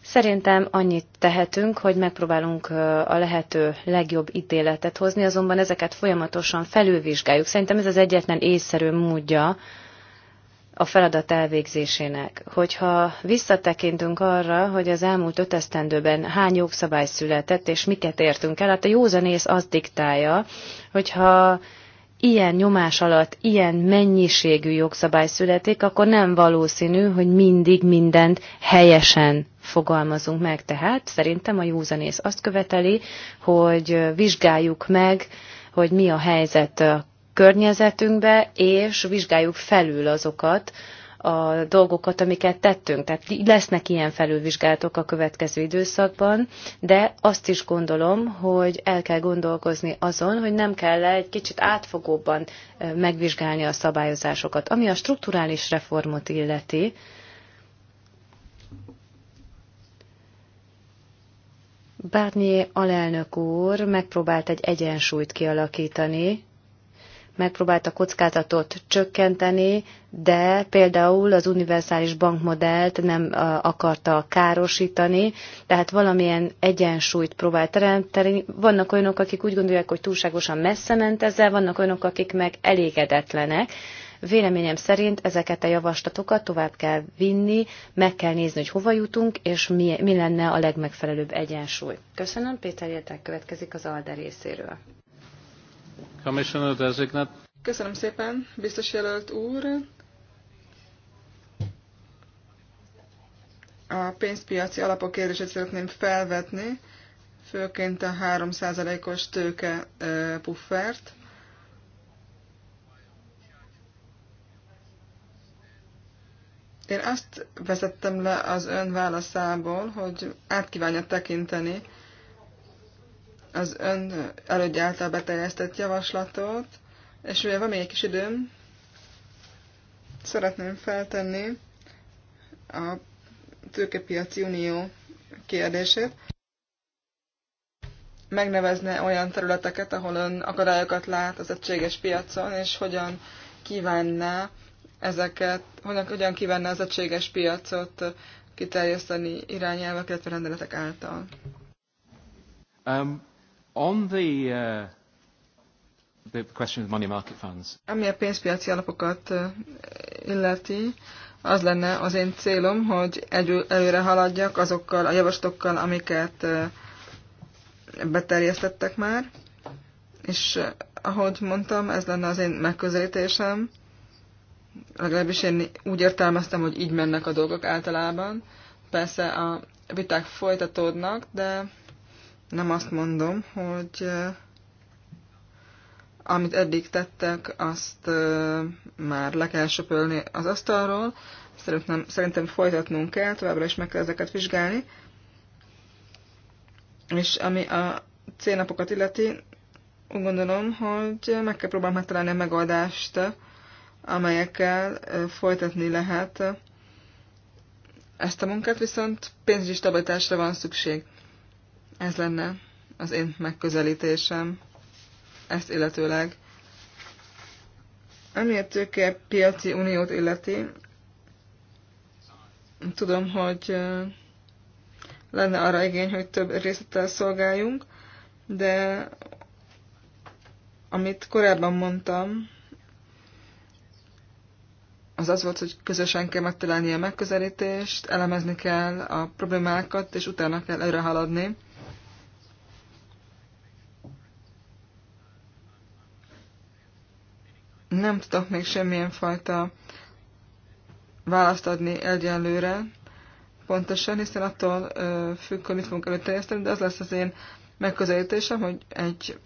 Szerintem annyit tehetünk, hogy megpróbálunk a lehető legjobb ítéletet hozni, azonban ezeket folyamatosan felülvizsgáljuk. Szerintem ez az egyetlen észszerű módja a feladat elvégzésének. Hogyha visszatekintünk arra, hogy az elmúlt öt esztendőben hány jogszabály született, és miket értünk el, hát a józanész azt diktálja, hogyha ilyen nyomás alatt ilyen mennyiségű jogszabály születik, akkor nem valószínű, hogy mindig mindent helyesen fogalmazunk meg. Tehát szerintem a józanész azt követeli, hogy vizsgáljuk meg, hogy mi a helyzet a környezetünkbe, és vizsgáljuk felül azokat, a dolgokat, amiket tettünk. Tehát lesznek ilyen felülvizsgálatok a következő időszakban, de azt is gondolom, hogy el kell gondolkozni azon, hogy nem kell -e egy kicsit átfogóbban megvizsgálni a szabályozásokat. Ami a strukturális reformot illeti, Barnier alelnök úr megpróbált egy egyensúlyt kialakítani, megpróbált a kockázatot csökkenteni, de például az univerzális bankmodellt nem akarta károsítani, tehát valamilyen egyensúlyt próbált teremteni. Vannak olyanok, akik úgy gondolják, hogy túlságosan messze ment ezzel, vannak olyanok, akik meg elégedetlenek. Véleményem szerint ezeket a javaslatokat tovább kell vinni, meg kell nézni, hogy hova jutunk, és mi, mi lenne a legmegfelelőbb egyensúly. Köszönöm, Péter Értek következik az ALDE részéről. Köszönöm szépen, biztos jelölt úr. A pénzpiaci alapok kérdését szeretném felvetni, főként a 3%-os tőke puffert. Én azt vezettem le az ön válaszából, hogy át kívánja tekinteni az ön elődje által beteljesztett javaslatot, és ugye van még egy kis időm, szeretném feltenni a tőkepiaci unió kérdését. Megnevezne olyan területeket, ahol ön akadályokat lát az egységes piacon, és hogyan kívánná ezeket, hogyan, hogyan kívánna az egységes piacot kiterjeszteni irányelvek, illetve rendeletek által. Um, on the, uh, the question of money market funds. Ami a pénzpiaci alapokat uh, illeti, az lenne az én célom, hogy egy, előre haladjak azokkal a javaslatokkal, amiket uh, beterjesztettek már, és uh, ahogy mondtam, ez lenne az én megközelítésem, legalábbis én úgy értelmeztem, hogy így mennek a dolgok általában. Persze a viták folytatódnak, de nem azt mondom, hogy amit eddig tettek, azt már le kell söpölni az asztalról. Szerintem, szerintem folytatnunk kell, továbbra is meg kell ezeket vizsgálni. És ami a célnapokat illeti, úgy gondolom, hogy meg kell próbálni megtalálni a megoldást amelyekkel folytatni lehet ezt a munkát, viszont pénzügyi stabilitásra van szükség. Ez lenne az én megközelítésem ezt illetőleg. Ami a tőke piaci uniót illeti, tudom, hogy lenne arra igény, hogy több részlettel szolgáljunk, de amit korábban mondtam, az az volt, hogy közösen kell megtalálni a megközelítést, elemezni kell a problémákat, és utána kell előre haladni. Nem tudok még semmilyen fajta választ adni egyenlőre, pontosan, hiszen attól függ, hogy mit fogunk előterjeszteni, de az lesz az én megközelítésem, hogy egy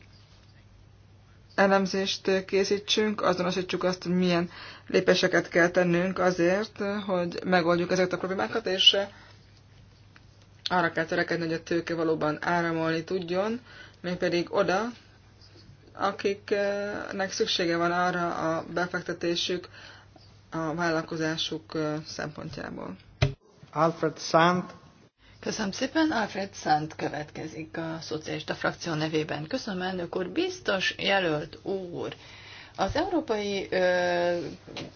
elemzést készítsünk, azonosítsuk azt, hogy milyen lépéseket kell tennünk azért, hogy megoldjuk ezeket a problémákat, és arra kell törekedni, hogy a tőke valóban áramolni tudjon, mégpedig oda, akiknek szüksége van arra a befektetésük, a vállalkozásuk szempontjából. Alfred Sand Köszönöm szépen. Alfred Szent következik a szocialista frakció nevében. Köszönöm, elnök úr. Biztos jelölt úr. Az európai ö,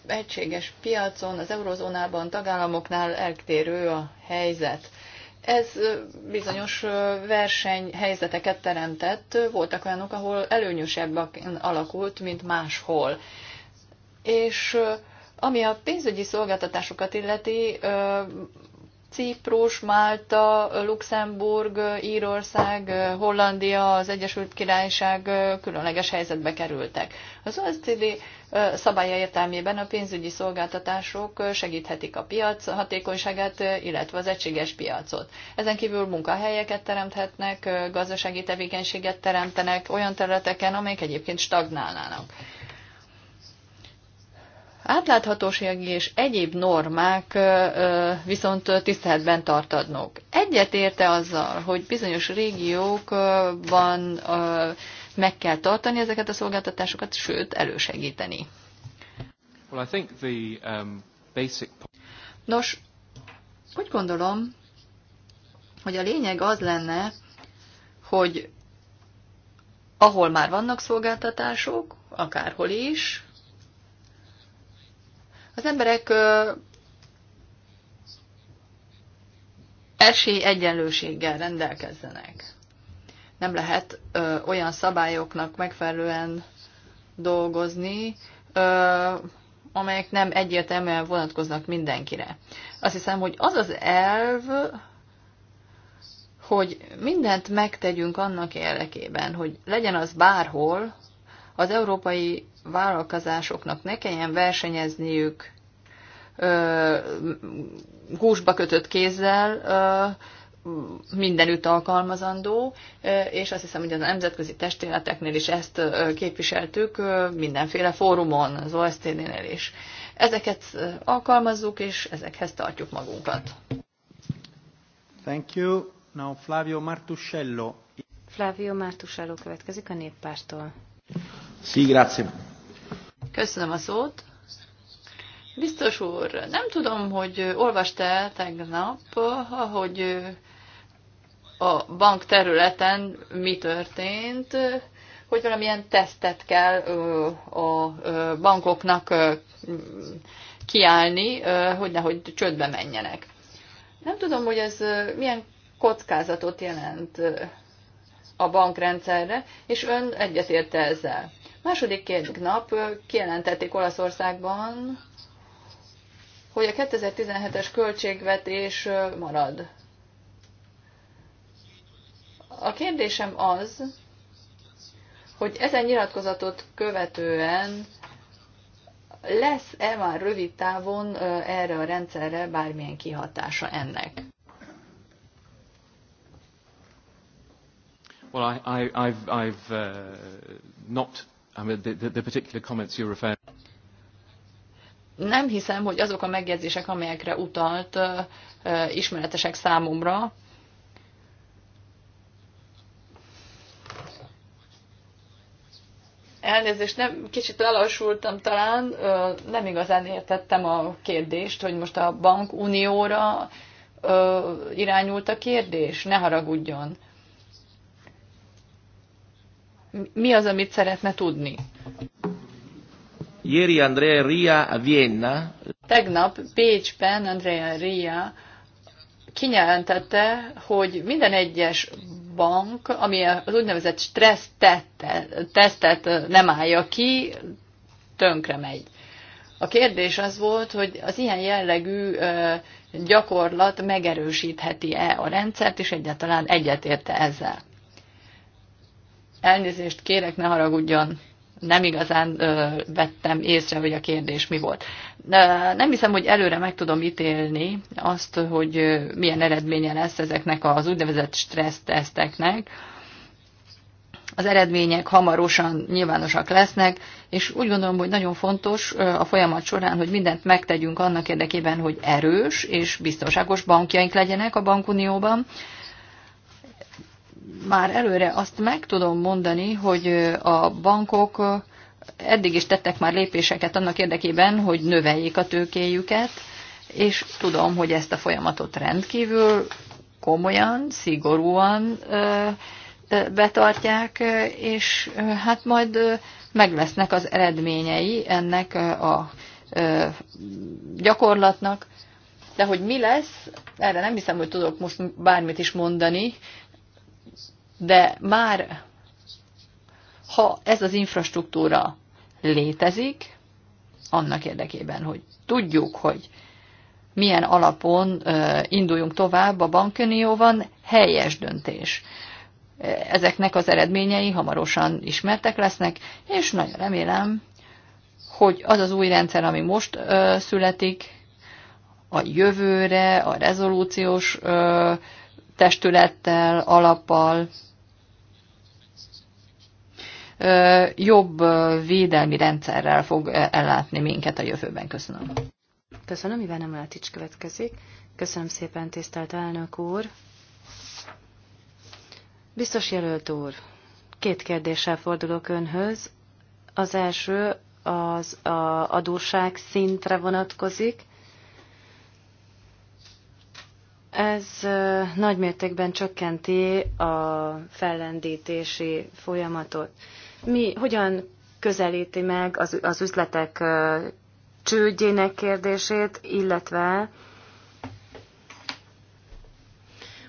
egységes piacon, az eurozónában, tagállamoknál eltérő a helyzet. Ez bizonyos versenyhelyzeteket teremtett, voltak olyanok, ahol előnyösebb alakult, mint máshol. És ami a pénzügyi szolgáltatásokat illeti, Ciprus, Málta, Luxemburg, Írország, Hollandia, az Egyesült Királyság különleges helyzetbe kerültek. Az OECD szabálya értelmében a pénzügyi szolgáltatások segíthetik a piac hatékonyságát, illetve az egységes piacot. Ezen kívül munkahelyeket teremthetnek, gazdasági tevékenységet teremtenek olyan területeken, amelyek egyébként stagnálnának átláthatósági és egyéb normák viszont tiszteletben tartadnak. Egyet érte azzal, hogy bizonyos régiókban meg kell tartani ezeket a szolgáltatásokat, sőt, elősegíteni. Well, I think the, um, basic... Nos, úgy gondolom, hogy a lényeg az lenne, hogy ahol már vannak szolgáltatások, akárhol is, az emberek esély egyenlőséggel rendelkezzenek. Nem lehet ö, olyan szabályoknak megfelelően dolgozni, ö, amelyek nem egyértelműen vonatkoznak mindenkire. Azt hiszem, hogy az az elv, hogy mindent megtegyünk annak érdekében, hogy legyen az bárhol, az Európai vállalkozásoknak ne kelljen versenyezniük ö, húsba kötött kézzel, ö, mindenütt alkalmazandó, és azt hiszem, hogy a nemzetközi testéleteknél is ezt képviseltük mindenféle fórumon, az oszt nél is. Ezeket alkalmazzuk, és ezekhez tartjuk magunkat. Thank you. Now Flavio Martuscello. Flavio Martuscello következik a néppártól. Sí, grazie. Köszönöm a szót. Biztos úr, nem tudom, hogy olvasta tegnap, hogy a bank területen mi történt, hogy valamilyen tesztet kell a bankoknak kiállni, hogy nehogy csődbe menjenek. Nem tudom, hogy ez milyen kockázatot jelent a bankrendszerre, és ön egyetérte ezzel. Második két nap kijelentették Olaszországban, hogy a 2017-es költségvetés marad. A kérdésem az, hogy ezen nyilatkozatot követően lesz-e már rövid távon erre a rendszerre bármilyen kihatása ennek? Well, I, I, I've, I've uh, not nem hiszem, hogy azok a megjegyzések, amelyekre utalt, ismeretesek számomra. Elnézést, nem, kicsit lelassultam talán, nem igazán értettem a kérdést, hogy most a bankunióra irányult a kérdés, ne haragudjon mi az, amit szeretne tudni. Ieri Andrea Ria a Vienna. Tegnap Bécsben Andrea Ria kijelentette, hogy minden egyes bank, ami az úgynevezett stressz tesztet nem állja ki, tönkre megy. A kérdés az volt, hogy az ilyen jellegű gyakorlat megerősítheti-e a rendszert, és egyáltalán egyetérte ezzel. Elnézést kérek, ne haragudjon. Nem igazán ö, vettem észre, hogy a kérdés mi volt. De nem hiszem, hogy előre meg tudom ítélni azt, hogy milyen eredménye lesz ezeknek az úgynevezett stresszteszteknek. Az eredmények hamarosan nyilvánosak lesznek, és úgy gondolom, hogy nagyon fontos a folyamat során, hogy mindent megtegyünk annak érdekében, hogy erős és biztonságos bankjaink legyenek a bankunióban, már előre azt meg tudom mondani, hogy a bankok eddig is tettek már lépéseket annak érdekében, hogy növeljék a tőkéjüket, és tudom, hogy ezt a folyamatot rendkívül komolyan, szigorúan betartják, és hát majd meg lesznek az eredményei ennek a gyakorlatnak. De hogy mi lesz, erre nem hiszem, hogy tudok most bármit is mondani, de már ha ez az infrastruktúra létezik, annak érdekében, hogy tudjuk, hogy milyen alapon induljunk tovább a bankunióban, helyes döntés. Ezeknek az eredményei hamarosan ismertek lesznek, és nagyon remélem, hogy az az új rendszer, ami most születik, a jövőre, a rezolúciós testülettel, alappal jobb védelmi rendszerrel fog e- ellátni minket a jövőben. Köszönöm. Köszönöm, mivel nem Látics következik. Köszönöm szépen, tisztelt elnök úr. Biztos jelölt úr, két kérdéssel fordulok önhöz. Az első az a adósság szintre vonatkozik. Ez nagymértékben csökkenti a fellendítési folyamatot. Mi hogyan közelíti meg az, az üzletek csődjének kérdését, illetve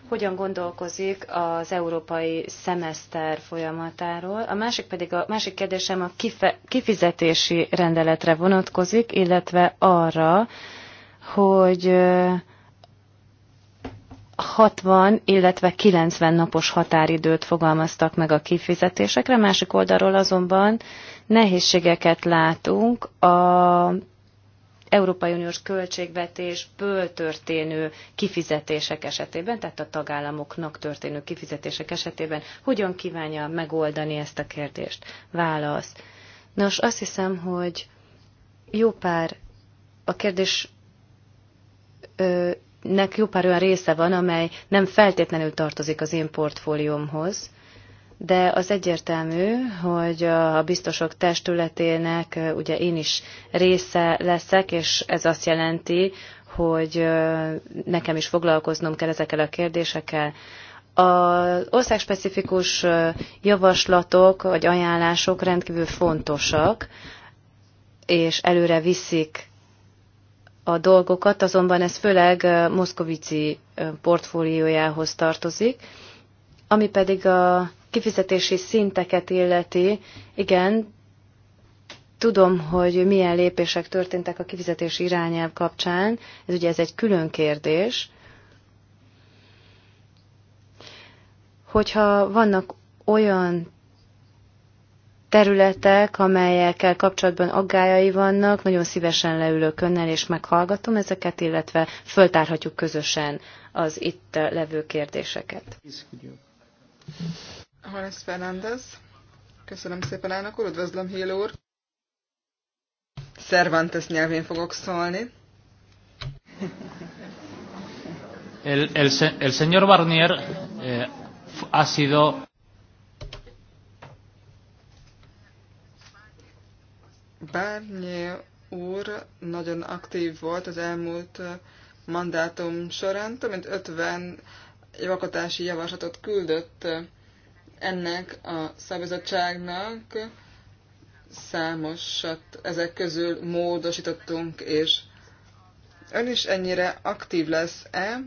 hogyan gondolkozik az európai szemeszter folyamatáról. A másik pedig a másik kérdésem a kife, kifizetési rendeletre vonatkozik, illetve arra, hogy 60, illetve 90 napos határidőt fogalmaztak meg a kifizetésekre, másik oldalról azonban nehézségeket látunk a Európai Uniós költségvetésből történő kifizetések esetében, tehát a tagállamoknak történő kifizetések esetében, hogyan kívánja megoldani ezt a kérdést? Válasz. Nos, azt hiszem, hogy jó pár a kérdés nek jó pár olyan része van, amely nem feltétlenül tartozik az én portfóliómhoz, de az egyértelmű, hogy a biztosok testületének ugye én is része leszek, és ez azt jelenti, hogy nekem is foglalkoznom kell ezekkel a kérdésekkel. Az országspecifikus javaslatok vagy ajánlások rendkívül fontosak, és előre viszik a dolgokat, azonban ez főleg Moszkovici portfóliójához tartozik, ami pedig a kifizetési szinteket illeti, igen, tudom, hogy milyen lépések történtek a kifizetési irányelv kapcsán, ez ugye ez egy külön kérdés. Hogyha vannak olyan területek, amelyekkel kapcsolatban aggályai vannak, nagyon szívesen leülök önnel, és meghallgatom ezeket, illetve föltárhatjuk közösen az itt levő kérdéseket. Hannes Fernández. Köszönöm szépen, elnök úr. Üdvözlöm, Hél úr. Cervantes nyelvén fogok szólni. El, el, el señor Barnier eh, ha sido... Bárnyi úr nagyon aktív volt az elmúlt mandátum során, több mint 50 javakatási javaslatot küldött ennek a szabizottságnak, számosat ezek közül módosítottunk, és ön is ennyire aktív lesz-e,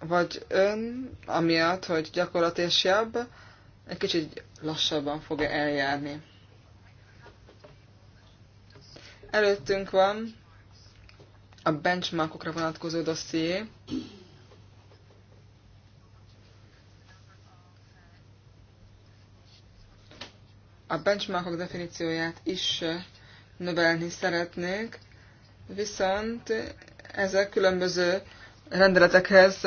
vagy ön, amiatt, hogy gyakorlatilag egy kicsit lassabban fog -e eljárni? Előttünk van a benchmarkokra vonatkozó dosszié. A benchmarkok definícióját is növelni szeretnék, viszont ezek különböző rendeletekhez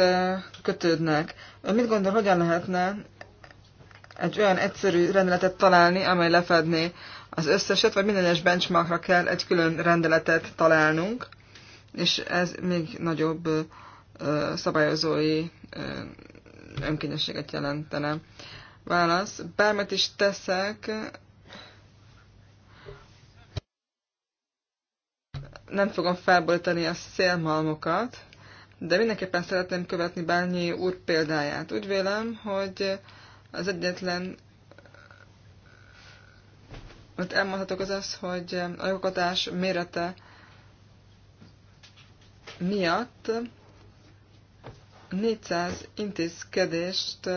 kötődnek. Mit gondol, hogyan lehetne egy olyan egyszerű rendeletet találni, amely lefedné az összeset, vagy minden egyes benchmarkra kell egy külön rendeletet találnunk, és ez még nagyobb szabályozói önkényességet jelentene. Válasz, bármit is teszek, nem fogom felborítani a szélmalmokat, de mindenképpen szeretném követni Bányi úr példáját. Úgy vélem, hogy az egyetlen, amit elmondhatok, az az, hogy a jogokatás mérete miatt 400 intézkedést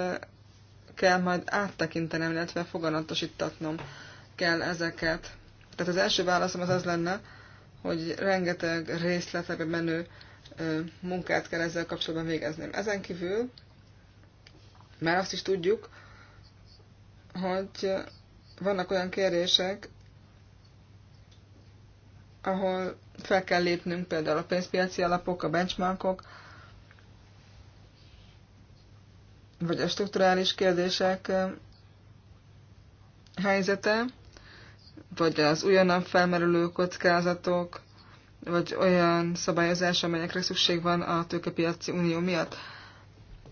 kell majd áttekintenem, illetve foganatosítatnom kell ezeket. Tehát az első válaszom az az lenne, hogy rengeteg részletebe menő munkát kell ezzel kapcsolatban végezném. Ezen kívül mert azt is tudjuk, hogy vannak olyan kérdések, ahol fel kell lépnünk, például a pénzpiaci alapok, a benchmarkok, vagy a strukturális kérdések helyzete, vagy az újonnan felmerülő kockázatok, vagy olyan szabályozás, amelyekre szükség van a tőkepiaci unió miatt.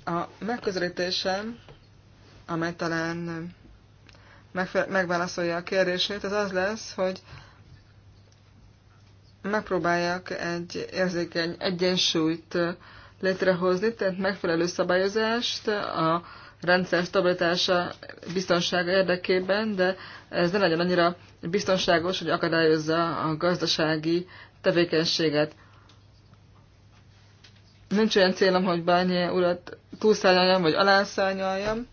A megközelítésem, amely talán megválaszolja a kérdését, az az lesz, hogy megpróbálják egy érzékeny egyensúlyt létrehozni, tehát megfelelő szabályozást a rendszer stabilitása biztonsága érdekében, de ez ne legyen annyira biztonságos, hogy akadályozza a gazdasági tevékenységet. Nincs olyan célom, hogy bányi urat túlszányaljam, vagy alászányaljam,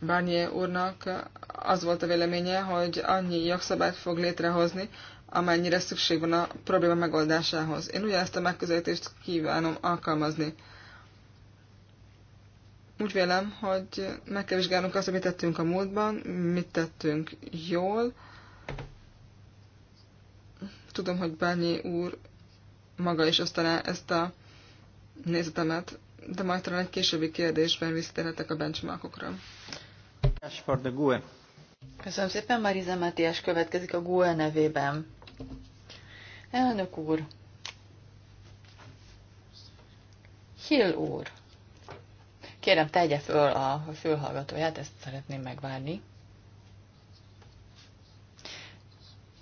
Barnier úrnak az volt a véleménye, hogy annyi jogszabályt fog létrehozni, amennyire szükség van a probléma megoldásához. Én ugyanezt a megközelítést kívánom alkalmazni. Úgy vélem, hogy meg kell vizsgálnunk azt, amit mit tettünk a múltban, mit tettünk jól. Tudom, hogy Bányi úr maga is osztaná ezt a nézetemet, de majd talán egy későbbi kérdésben visszatérhetek a benchmarkokra. For the GUE. Köszönöm szépen, Mariza Mátiás következik a GUE nevében. Elnök úr, Hill úr, kérem tegye föl a fülhallgatóját, ezt szeretném megvárni.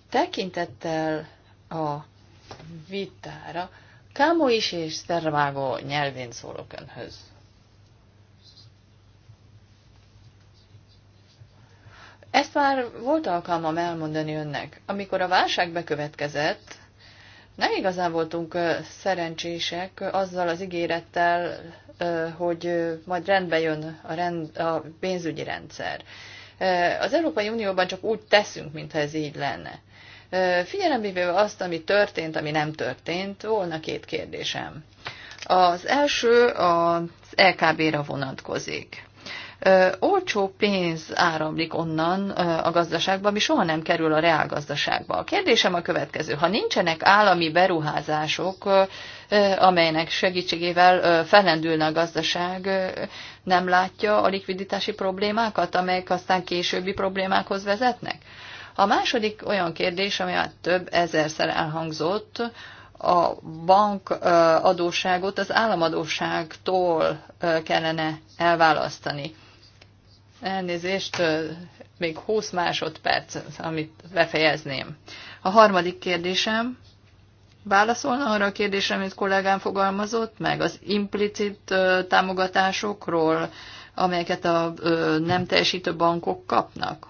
Tekintettel a vitára, Kámo is és Szervágó nyelvén szólok önhöz. Ezt már volt alkalmam elmondani önnek. Amikor a válság bekövetkezett, nem igazán voltunk szerencsések azzal az ígérettel, hogy majd rendbe jön a, rend, a pénzügyi rendszer. Az Európai Unióban csak úgy teszünk, mintha ez így lenne. Figyelembe véve azt, ami történt, ami nem történt, volna két kérdésem. Az első az LKB-ra vonatkozik olcsó pénz áramlik onnan a gazdaságba, ami soha nem kerül a reálgazdaságba. A kérdésem a következő. Ha nincsenek állami beruházások, amelynek segítségével fellendülne a gazdaság, nem látja a likviditási problémákat, amelyek aztán későbbi problémákhoz vezetnek? A második olyan kérdés, ami már több ezerszer elhangzott, a bank adósságot az államadóságtól kellene elválasztani. Elnézést, még 20 másodperc, amit befejezném. A harmadik kérdésem, válaszolna arra a kérdésre, amit kollégám fogalmazott meg, az implicit támogatásokról, amelyeket a nem teljesítő bankok kapnak?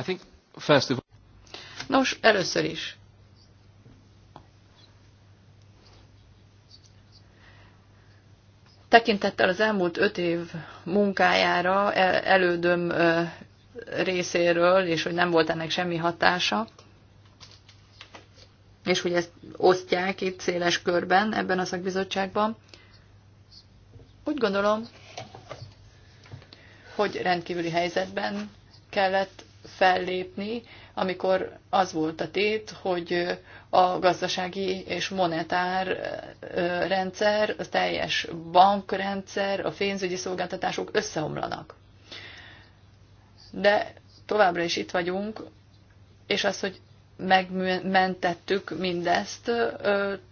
I think first of... Nos, először is. Tekintettel az elmúlt öt év munkájára, e, elődöm részéről, és hogy nem volt ennek semmi hatása, és hogy ezt osztják itt széles körben ebben a szakbizottságban, úgy gondolom, hogy rendkívüli helyzetben kellett fellépni, amikor az volt a tét, hogy a gazdasági és monetár rendszer, a teljes bankrendszer, a pénzügyi szolgáltatások összeomlanak. De továbbra is itt vagyunk, és az, hogy megmentettük mindezt,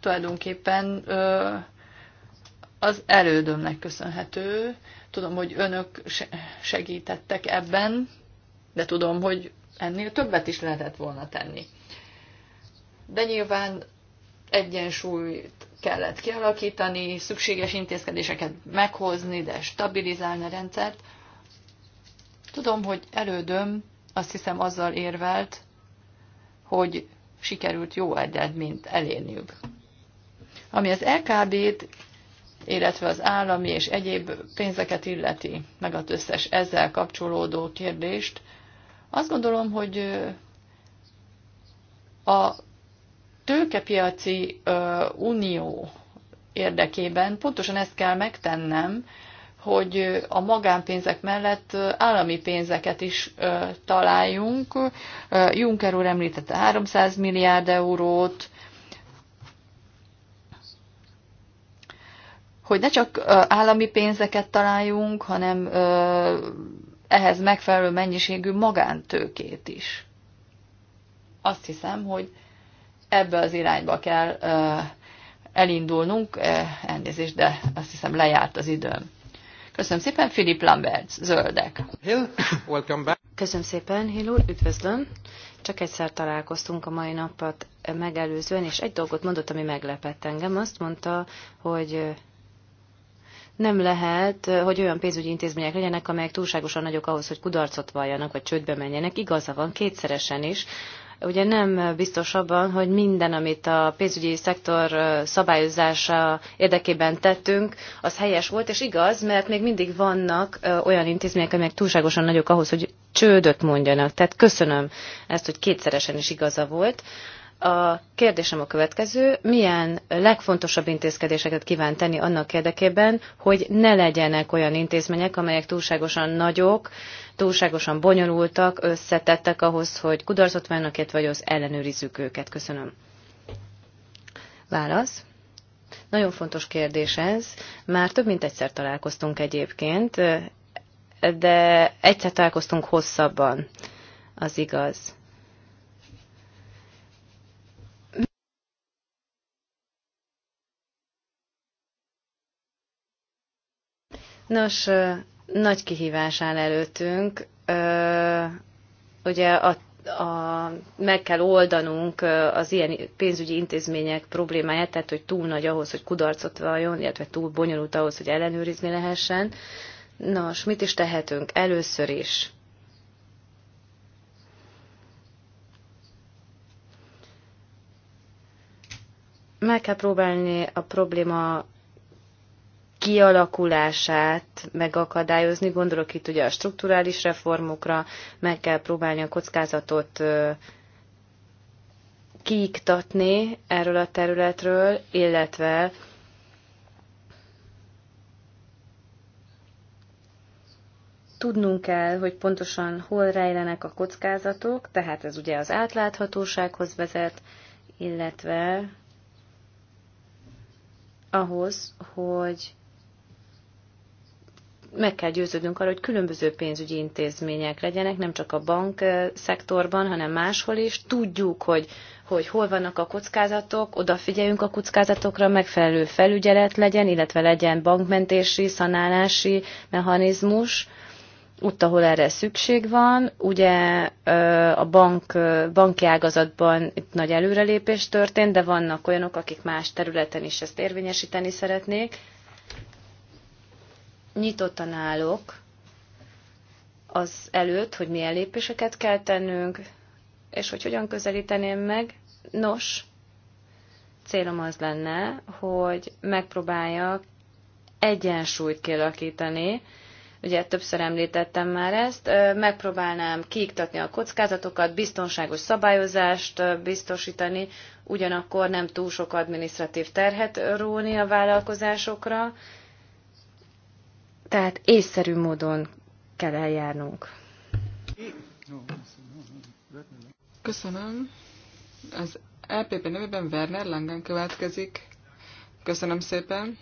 tulajdonképpen az elődömnek köszönhető. Tudom, hogy önök segítettek ebben, de tudom, hogy ennél többet is lehetett volna tenni. De nyilván egyensúlyt kellett kialakítani, szükséges intézkedéseket meghozni, de stabilizálni a rendszert. Tudom, hogy elődöm azt hiszem azzal érvelt, hogy sikerült jó eredményt elérniük. Ami az LKB-t, illetve az állami és egyéb pénzeket illeti, meg az összes ezzel kapcsolódó kérdést, azt gondolom, hogy a tőkepiaci unió érdekében pontosan ezt kell megtennem, hogy a magánpénzek mellett állami pénzeket is találjunk. Juncker úr említette 300 milliárd eurót, hogy ne csak állami pénzeket találjunk, hanem ehhez megfelelő mennyiségű magántőkét is. Azt hiszem, hogy ebbe az irányba kell elindulnunk, elnézést, de azt hiszem lejárt az időm. Köszönöm szépen, Philip Lambert, zöldek. Hill, welcome back. Köszönöm szépen, Hill úr, üdvözlöm. Csak egyszer találkoztunk a mai napot megelőzően, és egy dolgot mondott, ami meglepett engem. Azt mondta, hogy nem lehet, hogy olyan pénzügyi intézmények legyenek, amelyek túlságosan nagyok ahhoz, hogy kudarcot valljanak, vagy csődbe menjenek. Igaza van kétszeresen is. Ugye nem biztos abban, hogy minden, amit a pénzügyi szektor szabályozása érdekében tettünk, az helyes volt, és igaz, mert még mindig vannak olyan intézmények, amelyek túlságosan nagyok ahhoz, hogy csődöt mondjanak. Tehát köszönöm ezt, hogy kétszeresen is igaza volt. A kérdésem a következő, milyen legfontosabb intézkedéseket kíván tenni annak érdekében, hogy ne legyenek olyan intézmények, amelyek túlságosan nagyok, túlságosan bonyolultak, összetettek ahhoz, hogy kudarcot vannak, illetve vagy az ellenőrizzük őket. Köszönöm. Válasz. Nagyon fontos kérdés ez. Már több mint egyszer találkoztunk egyébként, de egyszer találkoztunk hosszabban, az igaz. Nos, nagy kihívás áll előttünk. Ugye a a, meg kell oldanunk az ilyen pénzügyi intézmények problémáját, tehát hogy túl nagy ahhoz, hogy kudarcot valljon, illetve túl bonyolult ahhoz, hogy ellenőrizni lehessen. Nos, mit is tehetünk? Először is. Meg kell próbálni a probléma kialakulását megakadályozni. Gondolok itt ugye a strukturális reformokra, meg kell próbálni a kockázatot kiiktatni erről a területről, illetve tudnunk kell, hogy pontosan hol rejlenek a kockázatok, tehát ez ugye az átláthatósághoz vezet, illetve ahhoz, hogy meg kell győződnünk arra, hogy különböző pénzügyi intézmények legyenek, nem csak a bank szektorban, hanem máshol is. Tudjuk, hogy, hogy hol vannak a kockázatok, odafigyeljünk a kockázatokra, megfelelő felügyelet legyen, illetve legyen bankmentési, szanálási mechanizmus, ott, ahol erre szükség van. Ugye a bank, banki ágazatban itt nagy előrelépés történt, de vannak olyanok, akik más területen is ezt érvényesíteni szeretnék nyitottan állok az előtt, hogy milyen lépéseket kell tennünk, és hogy hogyan közelíteném meg. Nos, célom az lenne, hogy megpróbáljak egyensúlyt kialakítani, ugye többször említettem már ezt, megpróbálnám kiiktatni a kockázatokat, biztonságos szabályozást biztosítani, ugyanakkor nem túl sok administratív terhet róni a vállalkozásokra, tehát észszerű módon kell eljárnunk. Köszönöm. Az LPP nevében Werner Langen következik. Köszönöm szépen.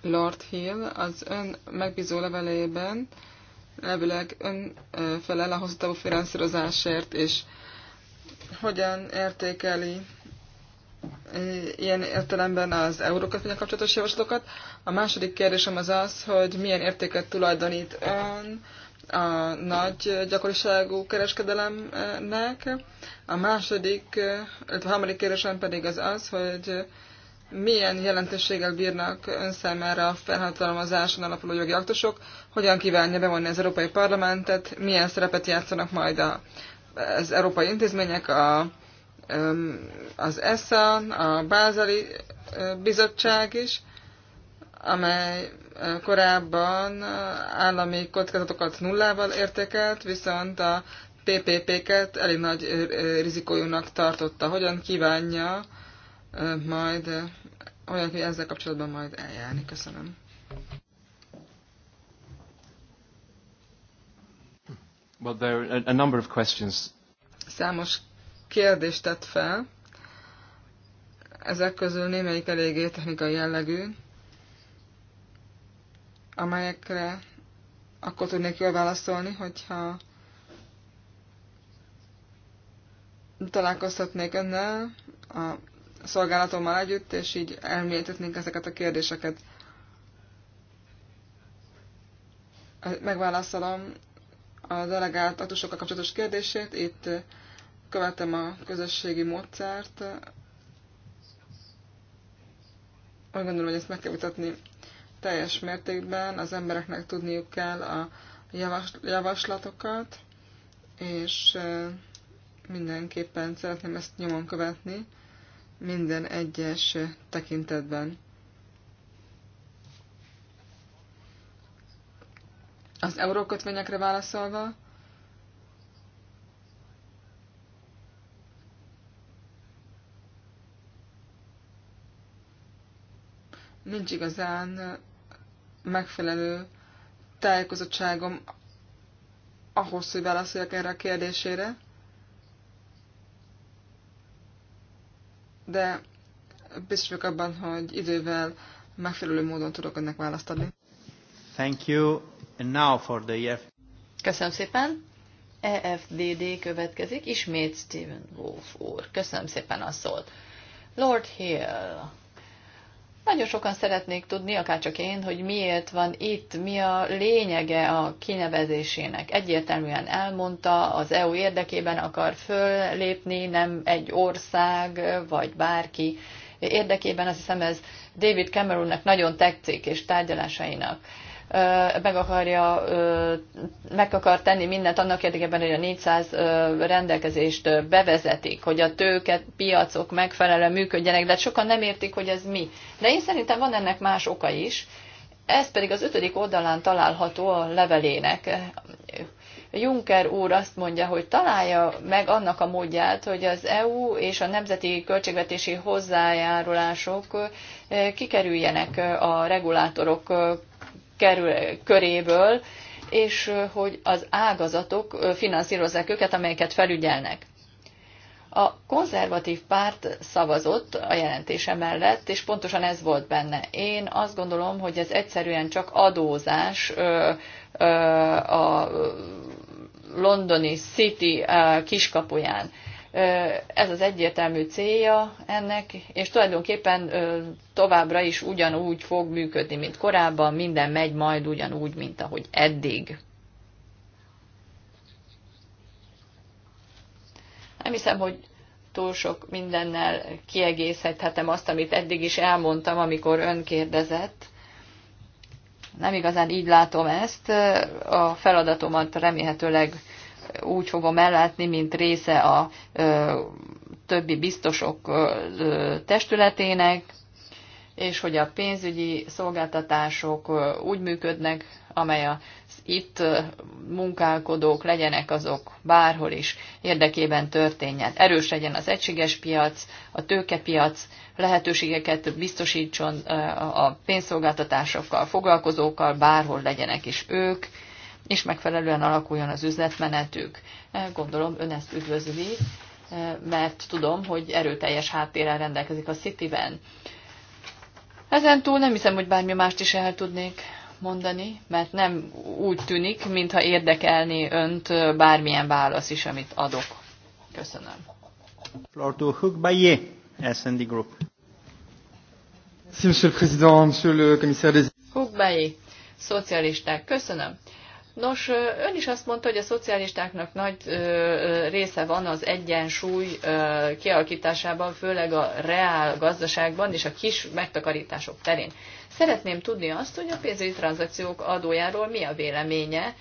Lord Hill az ön megbízó levelében elvileg ön felel a hosszú finanszírozásért, és hogyan értékeli ilyen értelemben az a kapcsolatos javaslatokat. A második kérdésem az az, hogy milyen értéket tulajdonít ön a nagy gyakoriságú kereskedelemnek. A második, a harmadik kérdésem pedig az az, hogy milyen jelentőséggel bírnak ön számára a felhatalmazáson alapuló jogi aktusok, hogyan kívánja bevonni az Európai Parlamentet, milyen szerepet játszanak majd az európai intézmények a az ESA, a Bázali Bizottság is, amely korábban állami kockázatokat nullával értékelt, viszont a PPP-ket elég nagy rizikójúnak tartotta. Hogyan kívánja majd, olyan, hogy ezzel kapcsolatban majd eljárni? Köszönöm. Well, there are a number of questions. Számos kérdést tett fel. Ezek közül némelyik eléggé technikai jellegű, amelyekre akkor tudnék jól válaszolni, hogyha találkozhatnék önnel a szolgálatommal együtt, és így elmélyítetnénk ezeket a kérdéseket. Megválaszolom a delegált a kapcsolatos kérdését. Itt követem a közösségi módszert. Úgy gondolom, hogy ezt meg kell vitatni teljes mértékben, az embereknek tudniuk kell a javaslatokat, és mindenképpen szeretném ezt nyomon követni minden egyes tekintetben. Az eurókötvényekre válaszolva, nincs igazán megfelelő tájékozottságom ahhoz, hogy válaszoljak erre a kérdésére. De biztos vagyok abban, hogy idővel megfelelő módon tudok ennek választ adni. Thank you. And now for the EF. Köszönöm szépen. EFDD következik, ismét Stephen Wolf úr. Köszönöm szépen a szót. Lord Hill nagyon sokan szeretnék tudni, akárcsak én, hogy miért van itt, mi a lényege a kinevezésének. Egyértelműen elmondta, az EU érdekében akar föllépni, nem egy ország vagy bárki érdekében. Azt hiszem ez David Cameronnak nagyon tetszik és tárgyalásainak meg akarja, meg akar tenni mindent annak érdekében, hogy a 400 rendelkezést bevezetik, hogy a tőket, piacok megfelelően működjenek, de hát sokan nem értik, hogy ez mi. De én szerintem van ennek más oka is, ez pedig az ötödik oldalán található a levelének. Juncker úr azt mondja, hogy találja meg annak a módját, hogy az EU és a nemzeti költségvetési hozzájárulások kikerüljenek a regulátorok kerül, köréből, és hogy az ágazatok finanszírozzák őket, amelyeket felügyelnek. A konzervatív párt szavazott a jelentése mellett, és pontosan ez volt benne. Én azt gondolom, hogy ez egyszerűen csak adózás a londoni City kiskapuján. Ez az egyértelmű célja ennek, és tulajdonképpen továbbra is ugyanúgy fog működni, mint korábban, minden megy majd ugyanúgy, mint ahogy eddig. Nem hiszem, hogy túl sok mindennel kiegészíthetem azt, amit eddig is elmondtam, amikor ön kérdezett. Nem igazán így látom ezt. A feladatomat remélhetőleg úgy fogom ellátni, mint része a többi biztosok testületének, és hogy a pénzügyi szolgáltatások úgy működnek, amely az itt munkálkodók legyenek azok bárhol is érdekében történjen. Erős legyen az egységes piac, a tőkepiac, lehetőségeket biztosítson a pénzszolgáltatásokkal, foglalkozókkal, bárhol legyenek is ők, és megfelelően alakuljon az üzletmenetük. E, gondolom ön ezt üdvözli, e, mert tudom, hogy erőteljes háttérrel rendelkezik a Cityben. Ezen túl nem hiszem, hogy bármi mást is el tudnék mondani, mert nem úgy tűnik, mintha érdekelni önt bármilyen válasz is, amit adok. Köszönöm. Floor Hugbaye, szocialisták, köszönöm. Nos, ön is azt mondta, hogy a szocialistáknak nagy része van az egyensúly kialakításában, főleg a reál gazdaságban és a kis megtakarítások terén. Szeretném tudni azt, hogy a pénzügyi tranzakciók adójáról mi a véleménye,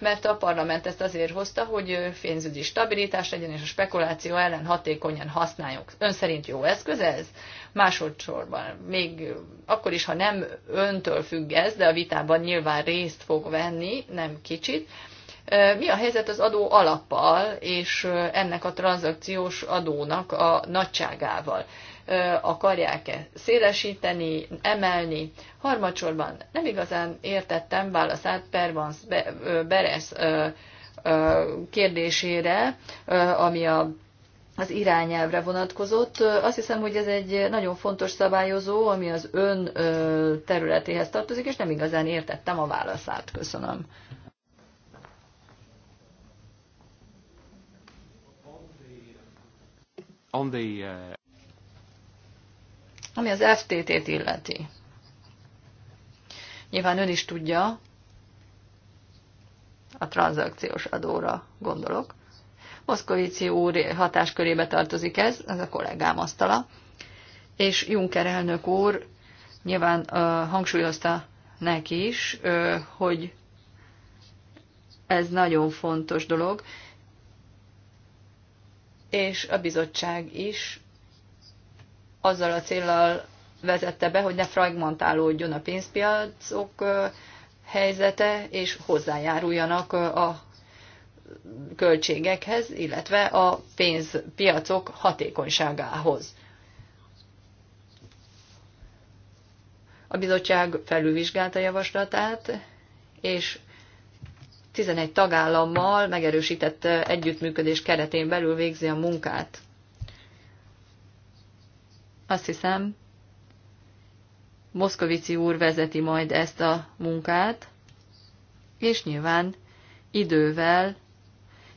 mert a parlament ezt azért hozta, hogy pénzügyi stabilitás legyen, és a spekuláció ellen hatékonyan használjuk. Ön szerint jó eszköz ez? másodszorban, még akkor is, ha nem öntől függ ez, de a vitában nyilván részt fog venni, nem kicsit, mi a helyzet az adó alappal és ennek a tranzakciós adónak a nagyságával? Akarják-e szélesíteni, emelni? Harmadsorban nem igazán értettem válaszát Pervans Beres kérdésére, ami a az irányelvre vonatkozott. Azt hiszem, hogy ez egy nagyon fontos szabályozó, ami az ön területéhez tartozik, és nem igazán értettem a válaszát. Köszönöm. On the, uh... Ami az FTT-t illeti. Nyilván ön is tudja, a tranzakciós adóra gondolok, Moszkovici úr hatáskörébe tartozik ez, ez a kollégám asztala, és Juncker elnök úr nyilván uh, hangsúlyozta neki is, uh, hogy ez nagyon fontos dolog, és a bizottság is azzal a célral vezette be, hogy ne fragmentálódjon a pénzpiacok helyzete, és hozzájáruljanak a költségekhez, illetve a pénzpiacok hatékonyságához. A bizottság felülvizsgálta javaslatát, és 11 tagállammal megerősített együttműködés keretén belül végzi a munkát. Azt hiszem, Moszkovici úr vezeti majd ezt a munkát, és nyilván idővel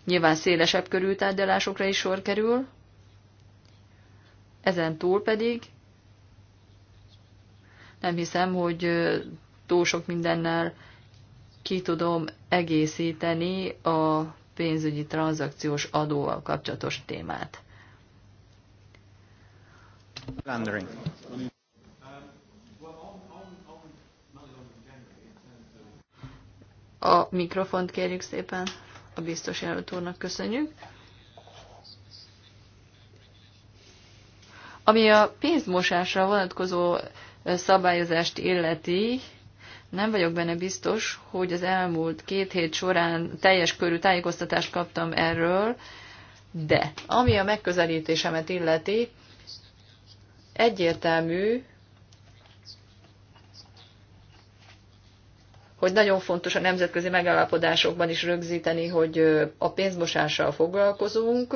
Nyilván szélesebb körű tárgyalásokra is sor kerül, ezen túl pedig nem hiszem, hogy túl sok mindennel ki tudom egészíteni a pénzügyi tranzakciós adóval kapcsolatos témát. Landering. A mikrofont kérjük szépen a biztos jelölt úrnak köszönjük. Ami a pénzmosásra vonatkozó szabályozást illeti, nem vagyok benne biztos, hogy az elmúlt két hét során teljes körű tájékoztatást kaptam erről, de ami a megközelítésemet illeti, egyértelmű, hogy nagyon fontos a nemzetközi megállapodásokban is rögzíteni, hogy a pénzmosással foglalkozunk,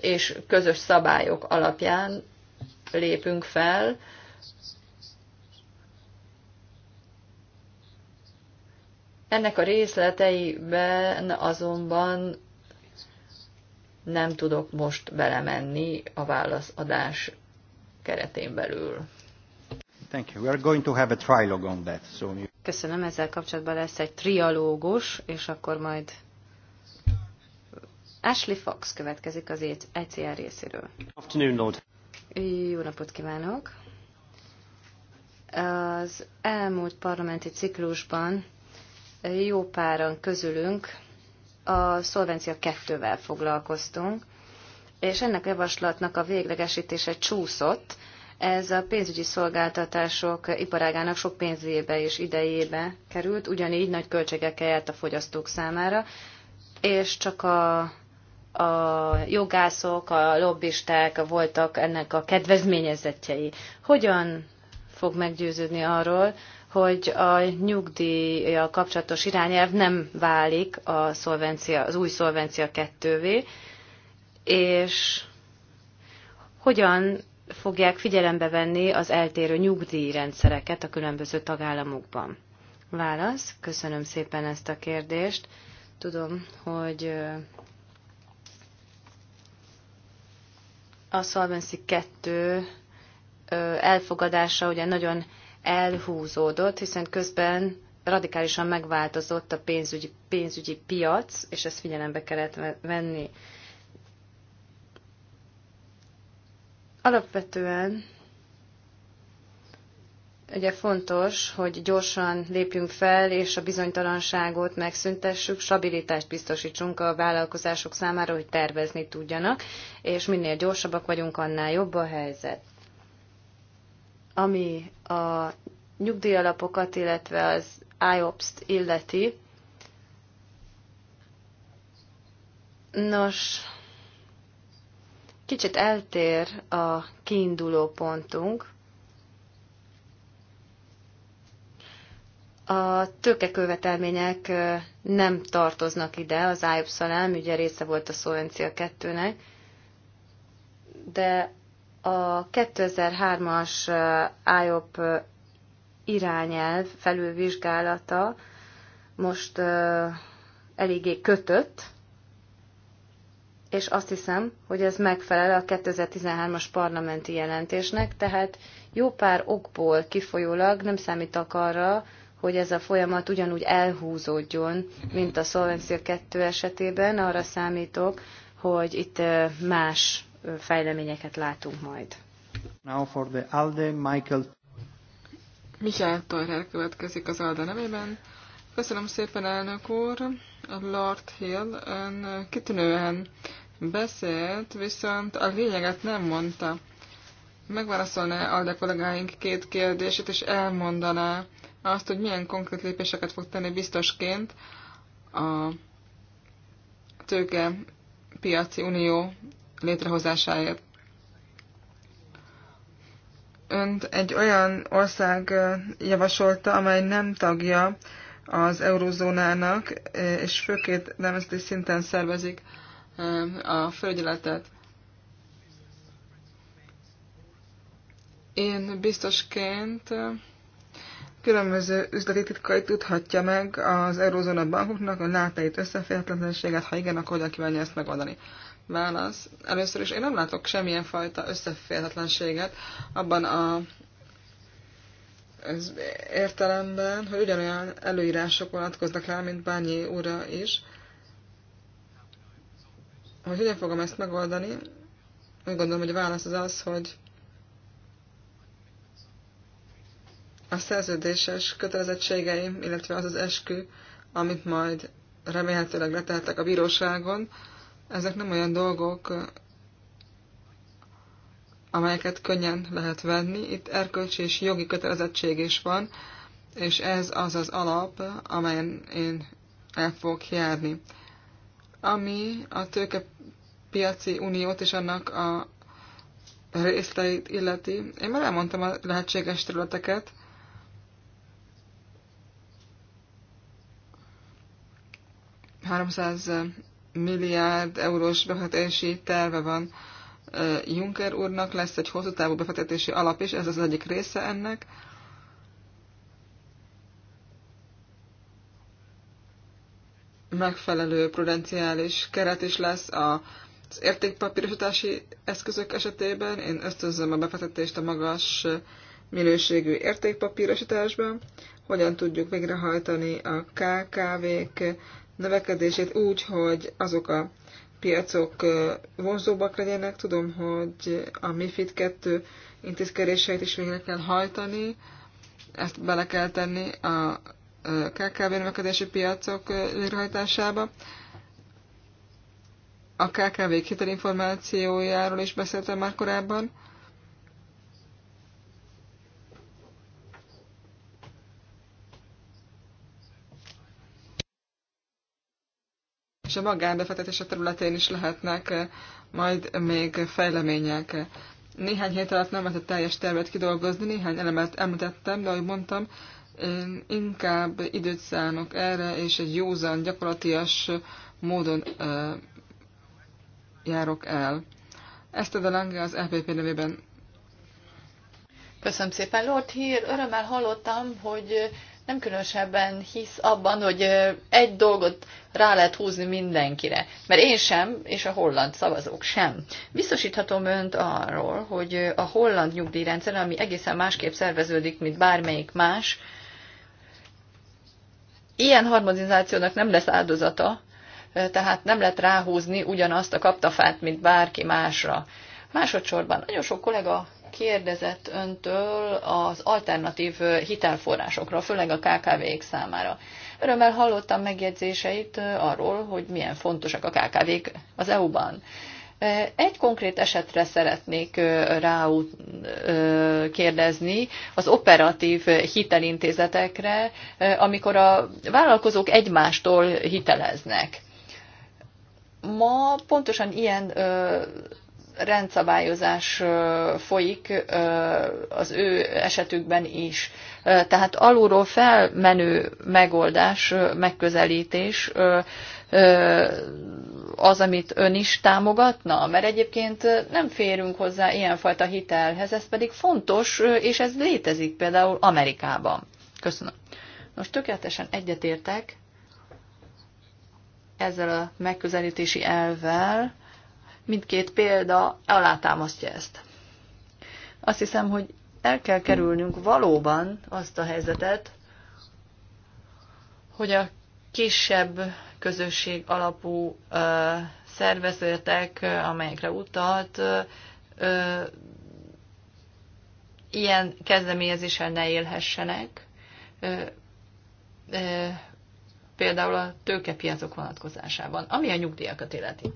és közös szabályok alapján lépünk fel. Ennek a részleteiben azonban nem tudok most belemenni a válaszadás keretén belül. Thank you. We are going to have a trilogue on that. So... Köszönöm, ezzel kapcsolatban lesz egy trialógus, és akkor majd Ashley Fox következik az ECR részéről. Afternoon, Lord. Jó napot kívánok! Az elmúlt parlamenti ciklusban jó páran közülünk a Szolvencia 2-vel foglalkoztunk, és ennek javaslatnak a véglegesítése csúszott, ez a pénzügyi szolgáltatások iparágának sok pénzébe és idejébe került, ugyanígy nagy költségekkel járt a fogyasztók számára, és csak a, a jogászok, a lobbisták voltak ennek a kedvezményezettjei. Hogyan fog meggyőződni arról, hogy a nyugdíja kapcsolatos irányelv nem válik a szolvencia, az új szolvencia kettővé, és hogyan fogják figyelembe venni az eltérő nyugdíjrendszereket a különböző tagállamokban? Válasz, köszönöm szépen ezt a kérdést. Tudom, hogy a Solvency 2 elfogadása ugye nagyon elhúzódott, hiszen közben radikálisan megváltozott a pénzügyi, pénzügyi piac, és ezt figyelembe kellett venni. Alapvetően ugye fontos, hogy gyorsan lépjünk fel, és a bizonytalanságot megszüntessük, stabilitást biztosítsunk a vállalkozások számára, hogy tervezni tudjanak, és minél gyorsabbak vagyunk, annál jobb a helyzet. Ami a nyugdíjalapokat, illetve az IOPS-t illeti, nos, Kicsit eltér a kiinduló pontunk. A tőkekövetelmények nem tartoznak ide, az Ájub ugye része volt a Szolvencia 2-nek, de a 2003-as IOP irányelv felülvizsgálata most eléggé kötött, és azt hiszem, hogy ez megfelel a 2013-as parlamenti jelentésnek, tehát jó pár okból kifolyólag nem számítak arra, hogy ez a folyamat ugyanúgy elhúzódjon, mint a Solvencia 2 esetében. Arra számítok, hogy itt más fejleményeket látunk majd. Now for the ALDE, Michael. Michael Toyer következik az ALDE nevében. Köszönöm szépen, elnök úr. Lord Hill, ön kitűnően beszélt, viszont a lényeget nem mondta. Megválaszolná Alde kollégáink két kérdését, és elmondaná azt, hogy milyen konkrét lépéseket fog tenni biztosként a tőke piaci unió létrehozásáért. Önt egy olyan ország javasolta, amely nem tagja az eurozónának, és főként nemzeti szinten szervezik a felügyeletet. Én biztosként különböző üzleti titkait tudhatja meg az Eurózóna bankoknak, a lát összeférhetetlenséget, ha igen, akkor hogyan kívánja ezt megoldani. Válasz. Először is én nem látok semmilyen fajta összeférhetetlenséget abban a ez értelemben, hogy ugyanolyan előírások vonatkoznak rá, mint Bányi úra is hogy hogyan fogom ezt megoldani, úgy gondolom, hogy a válasz az az, hogy a szerződéses kötelezettségeim, illetve az az eskü, amit majd remélhetőleg letehetek a bíróságon, ezek nem olyan dolgok, amelyeket könnyen lehet venni. Itt erkölcsi és jogi kötelezettség is van, és ez az az alap, amelyen én el fogok járni ami a tőkepiaci uniót és annak a részleit illeti. Én már elmondtam a lehetséges területeket. Háromszáz milliárd eurós befektetési terve van Juncker úrnak, lesz egy hosszú távú befektetési alap is, ez az egyik része ennek. megfelelő prudenciális keret is lesz a az értékpapírosítási eszközök esetében. Én ösztönzöm a befektetést a magas minőségű értékpapírosításban, hogyan tudjuk végrehajtani a KKV-k növekedését úgy, hogy azok a piacok vonzóbbak legyenek. Tudom, hogy a MIFID 2 intézkedéseit is végre kell hajtani, ezt bele kell tenni a KKV növekedési piacok végrehajtásába. A KKV hitelinformációjáról is beszéltem már korábban. és a a területén is lehetnek majd még fejlemények. Néhány hét alatt nem lehetett teljes tervet kidolgozni, néhány elemet említettem, de ahogy mondtam, én inkább időt szánok erre, és egy józan, gyakorlatias módon ö, járok el. Ezt a Lange az EPP nevében. Köszönöm szépen, Lord Hír. Örömmel hallottam, hogy nem különösebben hisz abban, hogy egy dolgot rá lehet húzni mindenkire. Mert én sem, és a holland szavazók sem. Biztosíthatom önt arról, hogy a holland nyugdíjrendszer, ami egészen másképp szerveződik, mint bármelyik más, ilyen harmonizációnak nem lesz áldozata, tehát nem lehet ráhúzni ugyanazt a kaptafát, mint bárki másra. Másodszorban nagyon sok kollega kérdezett öntől az alternatív hitelforrásokra, főleg a KKV-k számára. Örömmel hallottam megjegyzéseit arról, hogy milyen fontosak a KKV-k az EU-ban. Egy konkrét esetre szeretnék rá kérdezni, az operatív hitelintézetekre, amikor a vállalkozók egymástól hiteleznek. Ma pontosan ilyen rendszabályozás folyik az ő esetükben is. Tehát alulról felmenő megoldás, megközelítés az, amit ön is támogatna? Mert egyébként nem férünk hozzá ilyenfajta hitelhez, ez pedig fontos, és ez létezik például Amerikában. Köszönöm. Most tökéletesen egyetértek ezzel a megközelítési elvvel, mindkét példa alátámasztja ezt. Azt hiszem, hogy el kell kerülnünk valóban azt a helyzetet, hogy a kisebb közösség alapú szervezetek, amelyekre utalt, ilyen kezdeményezéssel ne élhessenek, például a tőkepiacok vonatkozásában, ami a nyugdíjakat illeti.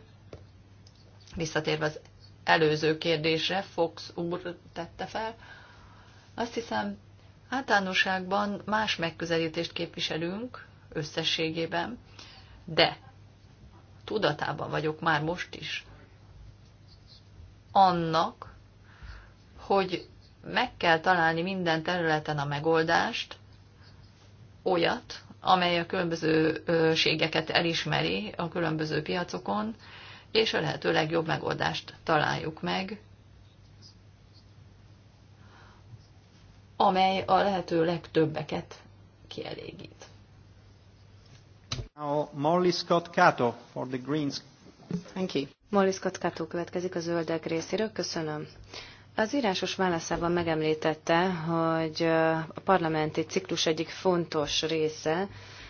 Visszatérve az előző kérdésre, Fox úr tette fel, azt hiszem általánosságban más megközelítést képviselünk összességében, de tudatában vagyok már most is annak, hogy meg kell találni minden területen a megoldást, olyat, amely a különbözőségeket elismeri a különböző piacokon, és a lehető legjobb megoldást találjuk meg, amely a lehető legtöbbeket kielégít. Now Molly Scott Cato for the Greens. Thank you. Molly Scott Cato következik a zöldek részéről. Köszönöm. Az írásos válaszában megemlítette, hogy a parlamenti ciklus egyik fontos része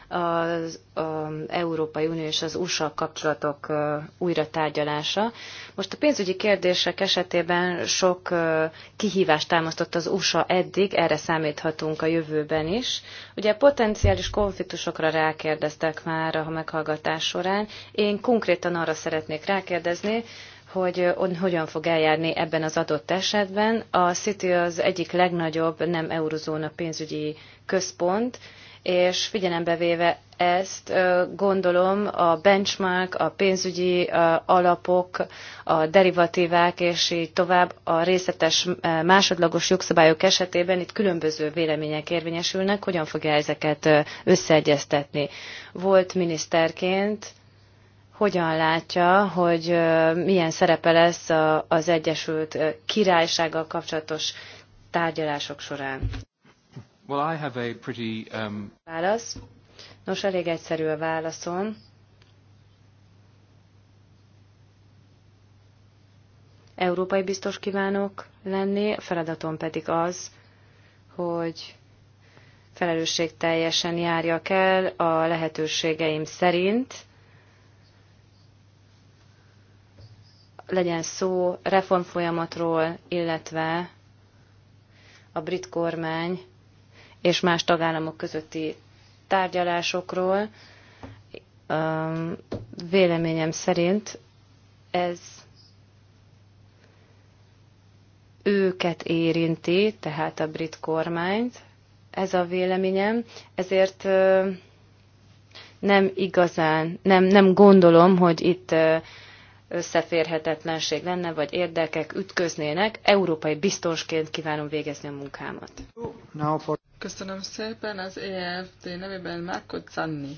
az, um, Európai Unió és az USA kapcsolatok uh, újra tárgyalása. Most a pénzügyi kérdések esetében sok uh, kihívást támasztott az USA eddig, erre számíthatunk a jövőben is. Ugye potenciális konfliktusokra rákérdeztek már a meghallgatás során. Én konkrétan arra szeretnék rákérdezni, hogy uh, hogyan fog eljárni ebben az adott esetben. A City az egyik legnagyobb nem eurozóna pénzügyi központ, és figyelembe véve ezt gondolom a benchmark, a pénzügyi alapok, a derivatívák és így tovább a részletes másodlagos jogszabályok esetében itt különböző vélemények érvényesülnek, hogyan fogja ezeket összeegyeztetni. Volt miniszterként, hogyan látja, hogy milyen szerepe lesz az Egyesült Királysággal kapcsolatos tárgyalások során? Well, I have a pretty, um... Válasz. Nos, elég egyszerű a válaszom. Európai biztos kívánok lenni, a feladatom pedig az, hogy teljesen járja kell. a lehetőségeim szerint, legyen szó reformfolyamatról, illetve a brit kormány és más tagállamok közötti tárgyalásokról. Véleményem szerint ez őket érinti, tehát a brit kormányt, ez a véleményem, ezért nem igazán, nem, nem gondolom, hogy itt összeférhetetlenség lenne, vagy érdekek ütköznének. Európai biztonsként kívánom végezni a munkámat. Köszönöm szépen az EFT nevében Márko Czanni.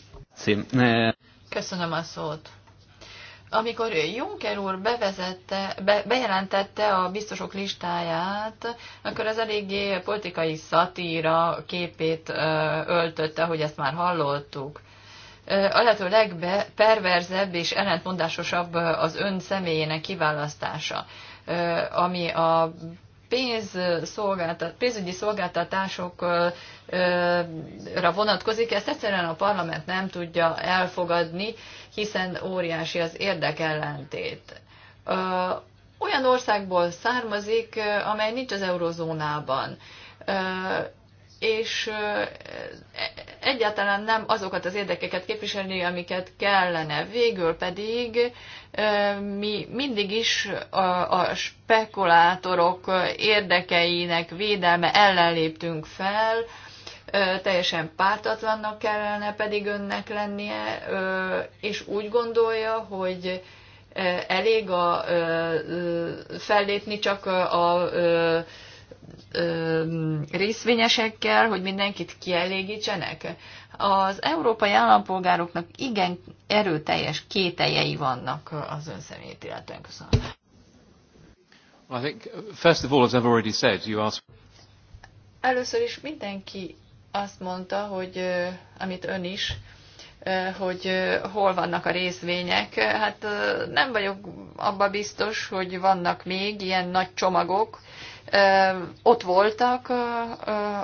Köszönöm a szót. Amikor Juncker úr bevezette, be, bejelentette a biztosok listáját, akkor az eléggé politikai szatíra képét öltötte, hogy ezt már hallottuk a lehető legperverzebb és ellentmondásosabb az ön személyének kiválasztása, ami a pénz szolgáltat, pénzügyi szolgáltatásokra vonatkozik, ezt egyszerűen a parlament nem tudja elfogadni, hiszen óriási az érdekellentét. Olyan országból származik, amely nincs az eurozónában és egyáltalán nem azokat az érdekeket képviselni, amiket kellene. Végül pedig mi mindig is a, a spekulátorok érdekeinek védelme ellen léptünk fel, teljesen pártatlannak kellene pedig önnek lennie, és úgy gondolja, hogy elég a fellépni csak a, a részvényesekkel, hogy mindenkit kielégítsenek? Az európai állampolgároknak igen erőteljes kételjei vannak az ön személyét illetően. Köszönöm. I think, first of all, as I've already said, you asked... Először is mindenki azt mondta, hogy amit ön is, hogy hol vannak a részvények. Hát nem vagyok abba biztos, hogy vannak még ilyen nagy csomagok, ott voltak,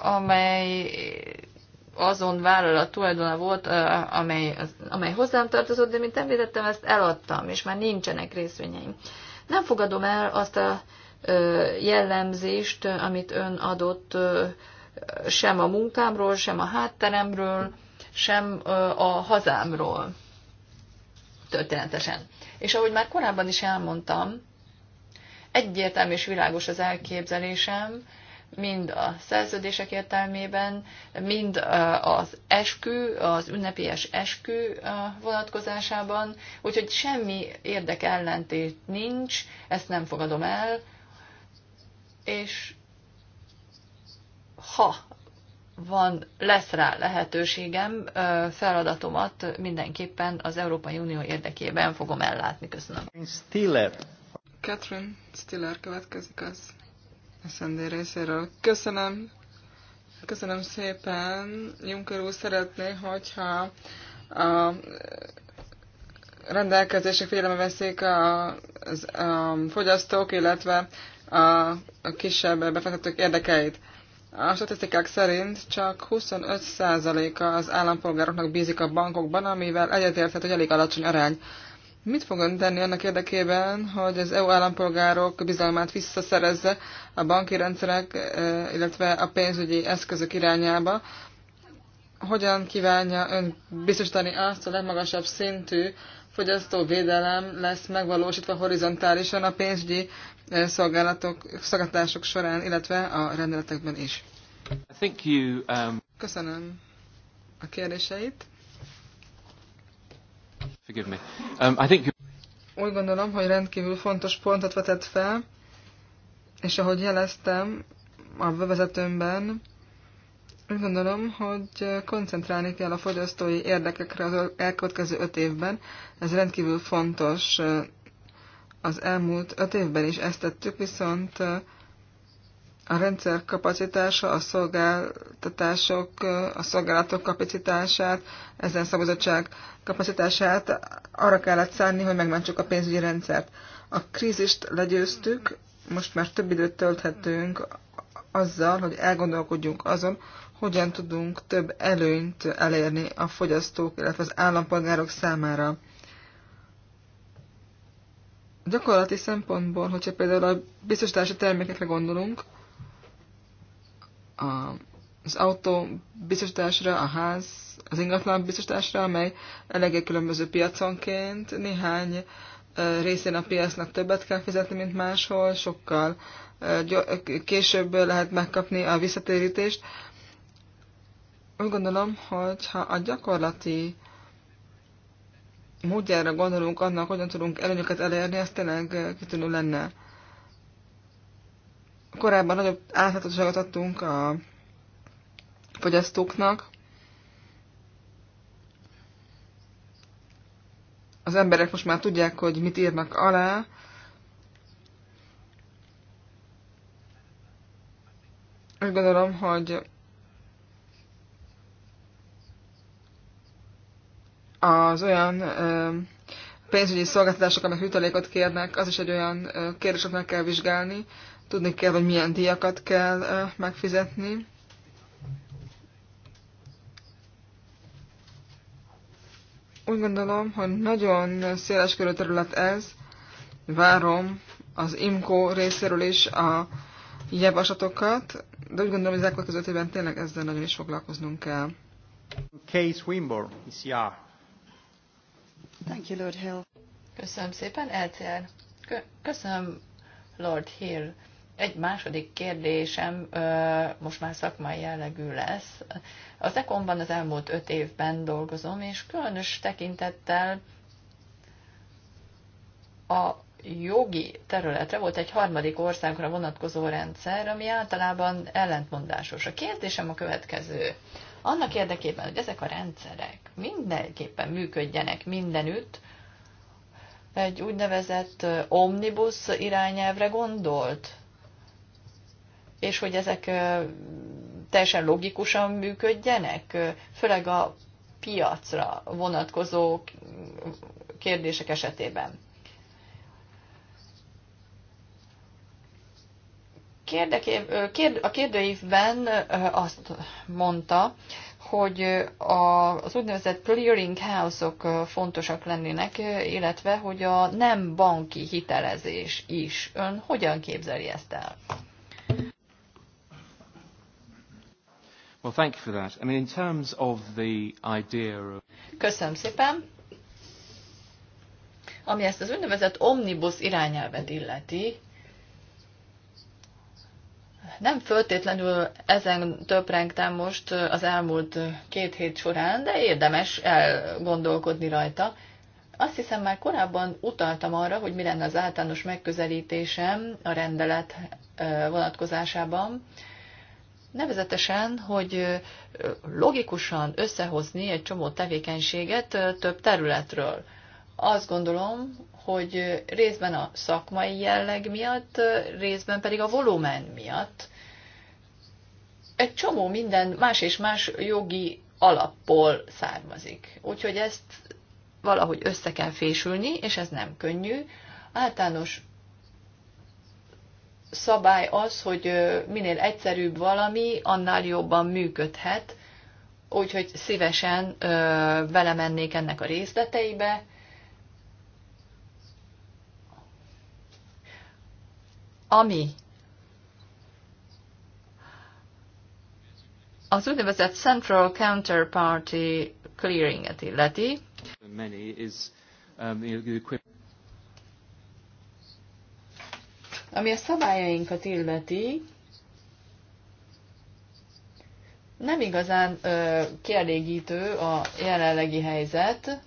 amely azon vállalat tulajdona volt, amely, amely hozzám tartozott, de mint említettem, ezt eladtam, és már nincsenek részvényeim. Nem fogadom el azt a jellemzést, amit ön adott sem a munkámról, sem a hátteremről, sem a hazámról történetesen. És ahogy már korábban is elmondtam, egyértelmű és világos az elképzelésem, mind a szerződések értelmében, mind az eskü, az ünnepélyes eskü vonatkozásában, úgyhogy semmi érdek ellentét nincs, ezt nem fogadom el, és ha van, lesz rá lehetőségem, feladatomat mindenképpen az Európai Unió érdekében fogom ellátni. Köszönöm. Catherine Stiller következik az SND részéről. Köszönöm, köszönöm szépen. Juncker úr szeretné, hogyha a rendelkezések figyelembe veszik a, az, a fogyasztók, illetve a, a kisebb befektetők érdekeit. A statisztikák szerint csak 25%-a az állampolgároknak bízik a bankokban, amivel egyetérthet, hogy elég alacsony arány. Mit fog ön tenni annak érdekében, hogy az EU állampolgárok bizalmát visszaszerezze a banki rendszerek, eh, illetve a pénzügyi eszközök irányába? Hogyan kívánja ön biztosítani azt, hogy a legmagasabb szintű fogyasztóvédelem lesz megvalósítva horizontálisan a pénzügyi eh, szolgálatok, szolgáltatások során, illetve a rendeletekben is? Um, Köszönöm a kérdéseit. Forgive me. Um, I think you... Úgy gondolom, hogy rendkívül fontos pontot vetett fel, és ahogy jeleztem a bevezetőmben, úgy gondolom, hogy koncentrálni kell a fogyasztói érdekekre az elkövetkező öt évben. Ez rendkívül fontos az elmúlt öt évben is ezt tettük, viszont a rendszer kapacitása, a szolgáltatások, a szolgálatok kapacitását, ezen szabadság kapacitását arra kellett szánni, hogy megmentsük a pénzügyi rendszert. A krízist legyőztük, most már több időt tölthetünk azzal, hogy elgondolkodjunk azon, hogyan tudunk több előnyt elérni a fogyasztók, illetve az állampolgárok számára. Gyakorlati szempontból, hogyha például a biztosítási termékekre gondolunk, a, az autó biztosításra, a ház, az ingatlan biztosításra, amely eléggé különböző piaconként. Néhány részén a piacnak többet kell fizetni, mint máshol, sokkal később lehet megkapni a visszatérítést. Úgy gondolom, hogy ha a gyakorlati módjára gondolunk annak, hogyan tudunk előnyöket elérni, ez tényleg kitűnő lenne. Korábban nagyobb átláthatóságot adtunk a fogyasztóknak. Az emberek most már tudják, hogy mit írnak alá, úgy gondolom, hogy az olyan pénzügyi szolgáltatások, amelyek jutalékot kérnek, az is egy olyan kérdés, amit meg kell vizsgálni, Tudni kell, hogy milyen díjakat kell megfizetni. Úgy gondolom, hogy nagyon széles körű terület ez. Várom az IMCO részéről is a javaslatokat, de úgy gondolom, hogy az elkövetkező tényleg ezzel nagyon is foglalkoznunk kell. Case Wimborne, ECR. Thank you, Lord Hill. Köszönöm szépen, LCR. Köszönöm, Lord Hill. Egy második kérdésem most már szakmai jellegű lesz. Az Ekonban az elmúlt öt évben dolgozom, és különös tekintettel a jogi területre volt egy harmadik országra vonatkozó rendszer, ami általában ellentmondásos. A kérdésem a következő. Annak érdekében, hogy ezek a rendszerek mindenképpen működjenek mindenütt, egy úgynevezett omnibus irányelvre gondolt? és hogy ezek teljesen logikusan működjenek, főleg a piacra vonatkozó kérdések esetében. a kérdőívben azt mondta, hogy az úgynevezett clearing house-ok fontosak lennének, illetve hogy a nem banki hitelezés is. Ön hogyan képzeli ezt el? Well, thank you for that. I mean, in terms of the idea of... Köszönöm szépen. Ami ezt az úgynevezett omnibus irányelvet illeti, nem föltétlenül ezen töprengtem most az elmúlt két hét során, de érdemes elgondolkodni rajta. Azt hiszem már korábban utaltam arra, hogy mi lenne az általános megközelítésem a rendelet vonatkozásában Nevezetesen, hogy logikusan összehozni egy csomó tevékenységet több területről. Azt gondolom, hogy részben a szakmai jelleg miatt, részben pedig a volumen miatt egy csomó minden más és más jogi alapból származik. Úgyhogy ezt valahogy össze kell fésülni, és ez nem könnyű. Általános szabály az, hogy minél egyszerűbb valami, annál jobban működhet, úgyhogy szívesen belemennék ennek a részleteibe. Ami az úgynevezett Central Counterparty Clearing-et illeti, Ami a szabályainkat illeti, nem igazán ö, kielégítő a jelenlegi helyzet.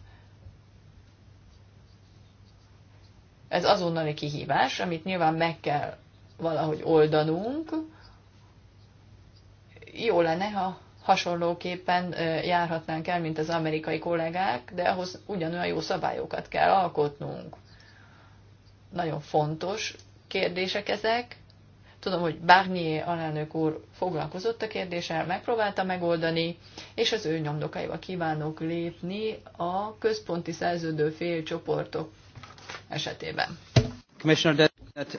Ez azonnali kihívás, amit nyilván meg kell valahogy oldanunk. Jó lenne, ha hasonlóképpen járhatnánk el, mint az amerikai kollégák, de ahhoz ugyanolyan jó szabályokat kell alkotnunk. Nagyon fontos kérdések ezek. Tudom, hogy Barnier alelnök úr foglalkozott a kérdéssel, megpróbálta megoldani, és az ő nyomdokaiba kívánok lépni a központi szerződő félcsoportok esetében.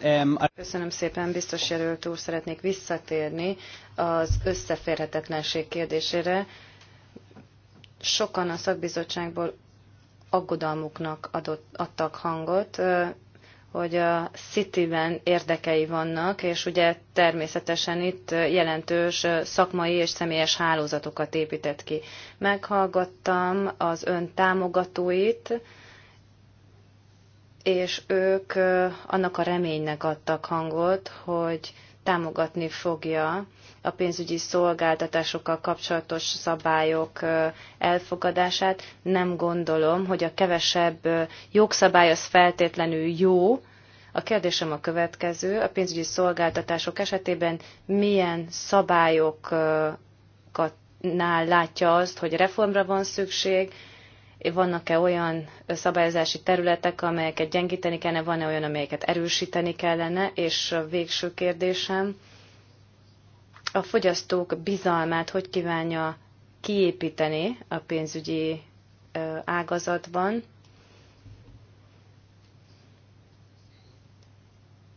Um, Köszönöm szépen, biztos jelölt úr, szeretnék visszatérni az összeférhetetlenség kérdésére. Sokan a szakbizottságból aggodalmuknak adott, adtak hangot hogy a Cityben érdekei vannak, és ugye természetesen itt jelentős szakmai és személyes hálózatokat épített ki. Meghallgattam az ön támogatóit, és ők annak a reménynek adtak hangot, hogy támogatni fogja a pénzügyi szolgáltatásokkal kapcsolatos szabályok elfogadását. Nem gondolom, hogy a kevesebb jogszabály az feltétlenül jó. A kérdésem a következő. A pénzügyi szolgáltatások esetében milyen szabályokat nál látja azt, hogy reformra van szükség, vannak-e olyan szabályozási területek, amelyeket gyengíteni kellene, van-e olyan, amelyeket erősíteni kellene, és a végső kérdésem, a fogyasztók bizalmát hogy kívánja kiépíteni a pénzügyi ágazatban,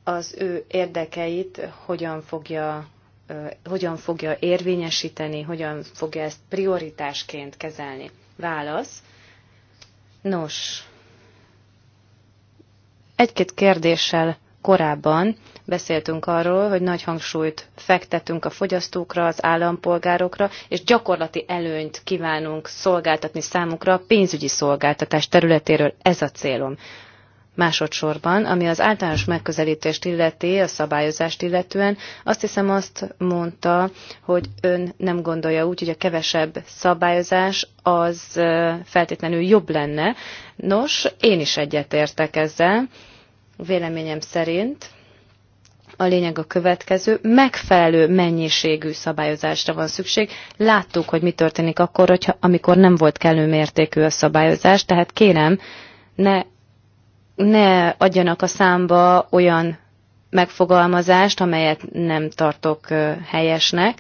az ő érdekeit hogyan fogja, hogyan fogja érvényesíteni, hogyan fogja ezt prioritásként kezelni. Válasz. Nos, egy-két kérdéssel korábban beszéltünk arról, hogy nagy hangsúlyt fektetünk a fogyasztókra, az állampolgárokra, és gyakorlati előnyt kívánunk szolgáltatni számukra a pénzügyi szolgáltatás területéről. Ez a célom. Másodszorban, ami az általános megközelítést illeti, a szabályozást illetően, azt hiszem azt mondta, hogy ön nem gondolja úgy, hogy a kevesebb szabályozás az feltétlenül jobb lenne. Nos, én is egyetértek ezzel. Véleményem szerint a lényeg a következő, megfelelő mennyiségű szabályozásra van szükség. Láttuk, hogy mi történik akkor, hogyha, amikor nem volt kellő mértékű a szabályozás, tehát kérem, ne ne adjanak a számba olyan megfogalmazást, amelyet nem tartok helyesnek.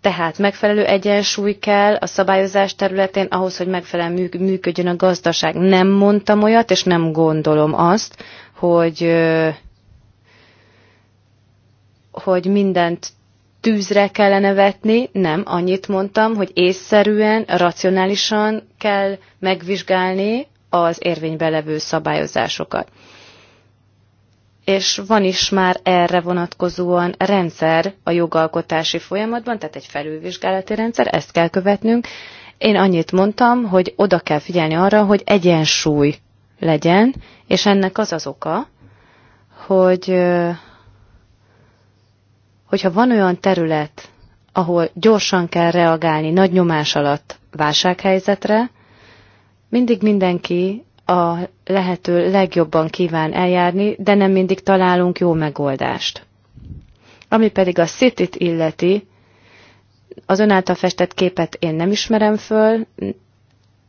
Tehát megfelelő egyensúly kell a szabályozás területén ahhoz, hogy megfelelően működjön a gazdaság. Nem mondtam olyat, és nem gondolom azt, hogy, hogy mindent tűzre kellene vetni, nem, annyit mondtam, hogy észszerűen, racionálisan kell megvizsgálni az érvényben levő szabályozásokat. És van is már erre vonatkozóan rendszer a jogalkotási folyamatban, tehát egy felülvizsgálati rendszer, ezt kell követnünk. Én annyit mondtam, hogy oda kell figyelni arra, hogy egyensúly legyen, és ennek az az oka, hogy hogyha van olyan terület, ahol gyorsan kell reagálni nagy nyomás alatt válsághelyzetre, mindig mindenki a lehető legjobban kíván eljárni, de nem mindig találunk jó megoldást. Ami pedig a szitit illeti, az ön által festett képet én nem ismerem föl,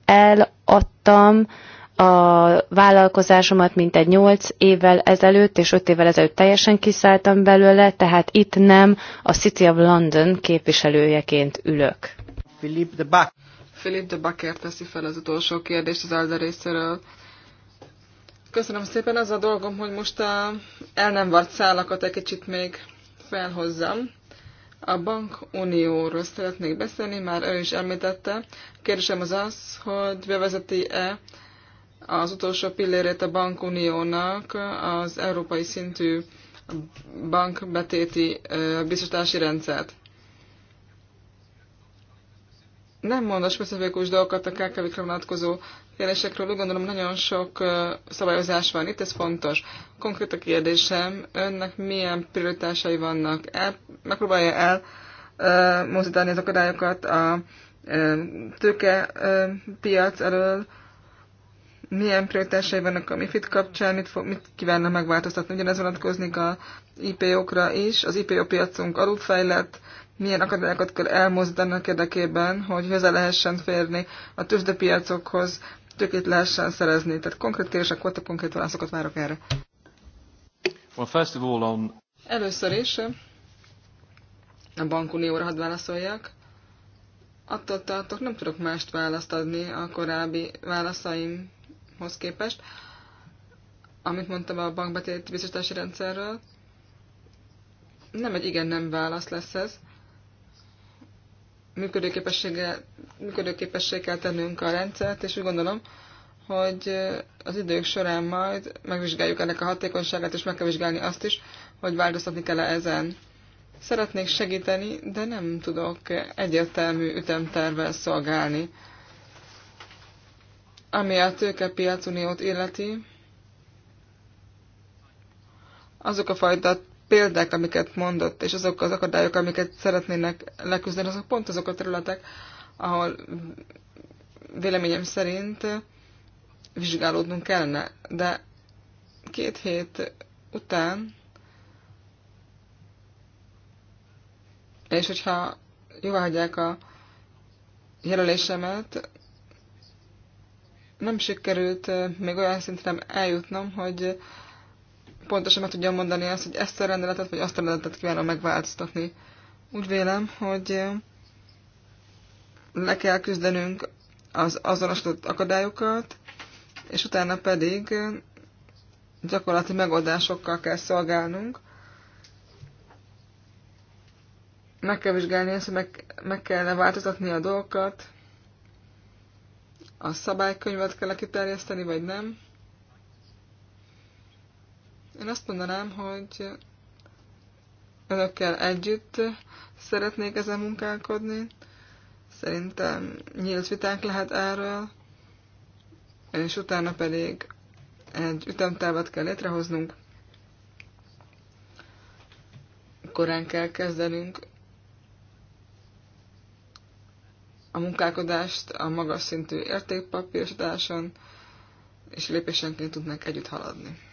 eladtam a vállalkozásomat mintegy 8 évvel ezelőtt, és 5 évvel ezelőtt teljesen kiszálltam belőle, tehát itt nem a City of London képviselőjeként ülök. Philip Philip de Bakker teszi fel az utolsó kérdést az Alda részéről. Köszönöm szépen, az a dolgom, hogy most a el nem vart szálakat egy kicsit még felhozzam. A bankunióról szeretnék beszélni, már ő is említette. Kérdésem az az, hogy bevezeti-e az utolsó pillérét a bankuniónak az európai szintű bankbetéti biztosítási rendszert nem a specifikus dolgokat a KKV-kre vonatkozó kérdésekről. Úgy gondolom, nagyon sok szabályozás van itt, ez fontos. Konkrét a kérdésem, önnek milyen prioritásai vannak? El, megpróbálja el mozdítani az akadályokat a tőke piac elől, milyen prioritásai vannak a MIFID kapcsán, mit, fog, mit kívánna megváltoztatni. Ugyanez vonatkozik a IPO-kra is, az IPO piacunk alulfejlett, milyen akadályokat kell elmozdanak érdekében, hogy hozzá lehessen férni a tőzsdepiacokhoz, tőkét lehessen szerezni. Tehát konkrét kérdések voltak, konkrét válaszokat várok erre. Well, first of all on... Először is a bankunióra hadd válaszoljak. Attól tartok, nem tudok mást választ adni a korábbi válaszaimhoz képest, amit mondtam a bankbetét biztosítási rendszerről. Nem egy igen-nem válasz lesz ez működőképességgel, működőképességgel tennünk a rendszert, és úgy gondolom, hogy az idők során majd megvizsgáljuk ennek a hatékonyságát, és meg kell vizsgálni azt is, hogy változtatni kell -e ezen. Szeretnék segíteni, de nem tudok egyértelmű ütemtervel szolgálni. Ami a tőkepiacuniót illeti, azok a fajta példák, amiket mondott, és azok az akadályok, amiket szeretnének leküzdeni, azok pont azok a területek, ahol véleményem szerint vizsgálódnunk kellene. De két hét után, és hogyha jóvá hagyják a jelölésemet, nem sikerült eh, még olyan szintre eljutnom, hogy pontosan meg tudjam mondani azt, hogy ezt a rendeletet, vagy azt a rendeletet kívánom megváltoztatni. Úgy vélem, hogy eh, le kell küzdenünk az azonosított akadályokat, és utána pedig eh, gyakorlati megoldásokkal kell szolgálnunk. Meg kell vizsgálni ezt, hogy meg, meg kellene változtatni a dolgokat, a szabálykönyvet kell kiterjeszteni, vagy nem. Én azt mondanám, hogy önökkel együtt szeretnék ezen munkálkodni. Szerintem nyílt viták lehet erről, és utána pedig egy ütemtávat kell létrehoznunk. Korán kell kezdenünk a munkálkodást a magas szintű értékpapírosításon, és lépésenként tudnak együtt haladni.